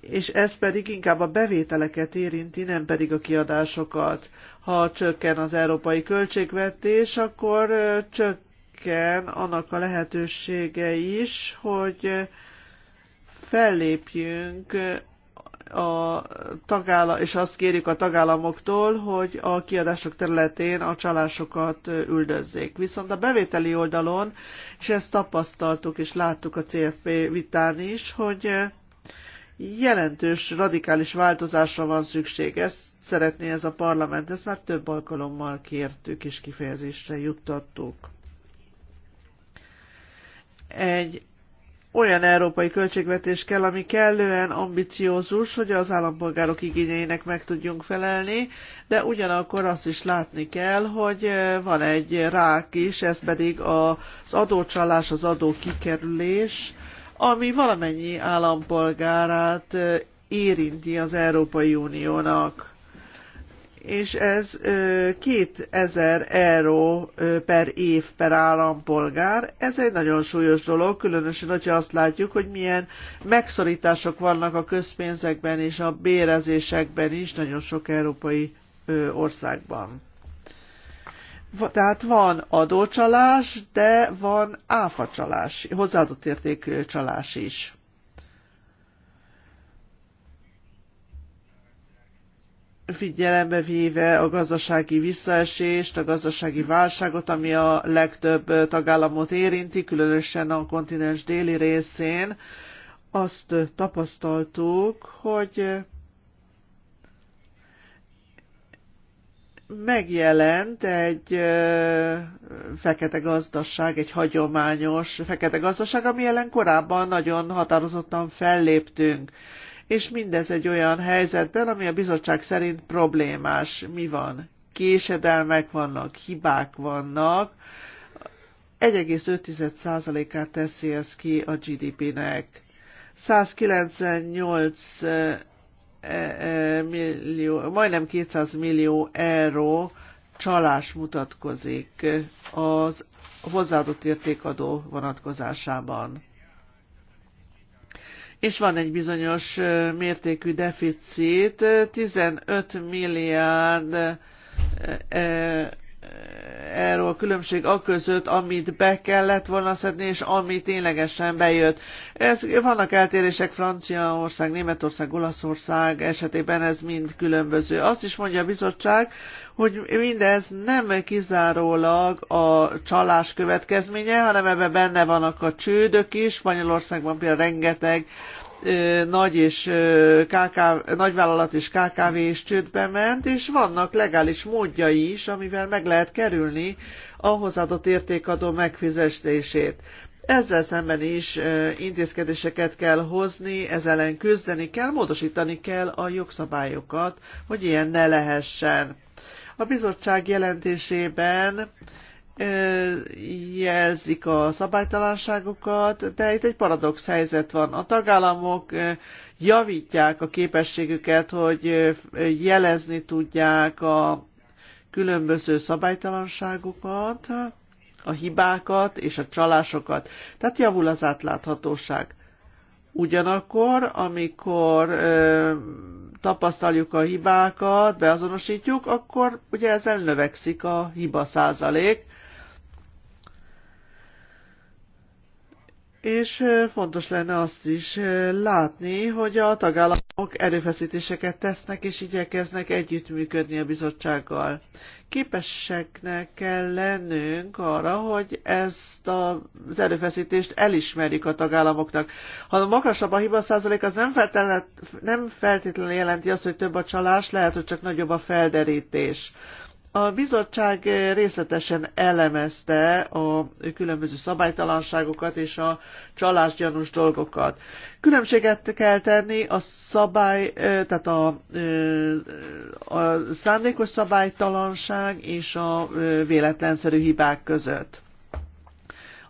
és ez pedig inkább a bevételeket érinti, nem pedig a kiadásokat. Ha csökken az európai költségvetés, akkor csökken annak a lehetősége is, hogy fellépjünk a tagála, és azt kérjük a tagállamoktól, hogy a kiadások területén a csalásokat üldözzék. Viszont a bevételi oldalon, és ezt tapasztaltuk és láttuk a CFP vitán is, hogy jelentős, radikális változásra van szükség. Ezt szeretné ez a parlament, ezt már több alkalommal kértük és kifejezésre juttattuk. Egy olyan európai költségvetés kell, ami kellően ambiciózus, hogy az állampolgárok igényeinek meg tudjunk felelni, de ugyanakkor azt is látni kell, hogy eh, van egy rák is, ez pedig az adócsalás, az adókikerülés, ami valamennyi állampolgárát érinti az Európai Uniónak. És ez 2000 euró per év per állampolgár. Ez egy nagyon súlyos dolog, különösen, hogyha azt látjuk, hogy milyen megszorítások vannak a közpénzekben és a bérezésekben is nagyon sok európai országban. Tehát van adócsalás, de van áfacsalás, hozzáadott értékű csalás is. figyelembe véve a gazdasági visszaesést, a gazdasági válságot, ami a legtöbb tagállamot érinti, különösen a kontinens déli részén, azt tapasztaltuk, hogy megjelent egy ö, fekete gazdaság, egy hagyományos fekete gazdaság, ami ellen korábban nagyon határozottan felléptünk. És mindez egy olyan helyzetben, ami a bizottság szerint problémás. Mi van? Késedelmek vannak, hibák vannak. 1,5%-át teszi ez ki a GDP-nek. 198 millió, majdnem 200 millió euró csalás mutatkozik az hozzáadott értékadó vonatkozásában. És van egy bizonyos mértékű deficit, 15 milliárd erről a különbség a között, amit be kellett volna szedni, és ami ténylegesen bejött. Ez, vannak eltérések Franciaország, Németország, Olaszország esetében, ez mind különböző. Azt is mondja a bizottság, hogy mindez nem kizárólag a csalás következménye, hanem ebben benne vannak a csődök is. Spanyolországban például rengeteg nagy és KKV, nagyvállalat és KKV is csődbe ment, és vannak legális módjai is, amivel meg lehet kerülni a hozzáadott értékadó megfizetését. Ezzel szemben is intézkedéseket kell hozni, ez ellen küzdeni kell, módosítani kell a jogszabályokat, hogy ilyen ne lehessen. A bizottság jelentésében jelzik a szabálytalanságokat, de itt egy paradox helyzet van. A tagállamok javítják a képességüket, hogy jelezni tudják a különböző szabálytalanságokat, a hibákat és a csalásokat. Tehát javul az átláthatóság. Ugyanakkor, amikor ö, tapasztaljuk a hibákat, beazonosítjuk, akkor ugye ezzel növekszik a hiba százalék, és fontos lenne azt is látni, hogy a tagállamok erőfeszítéseket tesznek és igyekeznek együttműködni a bizottsággal. Képeseknek kell lennünk arra, hogy ezt az erőfeszítést elismerjük a tagállamoknak. Ha magasabb a hiba százalék, az nem, nem feltétlenül jelenti azt, hogy több a csalás, lehet, hogy csak nagyobb a felderítés. A bizottság részletesen elemezte a különböző szabálytalanságokat és a csalásgyanús dolgokat. Különbséget kell tenni a szabály, tehát a, a szándékos szabálytalanság és a véletlenszerű hibák között.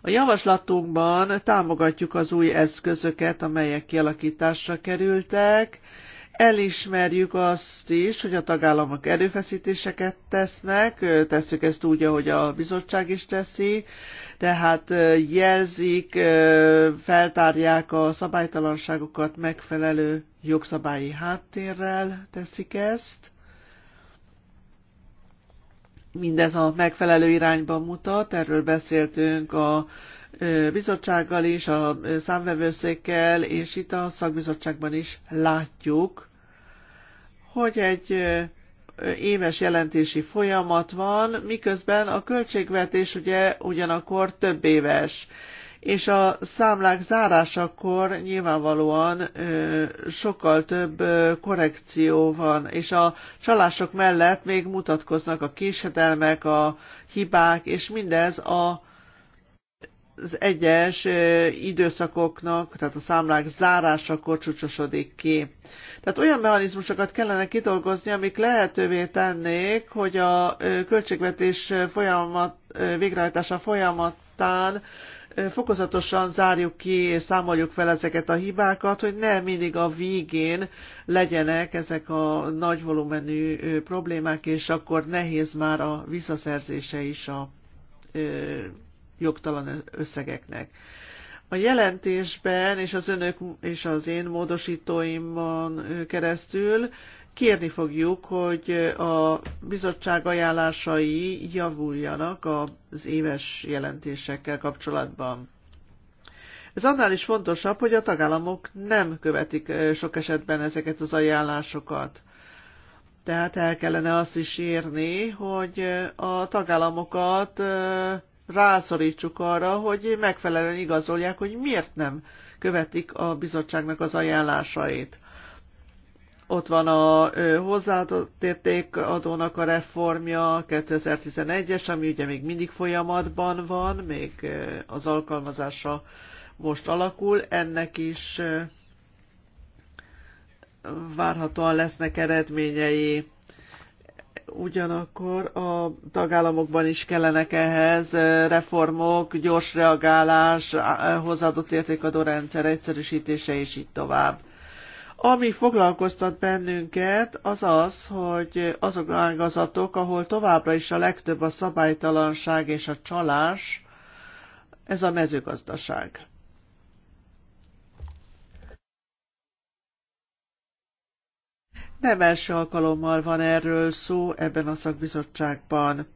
A javaslatunkban támogatjuk az új eszközöket, amelyek kialakításra kerültek, elismerjük azt is, hogy a tagállamok erőfeszítéseket tesznek, tesszük ezt úgy, ahogy a bizottság is teszi, tehát jelzik, feltárják a szabálytalanságokat megfelelő jogszabályi háttérrel teszik ezt. Mindez a megfelelő irányba mutat, erről beszéltünk a bizottsággal is, a számvevőszékkel, és itt a szakbizottságban is látjuk, hogy egy éves jelentési folyamat van, miközben a költségvetés ugye ugyanakkor több éves és a számlák zárásakor nyilvánvalóan ö, sokkal több ö, korrekció van, és a csalások mellett még mutatkoznak a késedelmek, a hibák, és mindez a az egyes időszakoknak, tehát a számlák zárásakor csúcsosodik ki. Tehát olyan mechanizmusokat kellene kidolgozni, amik lehetővé tennék, hogy a költségvetés folyamat, végrehajtása folyamatán fokozatosan zárjuk ki és számoljuk fel ezeket a hibákat, hogy ne mindig a végén legyenek ezek a nagy volumenű problémák, és akkor nehéz már a visszaszerzése is a jogtalan összegeknek. A jelentésben és az önök és az én módosítóimban keresztül kérni fogjuk, hogy a bizottság ajánlásai javuljanak az éves jelentésekkel kapcsolatban. Ez annál is fontosabb, hogy a tagállamok nem követik sok esetben ezeket az ajánlásokat. Tehát el kellene azt is írni, hogy a tagállamokat rászorítsuk arra, hogy megfelelően igazolják, hogy miért nem követik a bizottságnak az ajánlásait. Ott van a hozzáadott értékadónak a reformja 2011-es, ami ugye még mindig folyamatban van, még az alkalmazása most alakul. Ennek is várhatóan lesznek eredményei ugyanakkor a tagállamokban is kellenek ehhez eh, reformok, gyors reagálás, eh, hozzáadott értékadó rendszer egyszerűsítése és így tovább. Ami foglalkoztat bennünket, az az, hogy azok ágazatok, ahol továbbra is a legtöbb a szabálytalanság és a csalás, ez a mezőgazdaság. Nem első alkalommal van erről szó ebben a szakbizottságban.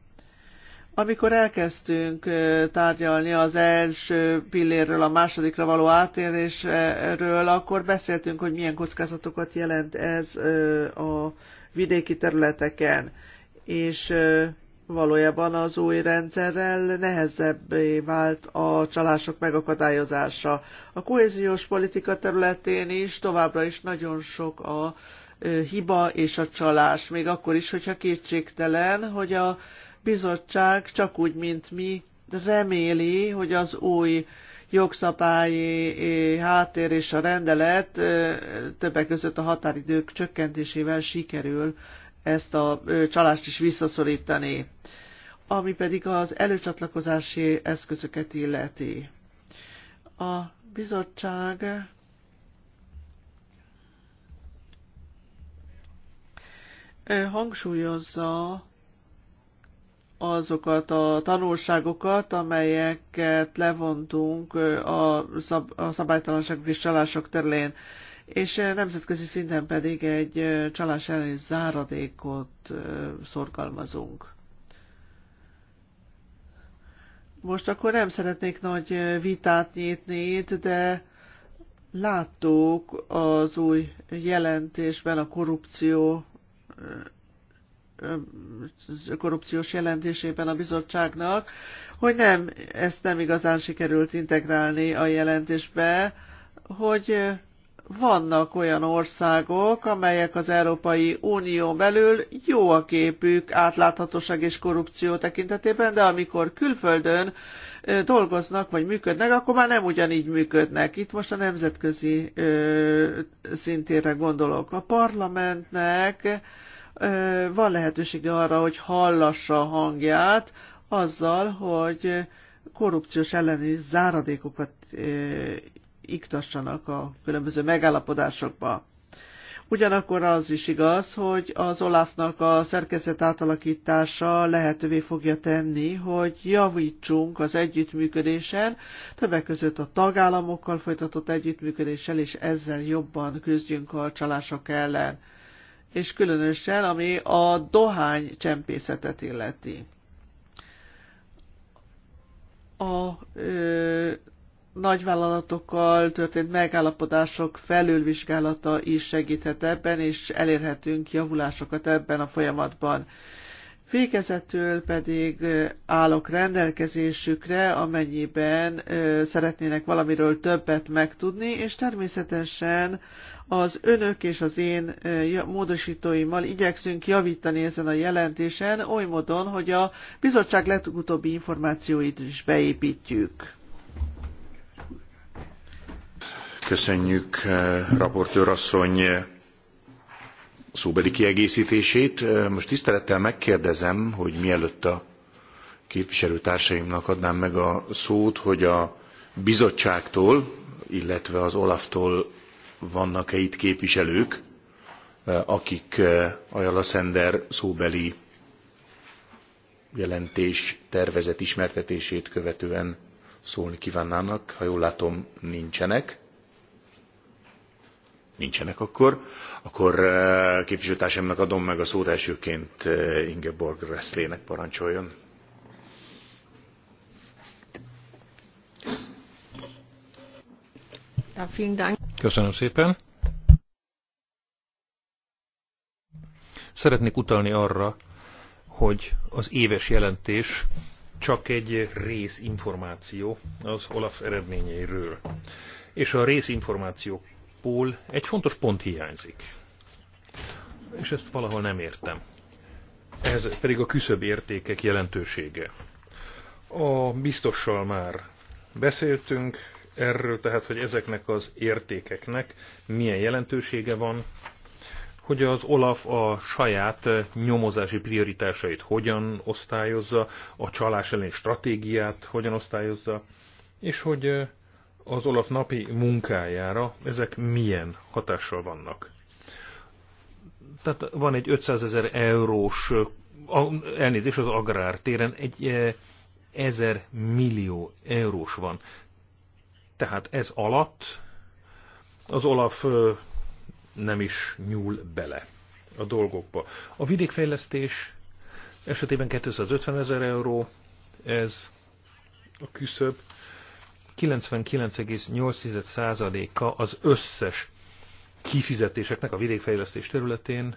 Amikor elkezdtünk tárgyalni az első pillérről a másodikra való átérésről, akkor beszéltünk, hogy milyen kockázatokat jelent ez a vidéki területeken, és valójában az új rendszerrel nehezebbé vált a csalások megakadályozása. A kohéziós politika területén is továbbra is nagyon sok a hiba és a csalás, még akkor is, hogyha kétségtelen, hogy a bizottság csak úgy, mint mi reméli, hogy az új jogszabályi háttér és a rendelet többek között a határidők csökkentésével sikerül ezt a csalást is visszaszorítani, ami pedig az előcsatlakozási eszközöket illeti. A bizottság hangsúlyozza azokat a tanulságokat, amelyeket levontunk a, szab- a szabálytalanságok és csalások terén, és nemzetközi szinten pedig egy csalás elleni záradékot szorgalmazunk. Most akkor nem szeretnék nagy vitát nyitni itt, de láttuk az új jelentésben a korrupció korrupciós jelentésében a bizottságnak, hogy nem, ezt nem igazán sikerült integrálni a jelentésbe, hogy vannak olyan országok, amelyek az Európai Unió belül jó a képük átláthatóság és korrupció tekintetében, de amikor külföldön dolgoznak vagy működnek, akkor már nem ugyanígy működnek. Itt most a nemzetközi ö, szintére gondolok. A parlamentnek ö, van lehetősége arra, hogy hallassa a hangját azzal, hogy korrupciós elleni záradékokat iktassanak a különböző megállapodásokba. Ugyanakkor az is igaz, hogy az Olafnak a szerkezet átalakítása lehetővé fogja tenni, hogy javítsunk az együttműködésen, többek között a tagállamokkal folytatott együttműködéssel, és ezzel jobban küzdjünk a csalások ellen. És különösen, ami a dohány csempészetet illeti. A ö, nagyvállalatokkal történt megállapodások felülvizsgálata is segíthet ebben, és elérhetünk javulásokat ebben a folyamatban. Végezetül pedig állok rendelkezésükre, amennyiben szeretnének valamiről többet megtudni, és természetesen az önök és az én módosítóimmal igyekszünk javítani ezen a jelentésen oly módon, hogy a bizottság legutóbbi információit is beépítjük. Köszönjük eh, raportőr asszony eh, szóbeli kiegészítését. Eh, most tisztelettel megkérdezem, hogy mielőtt a képviselőtársaimnak adnám meg a szót, hogy a bizottságtól, illetve az Olaftól vannak-e itt képviselők, akik Ajala Szender szóbeli jelentés tervezet ismertetését követően szólni kívánnának. Ha jól látom, nincsenek nincsenek akkor, akkor eh, képviselőtársamnak adom meg a szót elsőként eh, Ingeborg Reszlének parancsoljon. Köszönöm szépen. Szeretnék utalni arra, hogy az éves jelentés csak egy rész információ az Olaf eredményeiről. És a információk Pól egy fontos pont hiányzik. És ezt valahol nem értem. Ez pedig a küszöbb értékek jelentősége. A biztossal már beszéltünk erről, tehát hogy ezeknek az értékeknek milyen jelentősége van, hogy az Olaf a saját nyomozási prioritásait hogyan osztályozza, a csalás elleni stratégiát hogyan osztályozza, és hogy az Olaf napi munkájára ezek milyen hatással vannak. Tehát van egy 500 eh, ezer eurós, elnézés az agrártéren, egy 1000 millió eurós van. Tehát ez alatt az Olaf eh, nem is nyúl bele a dolgokba. A vidékfejlesztés esetében 250 ezer euró, ez a küszöb. 99,8%-a az összes kifizetéseknek a vidékfejlesztés területén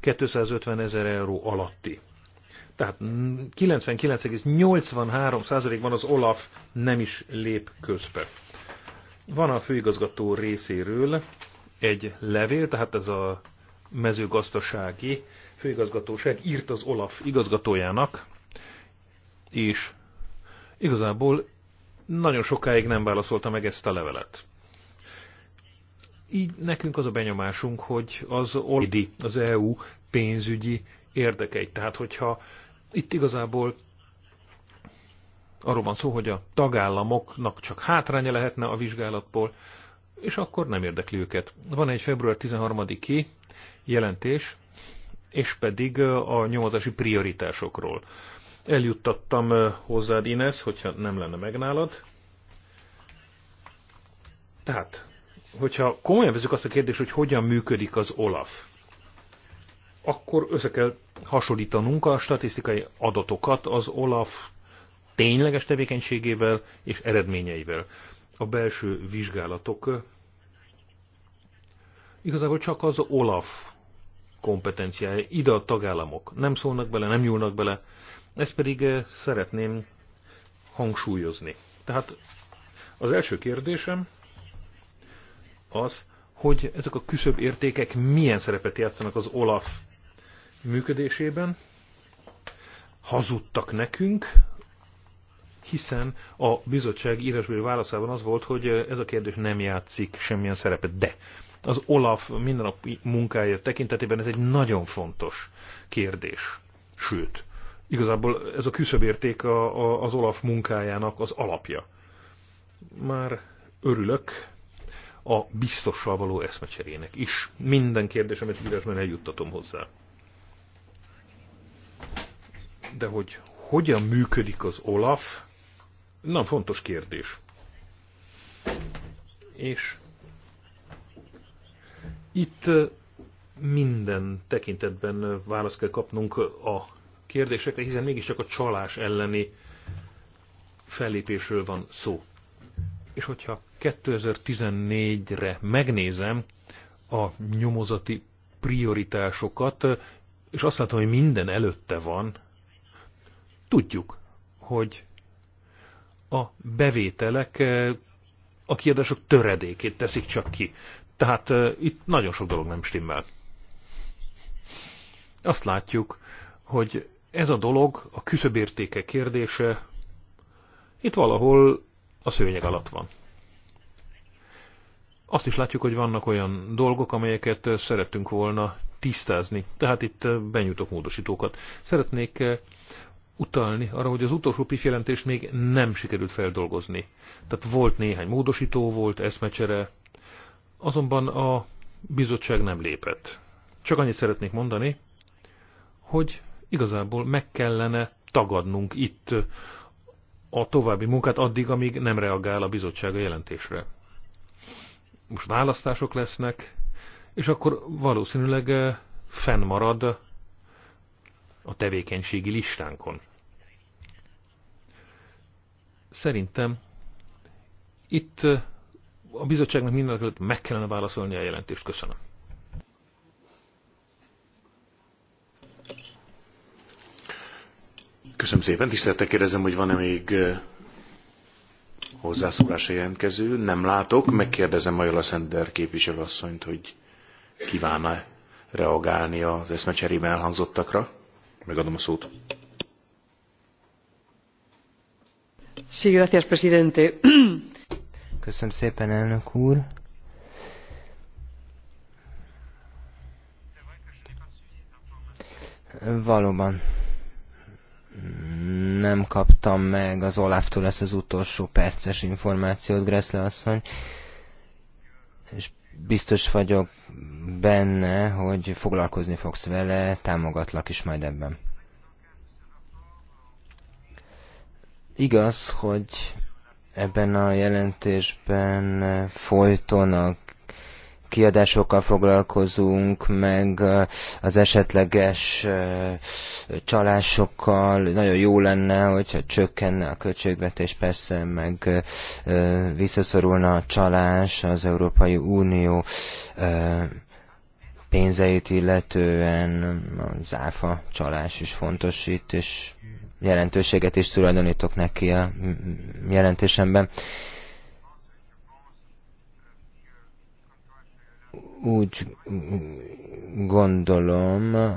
250 ezer euró alatti. Tehát 99,83%-ban az OLAF nem is lép közbe. Van a főigazgató részéről egy levél, tehát ez a mezőgazdasági főigazgatóság írt az OLAF igazgatójának, és igazából nagyon sokáig nem válaszolta meg ezt a levelet. Így nekünk az a benyomásunk, hogy az oldi az EU pénzügyi érdekeit. Tehát, hogyha itt igazából arról van szó, hogy a tagállamoknak csak hátránya lehetne a vizsgálatból, és akkor nem érdekli őket. Van egy február 13-i jelentés, és pedig a nyomozási prioritásokról eljuttattam hozzád, Ines, hogyha nem lenne megnálad. Tehát, hogyha komolyan veszük azt a kérdést, hogy hogyan működik az OLAF, akkor össze kell hasonlítanunk a statisztikai adatokat az OLAF tényleges tevékenységével és eredményeivel. A belső vizsgálatok igazából csak az OLAF kompetenciája. Ide a tagállamok nem szólnak bele, nem nyúlnak bele, ezt pedig szeretném hangsúlyozni. Tehát az első kérdésem az, hogy ezek a küszöbb értékek milyen szerepet játszanak az OLAF működésében. Hazudtak nekünk, hiszen a bizottság írásbeli válaszában az volt, hogy ez a kérdés nem játszik semmilyen szerepet. De az OLAF mindennapi munkája tekintetében ez egy nagyon fontos kérdés. Sőt, Igazából ez a küszöbérték a, a, az Olaf munkájának az alapja. Már örülök a biztossal való eszmecserének is. Minden kérdésemet írásban eljuttatom hozzá. De hogy hogyan működik az Olaf, nem fontos kérdés. És itt minden tekintetben választ kell kapnunk a kérdésekre, hiszen mégiscsak a csalás elleni fellépésről van szó. És hogyha 2014-re megnézem a nyomozati prioritásokat, és azt látom, hogy minden előtte van, tudjuk, hogy a bevételek eh, a kiadások töredékét teszik csak ki. Tehát eh, itt nagyon sok dolog nem stimmel. Azt látjuk, hogy ez a dolog, a küszöbértéke kérdése, itt valahol a szőnyeg alatt van. Azt is látjuk, hogy vannak olyan dolgok, amelyeket szerettünk volna tisztázni. Tehát itt benyújtok módosítókat. Szeretnék eh, utalni arra, hogy az utolsó PIF jelentést még nem sikerült feldolgozni. Tehát volt néhány módosító, volt eszmecsere, azonban a bizottság nem lépett. Csak annyit szeretnék mondani, hogy igazából meg kellene tagadnunk itt a további munkát addig, amíg nem reagál a bizottság a jelentésre. Most választások lesznek, és akkor valószínűleg eh, fennmarad a tevékenységi listánkon. Szerintem itt eh, a bizottságnak mindenek meg kellene válaszolni a jelentést. Köszönöm. Köszönöm szépen. Tisztelettel kérdezem, hogy van-e még hozzászólása jelentkező. Nem látok. Megkérdezem Majola Szender képviselőasszonyt, hogy kíván-e reagálni az eszmecserében elhangzottakra. Megadom a szót. Sí, gracias, presidente. Köszönöm szépen, elnök úr. Valóban nem kaptam meg az Olaftól ezt az utolsó perces információt, Gressle asszony, és biztos vagyok benne, hogy foglalkozni fogsz vele, támogatlak is majd ebben. Igaz, hogy ebben a jelentésben folyton a kiadásokkal foglalkozunk, meg az esetleges csalásokkal. Nagyon jó lenne, hogyha csökkenne a költségvetés, persze meg visszaszorulna a csalás az Európai Unió pénzeit illetően az áfa csalás is fontos itt, és jelentőséget is tulajdonítok neki a jelentésemben. Úgy gondolom,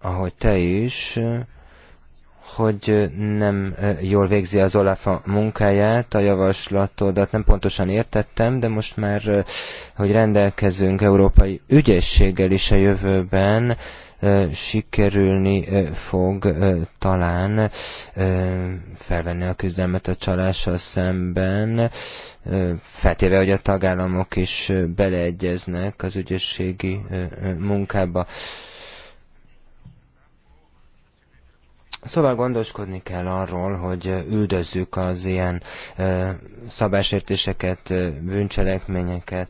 ahogy te is, hogy nem eh, jól végzi az Olaf a munkáját, a javaslatodat nem pontosan értettem, de most már, eh, hogy rendelkezünk európai ügyességgel is a jövőben, eh, sikerülni fog talán felvenni a küzdelmet a csalással szemben feltéve, hogy a tagállamok is beleegyeznek az ügyességi munkába. Szóval gondoskodni kell arról, hogy üldözzük az ilyen szabásértéseket, bűncselekményeket.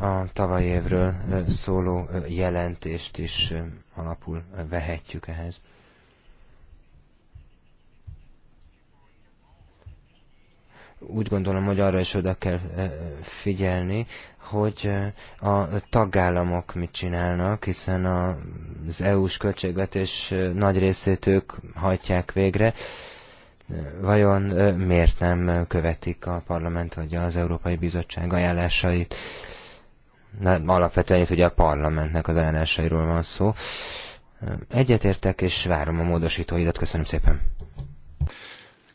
A tavaly évről szóló jelentést is alapul vehetjük ehhez. úgy gondolom, hogy arra is oda kell figyelni, hogy a tagállamok mit csinálnak, hiszen az EU-s költségvetés nagy részét ők hajtják végre. Vajon miért nem követik a parlament vagy az Európai Bizottság ajánlásait? Na, alapvetően itt ugye a parlamentnek az ajánlásairól van szó. Egyetértek, és várom a módosítóidat. Köszönöm szépen.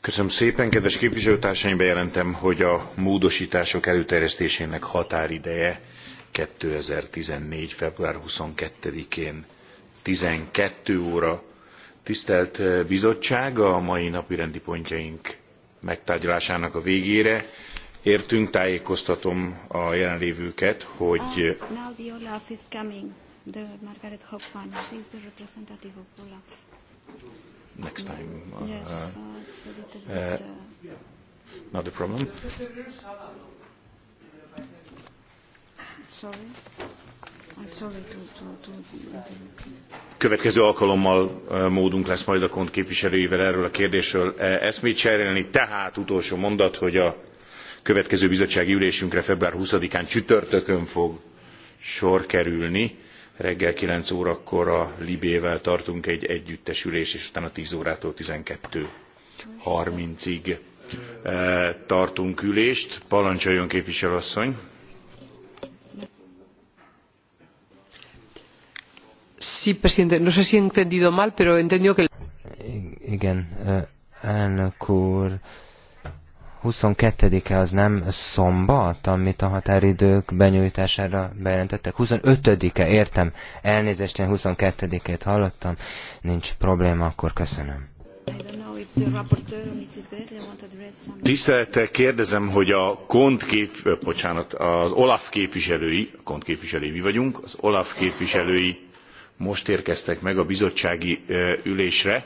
Köszönöm szépen, kedves képviselőtársaim, bejelentem, hogy a módosítások előterjesztésének határideje 2014. február 22-én 12 óra. Tisztelt eh, bizottság, a mai napi rendi pontjaink megtárgyalásának a végére értünk, tájékoztatom a jelenlévőket, hogy... Ah, next time. Yes, uh, a uh, uh, not a problem. Sorry. Következő alkalommal uh, módunk lesz majd a KONT képviselőivel erről a kérdésről uh, eszmét cserélni. Tehát utolsó mondat, hogy a következő bizottsági ülésünkre február 20-án csütörtökön fog sor kerülni reggel 9 órakor a Libével tartunk egy együttesülés, és utána 10 órától 12.30-ig eh, tartunk ülést. Parancsoljon képviselőasszony! Sí, presidente, no sé si he entendido mal, pero he entendido que... Igen, eh, elnök úr, 22-e az nem szombat, amit a határidők benyújtására bejelentettek? 25-e, értem. Elnézést, én 22-ét hallottam. Nincs probléma, akkor köszönöm. Tisztelettel kérdezem, hogy a KONT kép, bocsánat, az OLAF képviselői, KONT képviselői mi vagyunk, az OLAF képviselői most érkeztek meg a bizottsági ülésre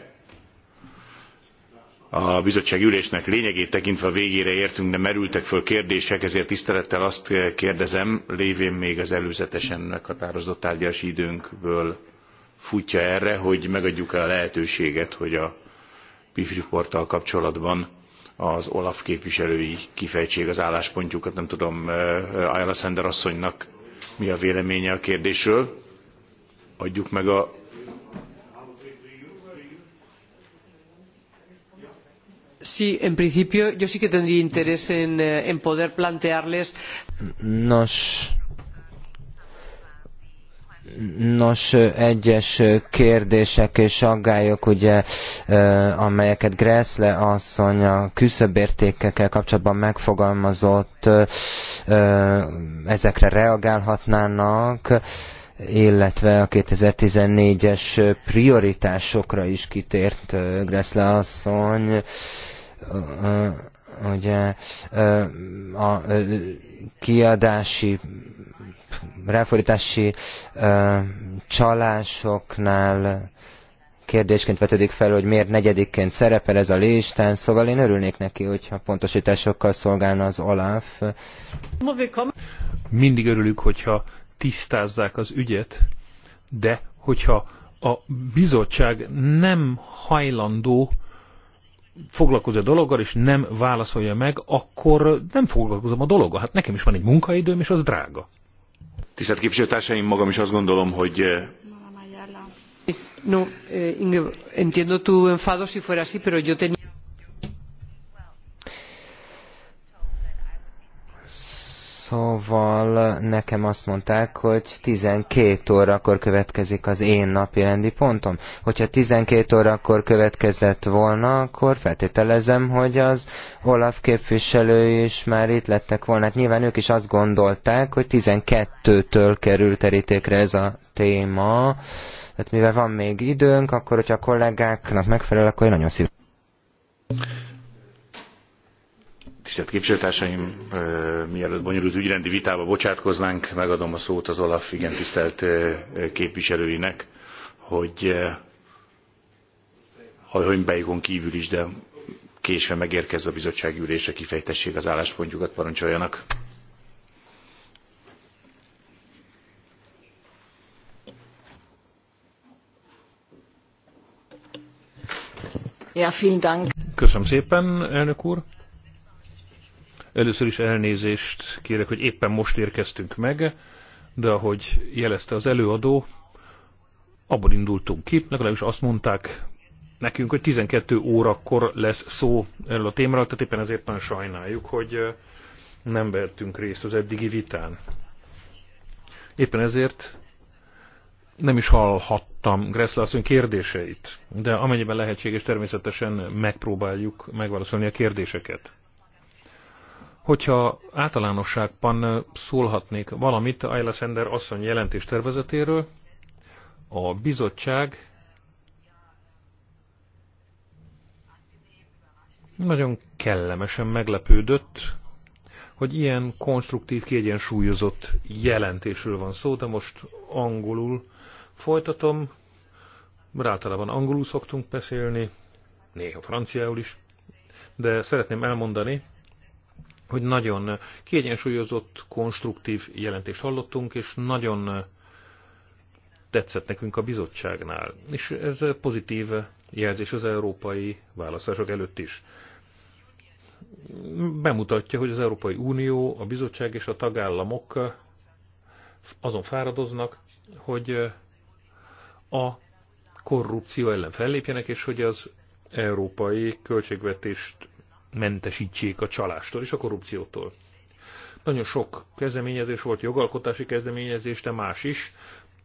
a bizottsági ülésnek lényegét tekintve a végére értünk, de merültek föl kérdések, ezért tisztelettel azt kérdezem, lévén még az előzetesen meghatározott tárgyalási időnkből futja erre, hogy megadjuk-e a lehetőséget, hogy a PIF riporttal kapcsolatban az Olaf képviselői kifejtsék az álláspontjukat. Nem tudom, eh, Ayala Sender asszonynak mi a véleménye a kérdésről. Adjuk meg a en principio yo sí que tendría interés en, eh, en poder plantearles. Nos, Nos, eh, egyes kérdések és aggályok, ugye, eh, amelyeket Gressle asszony a küszöbértékekkel kapcsolatban megfogalmazott, ezekre reagálhatnának, illetve a 2014-es prioritásokra is kitért Gressle asszony ugye a kiadási, ráfordítási csalásoknál kérdésként vetődik fel, hogy miért negyedikként szerepel ez a listán, szóval én örülnék neki, hogyha pontosításokkal szolgálna az Olaf. Mindig örülünk, hogyha tisztázzák az ügyet, de hogyha a bizottság nem hajlandó foglalkozó a dologgal, és nem válaszolja meg, akkor nem foglalkozom a dologgal. Hát nekem is van egy munkaidőm, és az drága. Tisztelt képviselőtársaim, magam is azt gondolom, hogy eh, No, eh, Inge, entiendo tu enfado si fuera así, pero yo tenía. Szóval nekem azt mondták, hogy 12 órakor következik az én napi rendi pontom. Hogyha 12 órakor következett volna, akkor feltételezem, hogy az Olaf képviselői is már itt lettek volna. Hát nyilván ők is azt gondolták, hogy 12-től kerül terítékre ez a téma. Tehát mivel van még időnk, akkor hogyha a kollégáknak megfelel, akkor én nagyon szívesen. Tisztelt képviselőtársaim, mielőtt bonyolult ügyrendi vitába bocsátkoznánk, megadom a szót az Olaf igen tisztelt képviselőinek, hogy hajhonybeikon kívül is, de késve megérkezve a bizottsági ülésre kifejtessék az álláspontjukat, parancsoljanak. Ja, vielen Dank. Köszönöm szépen, elnök úr. Először is elnézést kérek, hogy éppen most érkeztünk meg, de ahogy jelezte az előadó, abból indultunk ki, legalábbis azt mondták nekünk, hogy 12 órakor lesz szó erről a témáról, tehát éppen ezért nagyon sajnáljuk, hogy nem vettünk részt az eddigi vitán. Éppen ezért nem is hallhattam Gressler asszony kérdéseit, de amennyiben lehetséges, természetesen megpróbáljuk megválaszolni a kérdéseket. Hogyha általánosságban szólhatnék valamit Ayla Sender asszony jelentés tervezetéről, a bizottság nagyon kellemesen meglepődött, hogy ilyen konstruktív, kiegyensúlyozott jelentésről van szó, de most angolul folytatom. Általában angolul szoktunk beszélni, néha franciául is, de szeretném elmondani, hogy nagyon kiegyensúlyozott, konstruktív jelentést hallottunk, és nagyon tetszett nekünk a bizottságnál. És ez pozitív jelzés az európai választások előtt is. Bemutatja, hogy az Európai Unió, a bizottság és a tagállamok azon fáradoznak, hogy a korrupció ellen fellépjenek, és hogy az európai költségvetést mentesítsék a csalástól és a korrupciótól. Nagyon sok kezdeményezés volt, jogalkotási kezdeményezés, de más is,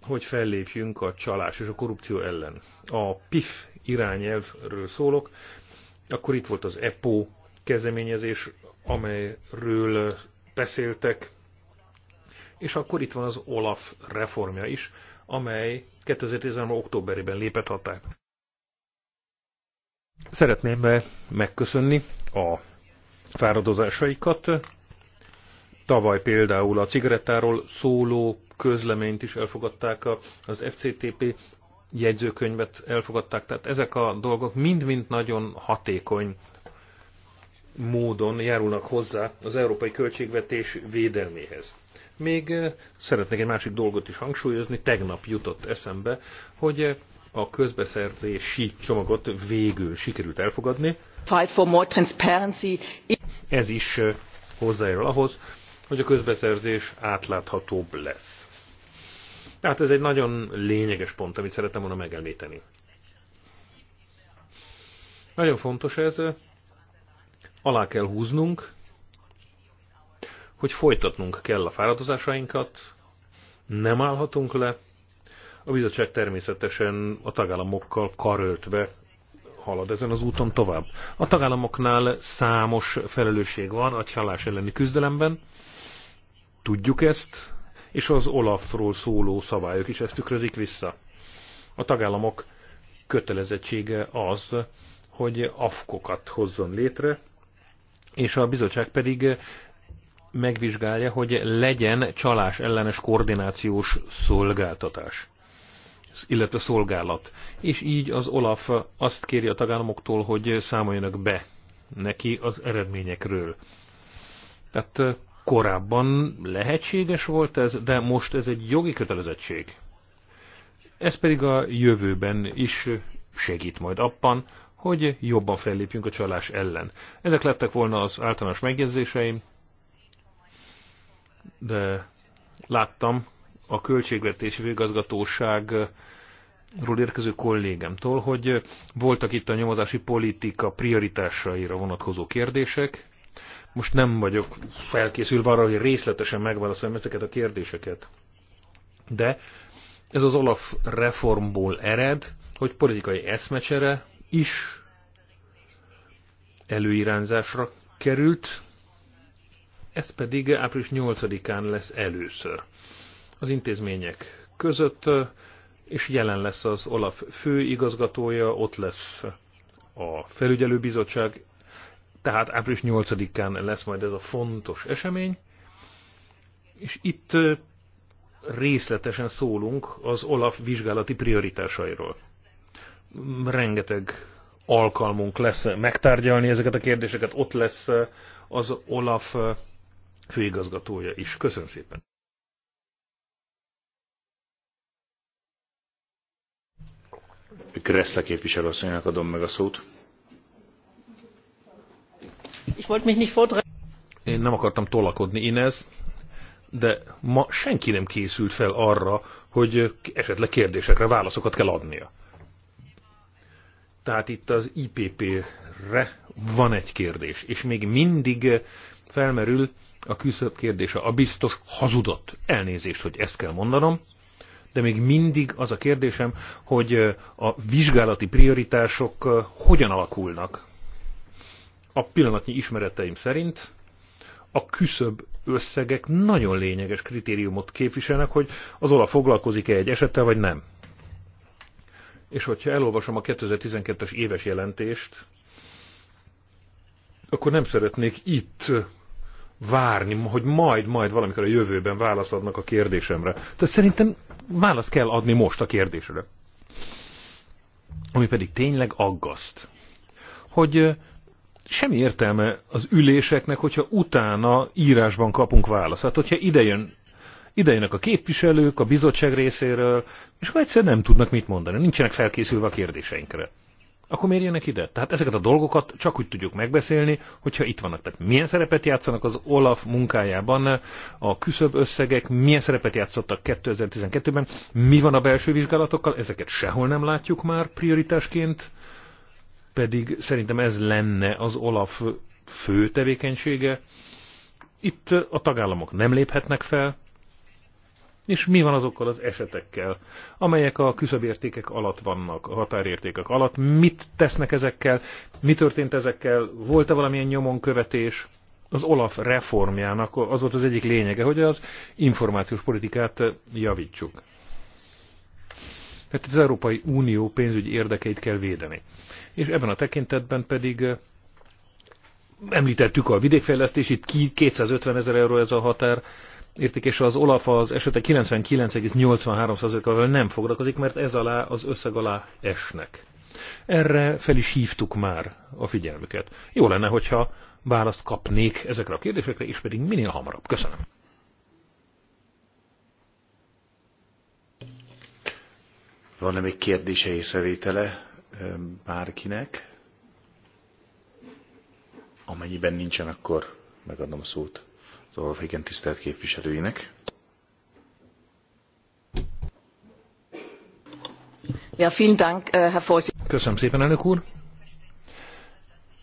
hogy fellépjünk a csalás és a korrupció ellen. A PIF irányelvről szólok, akkor itt volt az EPO kezdeményezés, amelyről beszéltek, és akkor itt van az OLAF reformja is, amely 2013. októberében lépett hatályba. Szeretném megköszönni a fáradozásaikat. Tavaly például a cigarettáról szóló közleményt is elfogadták, az FCTP jegyzőkönyvet elfogadták, tehát ezek a dolgok mind-mind nagyon hatékony módon járulnak hozzá az európai költségvetés védelméhez. Még eh, szeretnék egy másik dolgot is hangsúlyozni, tegnap jutott eszembe, hogy eh, a közbeszerzési csomagot végül sikerült elfogadni. Fight for more transparency. Ez is hozzájárul ahhoz, hogy a közbeszerzés átláthatóbb lesz. Tehát ez egy nagyon lényeges pont, amit szeretem volna megemlíteni. Nagyon fontos ez, alá kell húznunk, hogy folytatnunk kell a fáradozásainkat, nem állhatunk le, a bizottság természetesen a tagállamokkal karöltve halad ezen az úton tovább. A tagállamoknál számos felelősség van a csalás elleni küzdelemben, tudjuk ezt, és az Olafról szóló szabályok is ezt tükrözik vissza. A tagállamok kötelezettsége az, hogy afkokat hozzon létre, és a bizottság pedig megvizsgálja, hogy legyen csalás ellenes koordinációs szolgáltatás illetve szolgálat. És így az Olaf azt kéri a tagállamoktól, hogy számoljanak be neki az eredményekről. Tehát korábban lehetséges volt ez, de most ez egy jogi kötelezettség. Ez pedig a jövőben is segít majd abban, hogy jobban fellépjünk a csalás ellen. Ezek lettek volna az általános megjegyzéseim, de láttam, a Költségvetési Végazgatóságról érkező kollégámtól, hogy voltak itt a nyomozási politika prioritásaira vonatkozó kérdések. Most nem vagyok felkészülve arra, hogy részletesen megválaszoljam ezeket a kérdéseket. De ez az Olaf reformból ered, hogy politikai eszmecsere is előirányzásra került, ez pedig április 8-án lesz először az intézmények között, és jelen lesz az Olaf főigazgatója, ott lesz a felügyelőbizottság, tehát április 8-án lesz majd ez a fontos esemény, és itt részletesen szólunk az Olaf vizsgálati prioritásairól. Rengeteg alkalmunk lesz megtárgyalni ezeket a kérdéseket, ott lesz az Olaf főigazgatója is. Köszönöm szépen! képviselő asszonynak adom meg a szót. Én nem akartam tolakodni, Inez, de ma senki nem készült fel arra, hogy esetleg kérdésekre válaszokat kell adnia. Tehát itt az IPP-re van egy kérdés, és még mindig felmerül a küszöbb kérdése. A biztos hazudott. Elnézést, hogy ezt kell mondanom, de még mindig az a kérdésem, hogy a vizsgálati prioritások hogyan alakulnak. A pillanatnyi ismereteim szerint a küszöb összegek nagyon lényeges kritériumot képviselnek, hogy az olaf foglalkozik-e egy esettel, vagy nem. És hogyha elolvasom a 2012-es éves jelentést, akkor nem szeretnék itt várni, hogy majd, majd valamikor a jövőben válasz adnak a kérdésemre. Tehát szerintem választ kell adni most a kérdésre. Ami pedig tényleg aggaszt, hogy semmi értelme az üléseknek, hogyha utána írásban kapunk választ. Hát, hogyha idejön idejönnek a képviselők, a bizottság részéről, és akkor egyszer nem tudnak mit mondani, nincsenek felkészülve a kérdéseinkre akkor miért jönnek ide? Tehát ezeket a dolgokat csak úgy tudjuk megbeszélni, hogyha itt vannak. Tehát milyen szerepet játszanak az Olaf munkájában a küszöbb összegek, milyen szerepet játszottak 2012-ben, mi van a belső vizsgálatokkal, ezeket sehol nem látjuk már prioritásként, pedig szerintem ez lenne az Olaf fő tevékenysége. Itt a tagállamok nem léphetnek fel, és mi van azokkal az esetekkel, amelyek a küszöbértékek alatt vannak, a határértékek alatt? Mit tesznek ezekkel? Mi történt ezekkel? Volt-e valamilyen nyomonkövetés? Az Olaf reformjának az volt az egyik lényege, hogy az információs politikát javítsuk. Tehát az Európai Unió pénzügyi érdekeit kell védeni. És ebben a tekintetben pedig eh, említettük a vidékfejlesztését, 250 ezer euró ez a határ, és az Olaf az esete 99,83%-ával nem foglalkozik, mert ez alá az összeg alá esnek. Erre fel is hívtuk már a figyelmüket. Jó lenne, hogyha választ kapnék ezekre a kérdésekre, és pedig minél hamarabb. Köszönöm. Van-e még kérdése észrevétele bárkinek? Amennyiben nincsen, akkor megadom a szót. Szóval az Olaféken tisztelt képviselőinek. Ja, Dank, äh, Köszönöm szépen, elnök úr.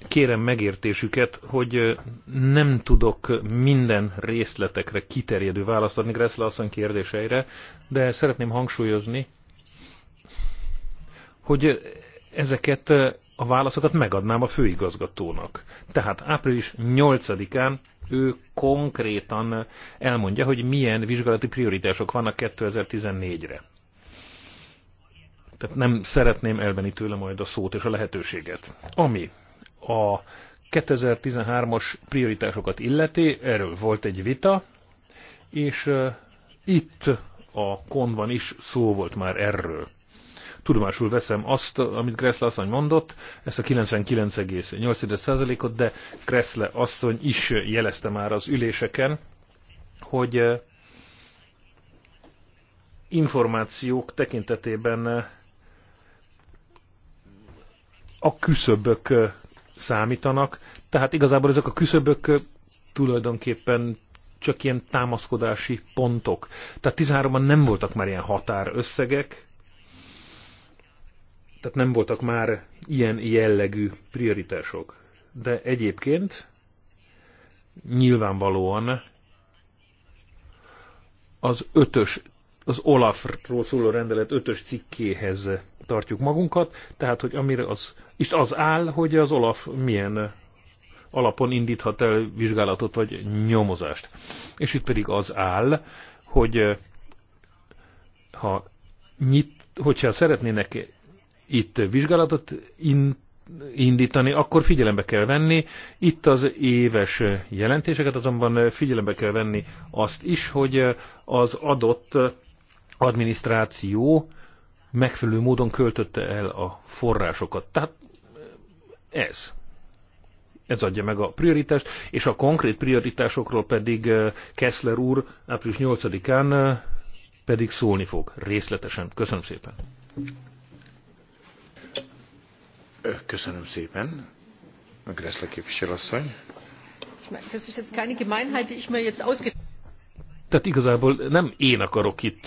Kérem megértésüket, hogy äh, nem tudok minden részletekre kiterjedő választ adni Gressle asszony kérdéseire, de szeretném hangsúlyozni, hogy äh, ezeket a válaszokat megadnám a főigazgatónak. Tehát április 8-án ő konkrétan elmondja, hogy milyen vizsgálati prioritások vannak 2014-re. Tehát nem szeretném elvenni tőle majd a szót és a lehetőséget. Ami a 2013-as prioritásokat illeti, erről volt egy vita, és itt a konban is szó volt már erről tudomásul veszem azt, amit Gressle asszony mondott, ezt a 99,8%-ot, de Gressle asszony is jelezte már az üléseken, hogy eh, információk tekintetében eh, a küszöbök eh, számítanak, tehát igazából ezek a küszöbök tulajdonképpen csak ilyen támaszkodási pontok. Tehát 13-ban nem voltak már ilyen határösszegek, tehát nem voltak már ilyen jellegű prioritások. De egyébként nyilvánvalóan az ötös, az Olafról szóló rendelet ötös cikkéhez tartjuk magunkat, tehát hogy amire az, és az áll, hogy az Olaf milyen alapon indíthat el vizsgálatot vagy nyomozást. És itt pedig az áll, hogy ha nyit, hogyha szeretnének itt vizsgálatot in, indítani, akkor figyelembe kell venni. Itt az éves jelentéseket azonban figyelembe kell venni azt is, hogy az adott adminisztráció megfelelő módon költötte el a forrásokat. Tehát ez. Ez adja meg a prioritást, és a konkrét prioritásokról pedig eh, Kessler úr április 8-án eh, pedig szólni fog részletesen. Köszönöm szépen! Köszönöm szépen. Greszle képviselőasszony. Gemeinheit, Tehát igazából nem én akarok itt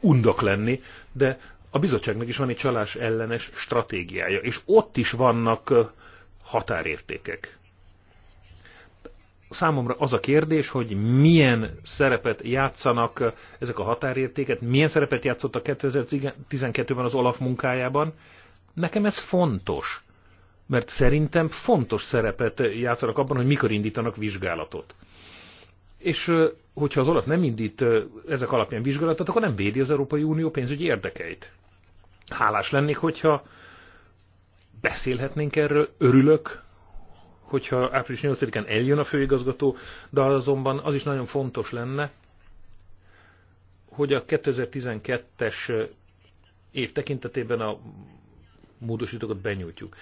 undok lenni, de a bizottságnak is van egy csalás ellenes stratégiája, és ott is vannak határértékek. Számomra az a kérdés, hogy milyen szerepet játszanak ezek a határértéket, milyen szerepet játszottak 2012-ben az Olaf munkájában, Nekem ez fontos, mert szerintem fontos szerepet játszanak abban, hogy mikor indítanak vizsgálatot. És hogyha az Olaf nem indít ezek alapján vizsgálatot, akkor nem védi az Európai Unió pénzügyi érdekeit. Hálás lennék, hogyha beszélhetnénk erről, örülök, hogyha április 8-án eljön a főigazgató, de azonban az is nagyon fontos lenne, hogy a 2012-es év tekintetében a módosítókat benyújtjuk.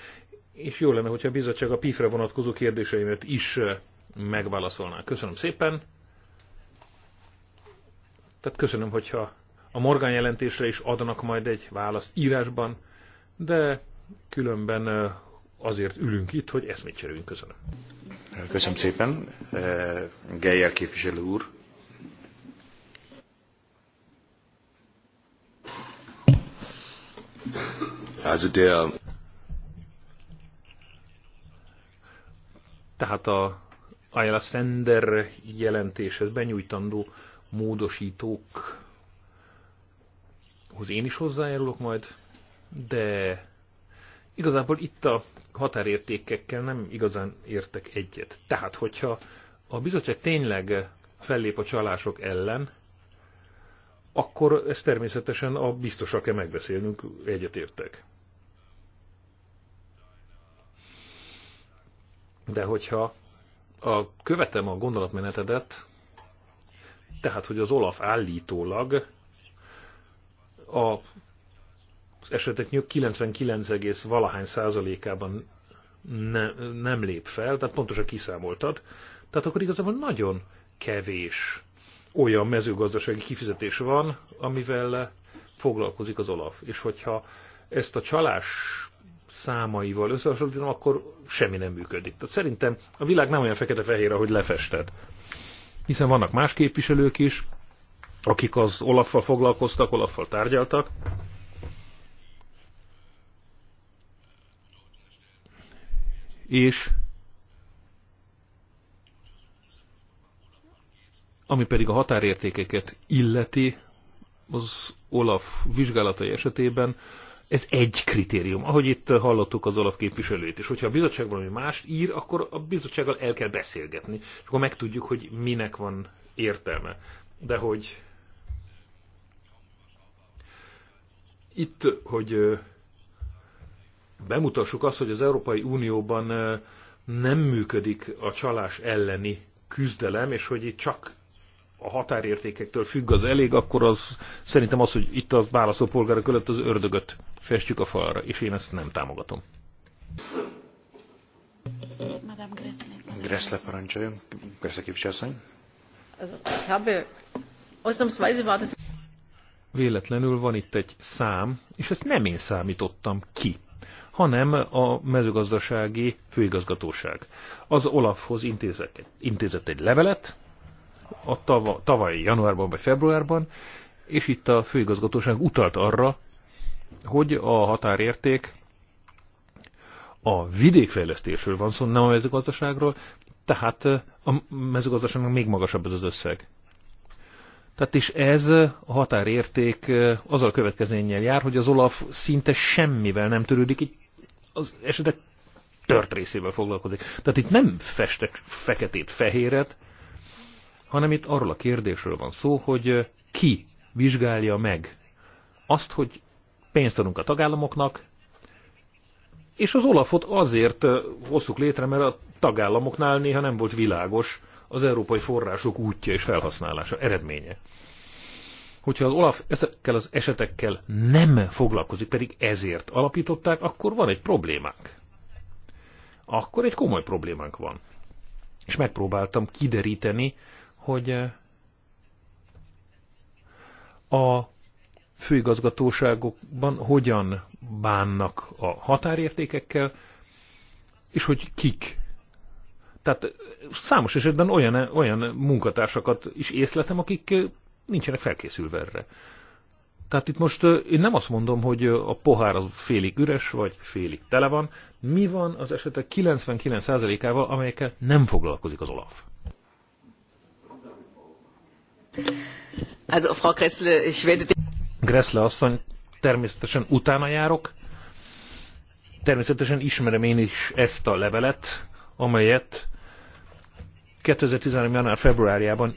És jó lenne, hogyha a bizottság a PIF-re vonatkozó kérdéseimet is megválaszolná. Köszönöm szépen. Tehát köszönöm, hogyha a Morgan jelentésre is adnak majd egy választ írásban, de különben azért ülünk itt, hogy ezt mit cserélünk. Köszönöm. Köszönöm szépen. Geyer képviselő úr. Also der Tehát a Ayala Sender jelentéshez benyújtandó módosítókhoz én is hozzájárulok majd, de igazából itt a határértékekkel nem igazán értek egyet. Tehát, hogyha a bizottság tényleg fellép a csalások ellen, akkor ezt természetesen a biztosak e megbeszélnünk, egyetértek. De hogyha a, követem a gondolatmenetedet, tehát, hogy az Olaf állítólag a esetek 99, valahány százalékában ne, nem lép fel, tehát pontosan kiszámoltad, tehát akkor igazából nagyon kevés olyan mezőgazdasági kifizetés van, amivel foglalkozik az Olaf. És hogyha ezt a csalás számaival összehasonlítom, akkor semmi nem működik. Tehát szerintem a világ nem olyan fekete-fehér, ahogy lefested. Hiszen vannak más képviselők is, akik az Olaffal foglalkoztak, Olaffal tárgyaltak. És ami pedig a határértékeket illeti, az Olaf vizsgálatai esetében ez egy kritérium, ahogy itt hallottuk az Olaf képviselőt és hogyha a bizottság valami mást ír, akkor a bizottsággal el kell beszélgetni, és akkor megtudjuk, hogy minek van értelme. De hogy itt, hogy bemutassuk azt, hogy az Európai Unióban nem működik a csalás elleni küzdelem, és hogy itt csak a határértékektől függ az elég, akkor az szerintem az, hogy itt az polgára között az ördögöt festjük a falra, és én ezt nem támogatom. Madame Gressle. Gressle parancsoljon. Gressle képviselőasszony. Véletlenül van itt egy szám, és ezt nem én számítottam ki, hanem a mezőgazdasági főigazgatóság. Az Olafhoz intézett egy levelet, a tava, tavalyi januárban vagy februárban, és itt a főigazgatóság utalt arra, hogy a határérték a vidékfejlesztésről van szó, nem a mezőgazdaságról, tehát a mezőgazdaságnak még magasabb ez az összeg. Tehát is ez a határérték azzal a következménnyel jár, hogy az Olaf szinte semmivel nem törődik, így az esetek tört részével foglalkozik. Tehát itt nem festek feketét-fehéret, hanem itt arról a kérdésről van szó, hogy ki vizsgálja meg azt, hogy pénzt adunk a tagállamoknak, és az Olafot azért hoztuk létre, mert a tagállamoknál néha nem volt világos az európai források útja és felhasználása, eredménye. Hogyha az Olaf ezekkel az esetekkel nem foglalkozik, pedig ezért alapították, akkor van egy problémánk. Akkor egy komoly problémánk van. És megpróbáltam kideríteni, hogy eh, a főigazgatóságokban hogyan bánnak a határértékekkel, és hogy kik. Tehát eh, számos esetben olyan, olyan munkatársakat is észletem, akik eh, nincsenek felkészülve erre. Tehát itt most én nem azt mondom, hogy a pohár az félig üres, vagy félig tele van. Mi van az esetek 99%-ával, amelyekkel nem foglalkozik az Olaf? Gressle, Gressle asszony, természetesen utána járok. Természetesen ismerem én is ezt a levelet, amelyet 2013. január-februárjában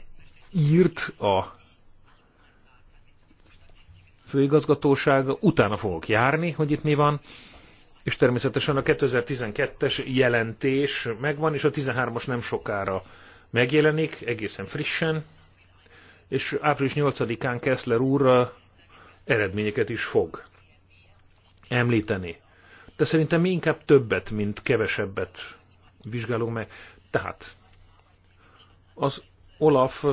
írt a főigazgatósága, utána fogok járni, hogy itt mi van, és természetesen a 2012-es jelentés megvan, és a 13-as nem sokára megjelenik, egészen frissen, és április 8-án Kessler úr eredményeket is fog említeni. De szerintem mi inkább többet, mint kevesebbet vizsgálunk meg. Tehát az Olaf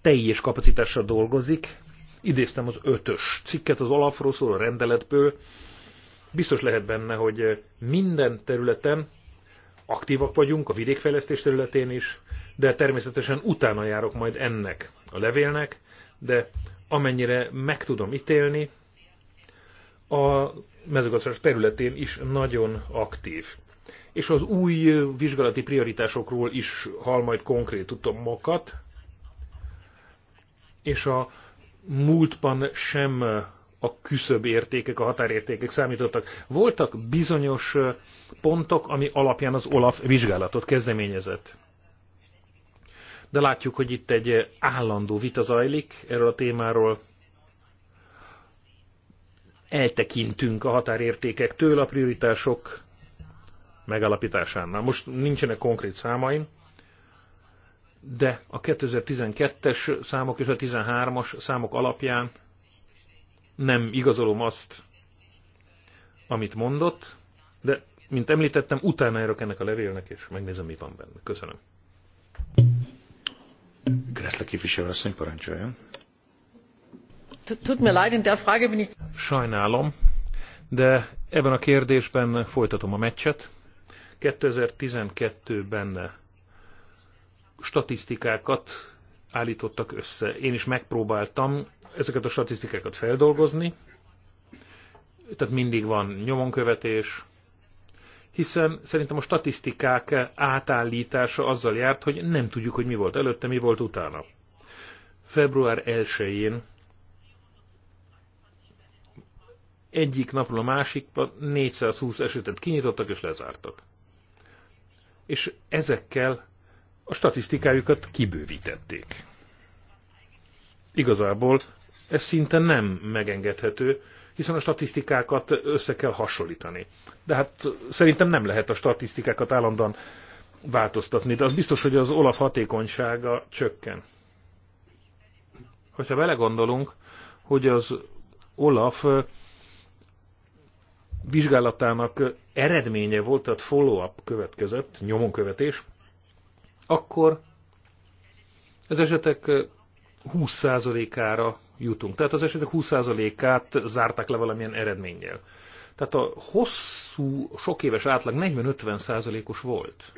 teljes kapacitással dolgozik, idéztem az ötös cikket az Olafról szóló rendeletből, biztos lehet benne, hogy minden területen aktívak vagyunk a vidékfejlesztés területén is, de természetesen utána járok majd ennek a levélnek, de amennyire meg tudom ítélni, a mezőgazdaság területén is nagyon aktív. És az új vizsgálati prioritásokról is hal majd konkrét tudomokat, és a múltban sem a küszöbb értékek, a határértékek számítottak. Voltak bizonyos pontok, ami alapján az Olaf vizsgálatot kezdeményezett. De látjuk, hogy itt egy állandó vita zajlik erről a témáról. Eltekintünk a határértékektől a prioritások megalapításánál. Most nincsenek konkrét számaim, de a 2012-es számok és a 13-as számok alapján nem igazolom azt, amit mondott, de mint említettem, utána érök ennek a levélnek, és megnézem, mi van benne. Köszönöm. képviselő asszony parancsolja. Tut mir leid, in der Frage bin ich... Sajnálom, de ebben a kérdésben folytatom a meccset. 2012-ben statisztikákat állítottak össze. Én is megpróbáltam ezeket a statisztikákat feldolgozni, tehát mindig van nyomonkövetés, hiszen szerintem a statisztikák átállítása azzal járt, hogy nem tudjuk, hogy mi volt előtte, mi volt utána. Február 1-én egyik napról a másikba 420 esetet kinyitottak és lezártak. És ezekkel a statisztikájukat kibővítették. Igazából ez szinte nem megengedhető, hiszen a statisztikákat össze kell hasonlítani. De hát szerintem nem lehet a statisztikákat állandóan változtatni, de az biztos, hogy az Olaf hatékonysága csökken. Hogyha belegondolunk, hogy az Olaf vizsgálatának eredménye volt, tehát follow-up következett, nyomonkövetés, akkor ez esetek 20%-ára jutunk. Tehát az esetek 20%-át zárták le valamilyen eredménnyel. Tehát a hosszú, sok éves átlag 40-50%-os volt.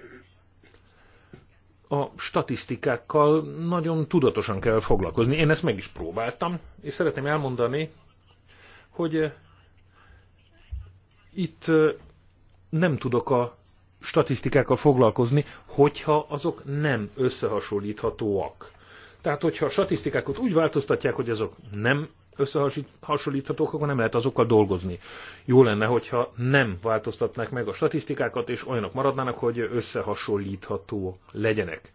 A statisztikákkal nagyon tudatosan kell foglalkozni. Én ezt meg is próbáltam, és szeretném elmondani, hogy eh, itt eh, nem tudok a statisztikákkal foglalkozni, hogyha azok nem összehasonlíthatóak. Tehát, hogyha a statisztikákat úgy változtatják, hogy azok nem összehasonlíthatók, akkor nem lehet azokkal dolgozni. Jó lenne, hogyha nem változtatnák meg a statisztikákat, és olyanok maradnának, hogy összehasonlítható legyenek.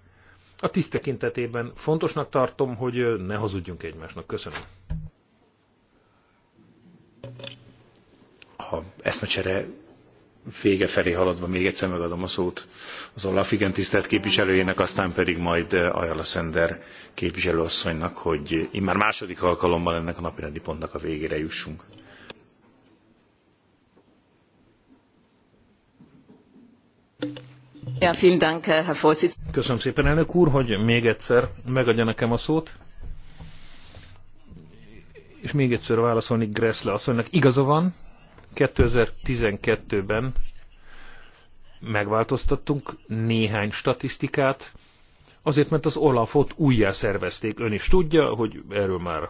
A tiszt tekintetében fontosnak tartom, hogy ne hazudjunk egymásnak. Köszönöm. A eszmecsere vége felé haladva még egyszer megadom a szót az Olaf igen tisztelt képviselőjének, aztán pedig majd eh, Ajala Szender képviselőasszonynak, hogy immár második alkalommal ennek a napirendi pontnak a végére jussunk. Eh, Köszönöm szépen, elnök úr, hogy még egyszer megadja nekem a szót. És még egyszer válaszolni Gressle asszonynak. Igaza van, 2012-ben megváltoztattunk néhány statisztikát, azért, mert az Olafot újjá szervezték. Ön is tudja, hogy erről már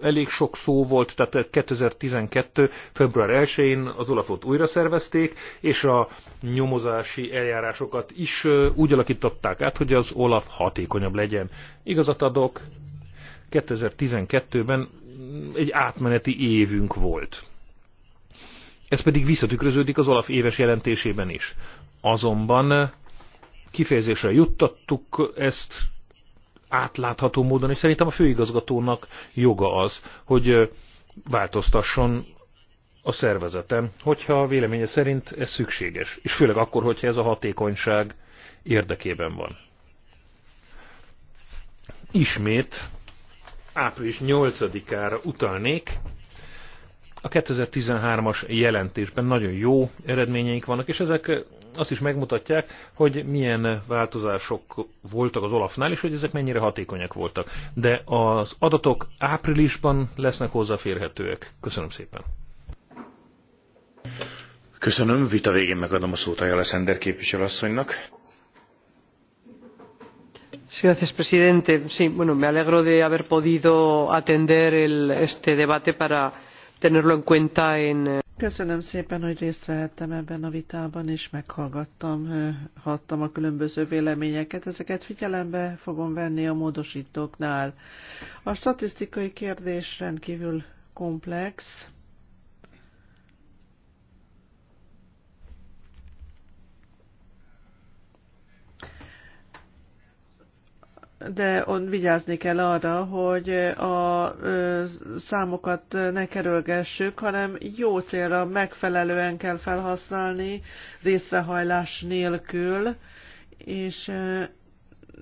elég sok szó volt, tehát 2012. február 1-én az Olafot újra szervezték, és a nyomozási eljárásokat is úgy alakították át, hogy az Olaf hatékonyabb legyen. Igazat adok, 2012-ben egy átmeneti évünk volt. Ez pedig visszatükröződik az Olaf éves jelentésében is. Azonban eh, kifejezésre juttattuk ezt átlátható módon, és szerintem a főigazgatónak joga az, hogy eh, változtasson a szervezeten, hogyha a véleménye szerint ez szükséges, és főleg akkor, hogyha ez a hatékonyság érdekében van. Ismét április 8-ára utalnék, a 2013-as jelentésben nagyon jó eredményeink vannak, és ezek azt is megmutatják, hogy milyen változások voltak az Olafnál, és hogy ezek mennyire hatékonyak voltak. De az adatok áprilisban lesznek hozzáférhetőek. Köszönöm szépen. Köszönöm. Vita végén megadom a szót a Jaleszender képviselőasszonynak. gracias, presidente, sí, bueno, me alegro de haber podido atender el, este debate para tenerlo en cuenta en... Eh, Köszönöm szépen, hogy részt vehettem ebben a vitában, és meghallgattam, eh, hattam a különböző véleményeket. Ezeket figyelembe fogom venni a módosítóknál. A statisztikai kérdés rendkívül komplex de on vigyázni kell arra, hogy a számokat ne kerülgessük, hanem jó célra megfelelően kell felhasználni, részrehajlás nélkül, és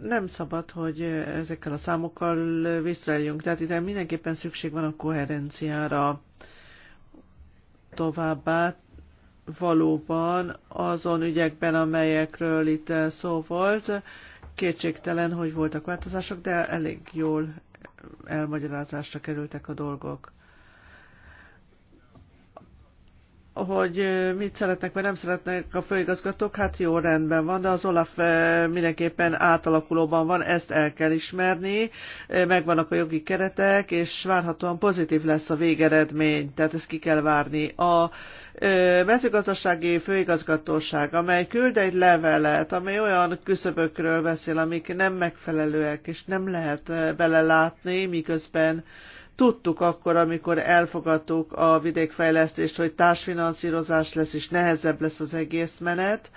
nem szabad, hogy ezekkel a számokkal visszaeljünk. Tehát itt mindenképpen szükség van a koherenciára továbbá valóban azon ügyekben, amelyekről itt szó volt, Kétségtelen, hogy voltak változások, de elég jól elmagyarázásra kerültek a dolgok. hogy mit szeretnek, vagy nem szeretnek a főigazgatók, hát jó, rendben van, de az Olaf mindenképpen átalakulóban van, ezt el kell ismerni, megvannak a jogi keretek, és várhatóan pozitív lesz a végeredmény, tehát ezt ki kell várni. A mezőgazdasági főigazgatóság, amely küld egy levelet, amely olyan küszöbökről beszél, amik nem megfelelőek, és nem lehet belelátni, miközben Tudtuk akkor, amikor elfogadtuk a vidékfejlesztést, hogy társfinanszírozás lesz, és nehezebb lesz az egész menet.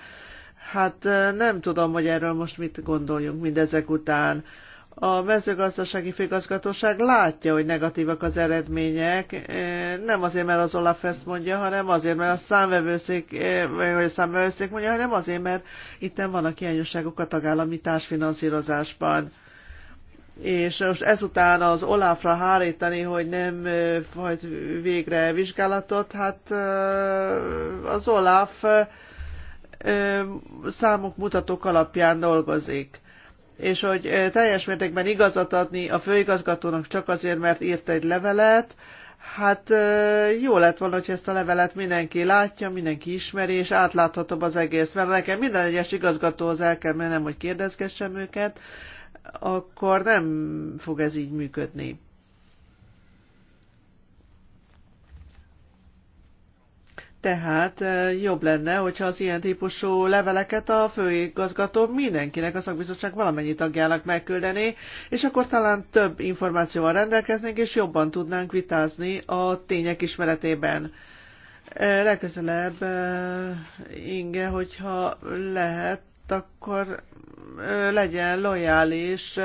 Hát nem tudom, hogy erről most mit gondoljunk mindezek után. A mezőgazdasági főgazgatóság látja, hogy negatívak az eredmények, nem azért, mert az Olaf ezt mondja, hanem azért, mert a számvevőszék, vagy a számvevőszék mondja, hanem azért, mert itt nem vannak hiányosságok a tagállami társfinanszírozásban és most ezután az Olafra hárítani, hogy nem hajt végre vizsgálatot, hát az Olaf számok mutatók alapján dolgozik. És hogy teljes mértékben igazat adni a főigazgatónak csak azért, mert írt egy levelet, hát jó lett volna, hogy ezt a levelet mindenki látja, mindenki ismeri, és átláthatóbb az egész. Mert nekem minden egyes igazgatóhoz el kell mennem, hogy kérdezgessem őket, akkor nem fog ez így működni. Tehát jobb lenne, hogyha az ilyen típusú leveleket a főigazgató mindenkinek, a szakbizottság valamennyi tagjának megküldené, és akkor talán több információval rendelkeznénk, és jobban tudnánk vitázni a tények ismeretében. Legközelebb, Inge, hogyha lehet, akkor legyen lojális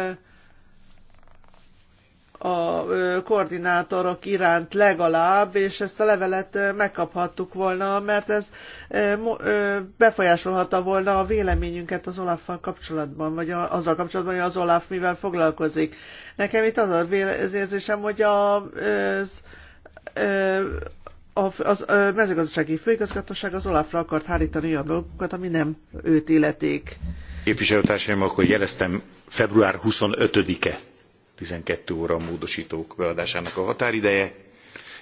a koordinátorok iránt legalább, és ezt a levelet megkaphattuk volna, mert ez befolyásolhatta volna a véleményünket az olaf kapcsolatban, vagy azzal kapcsolatban, hogy az Olaf mivel foglalkozik. Nekem itt az az érzésem, hogy az a, az, a mezőgazdasági főigazgatóság az Olafra akart hárítani olyan dolgokat, ami nem őt illeték. Képviselőtársaim, akkor jeleztem február 25-e 12 óra a módosítók beadásának a határideje,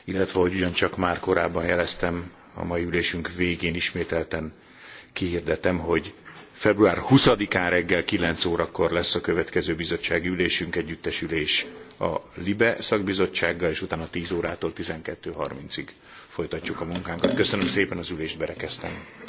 illetve hogy ugyancsak már korábban jeleztem a mai ülésünk végén ismételten kihirdetem, hogy február 20-án reggel 9 órakor lesz a következő bizottsági ülésünk, együttes ülés a LIBE szakbizottsággal, és utána 10 órától 12.30-ig folytatjuk a munkánkat. Köszönöm szépen, az ülést berekeztem.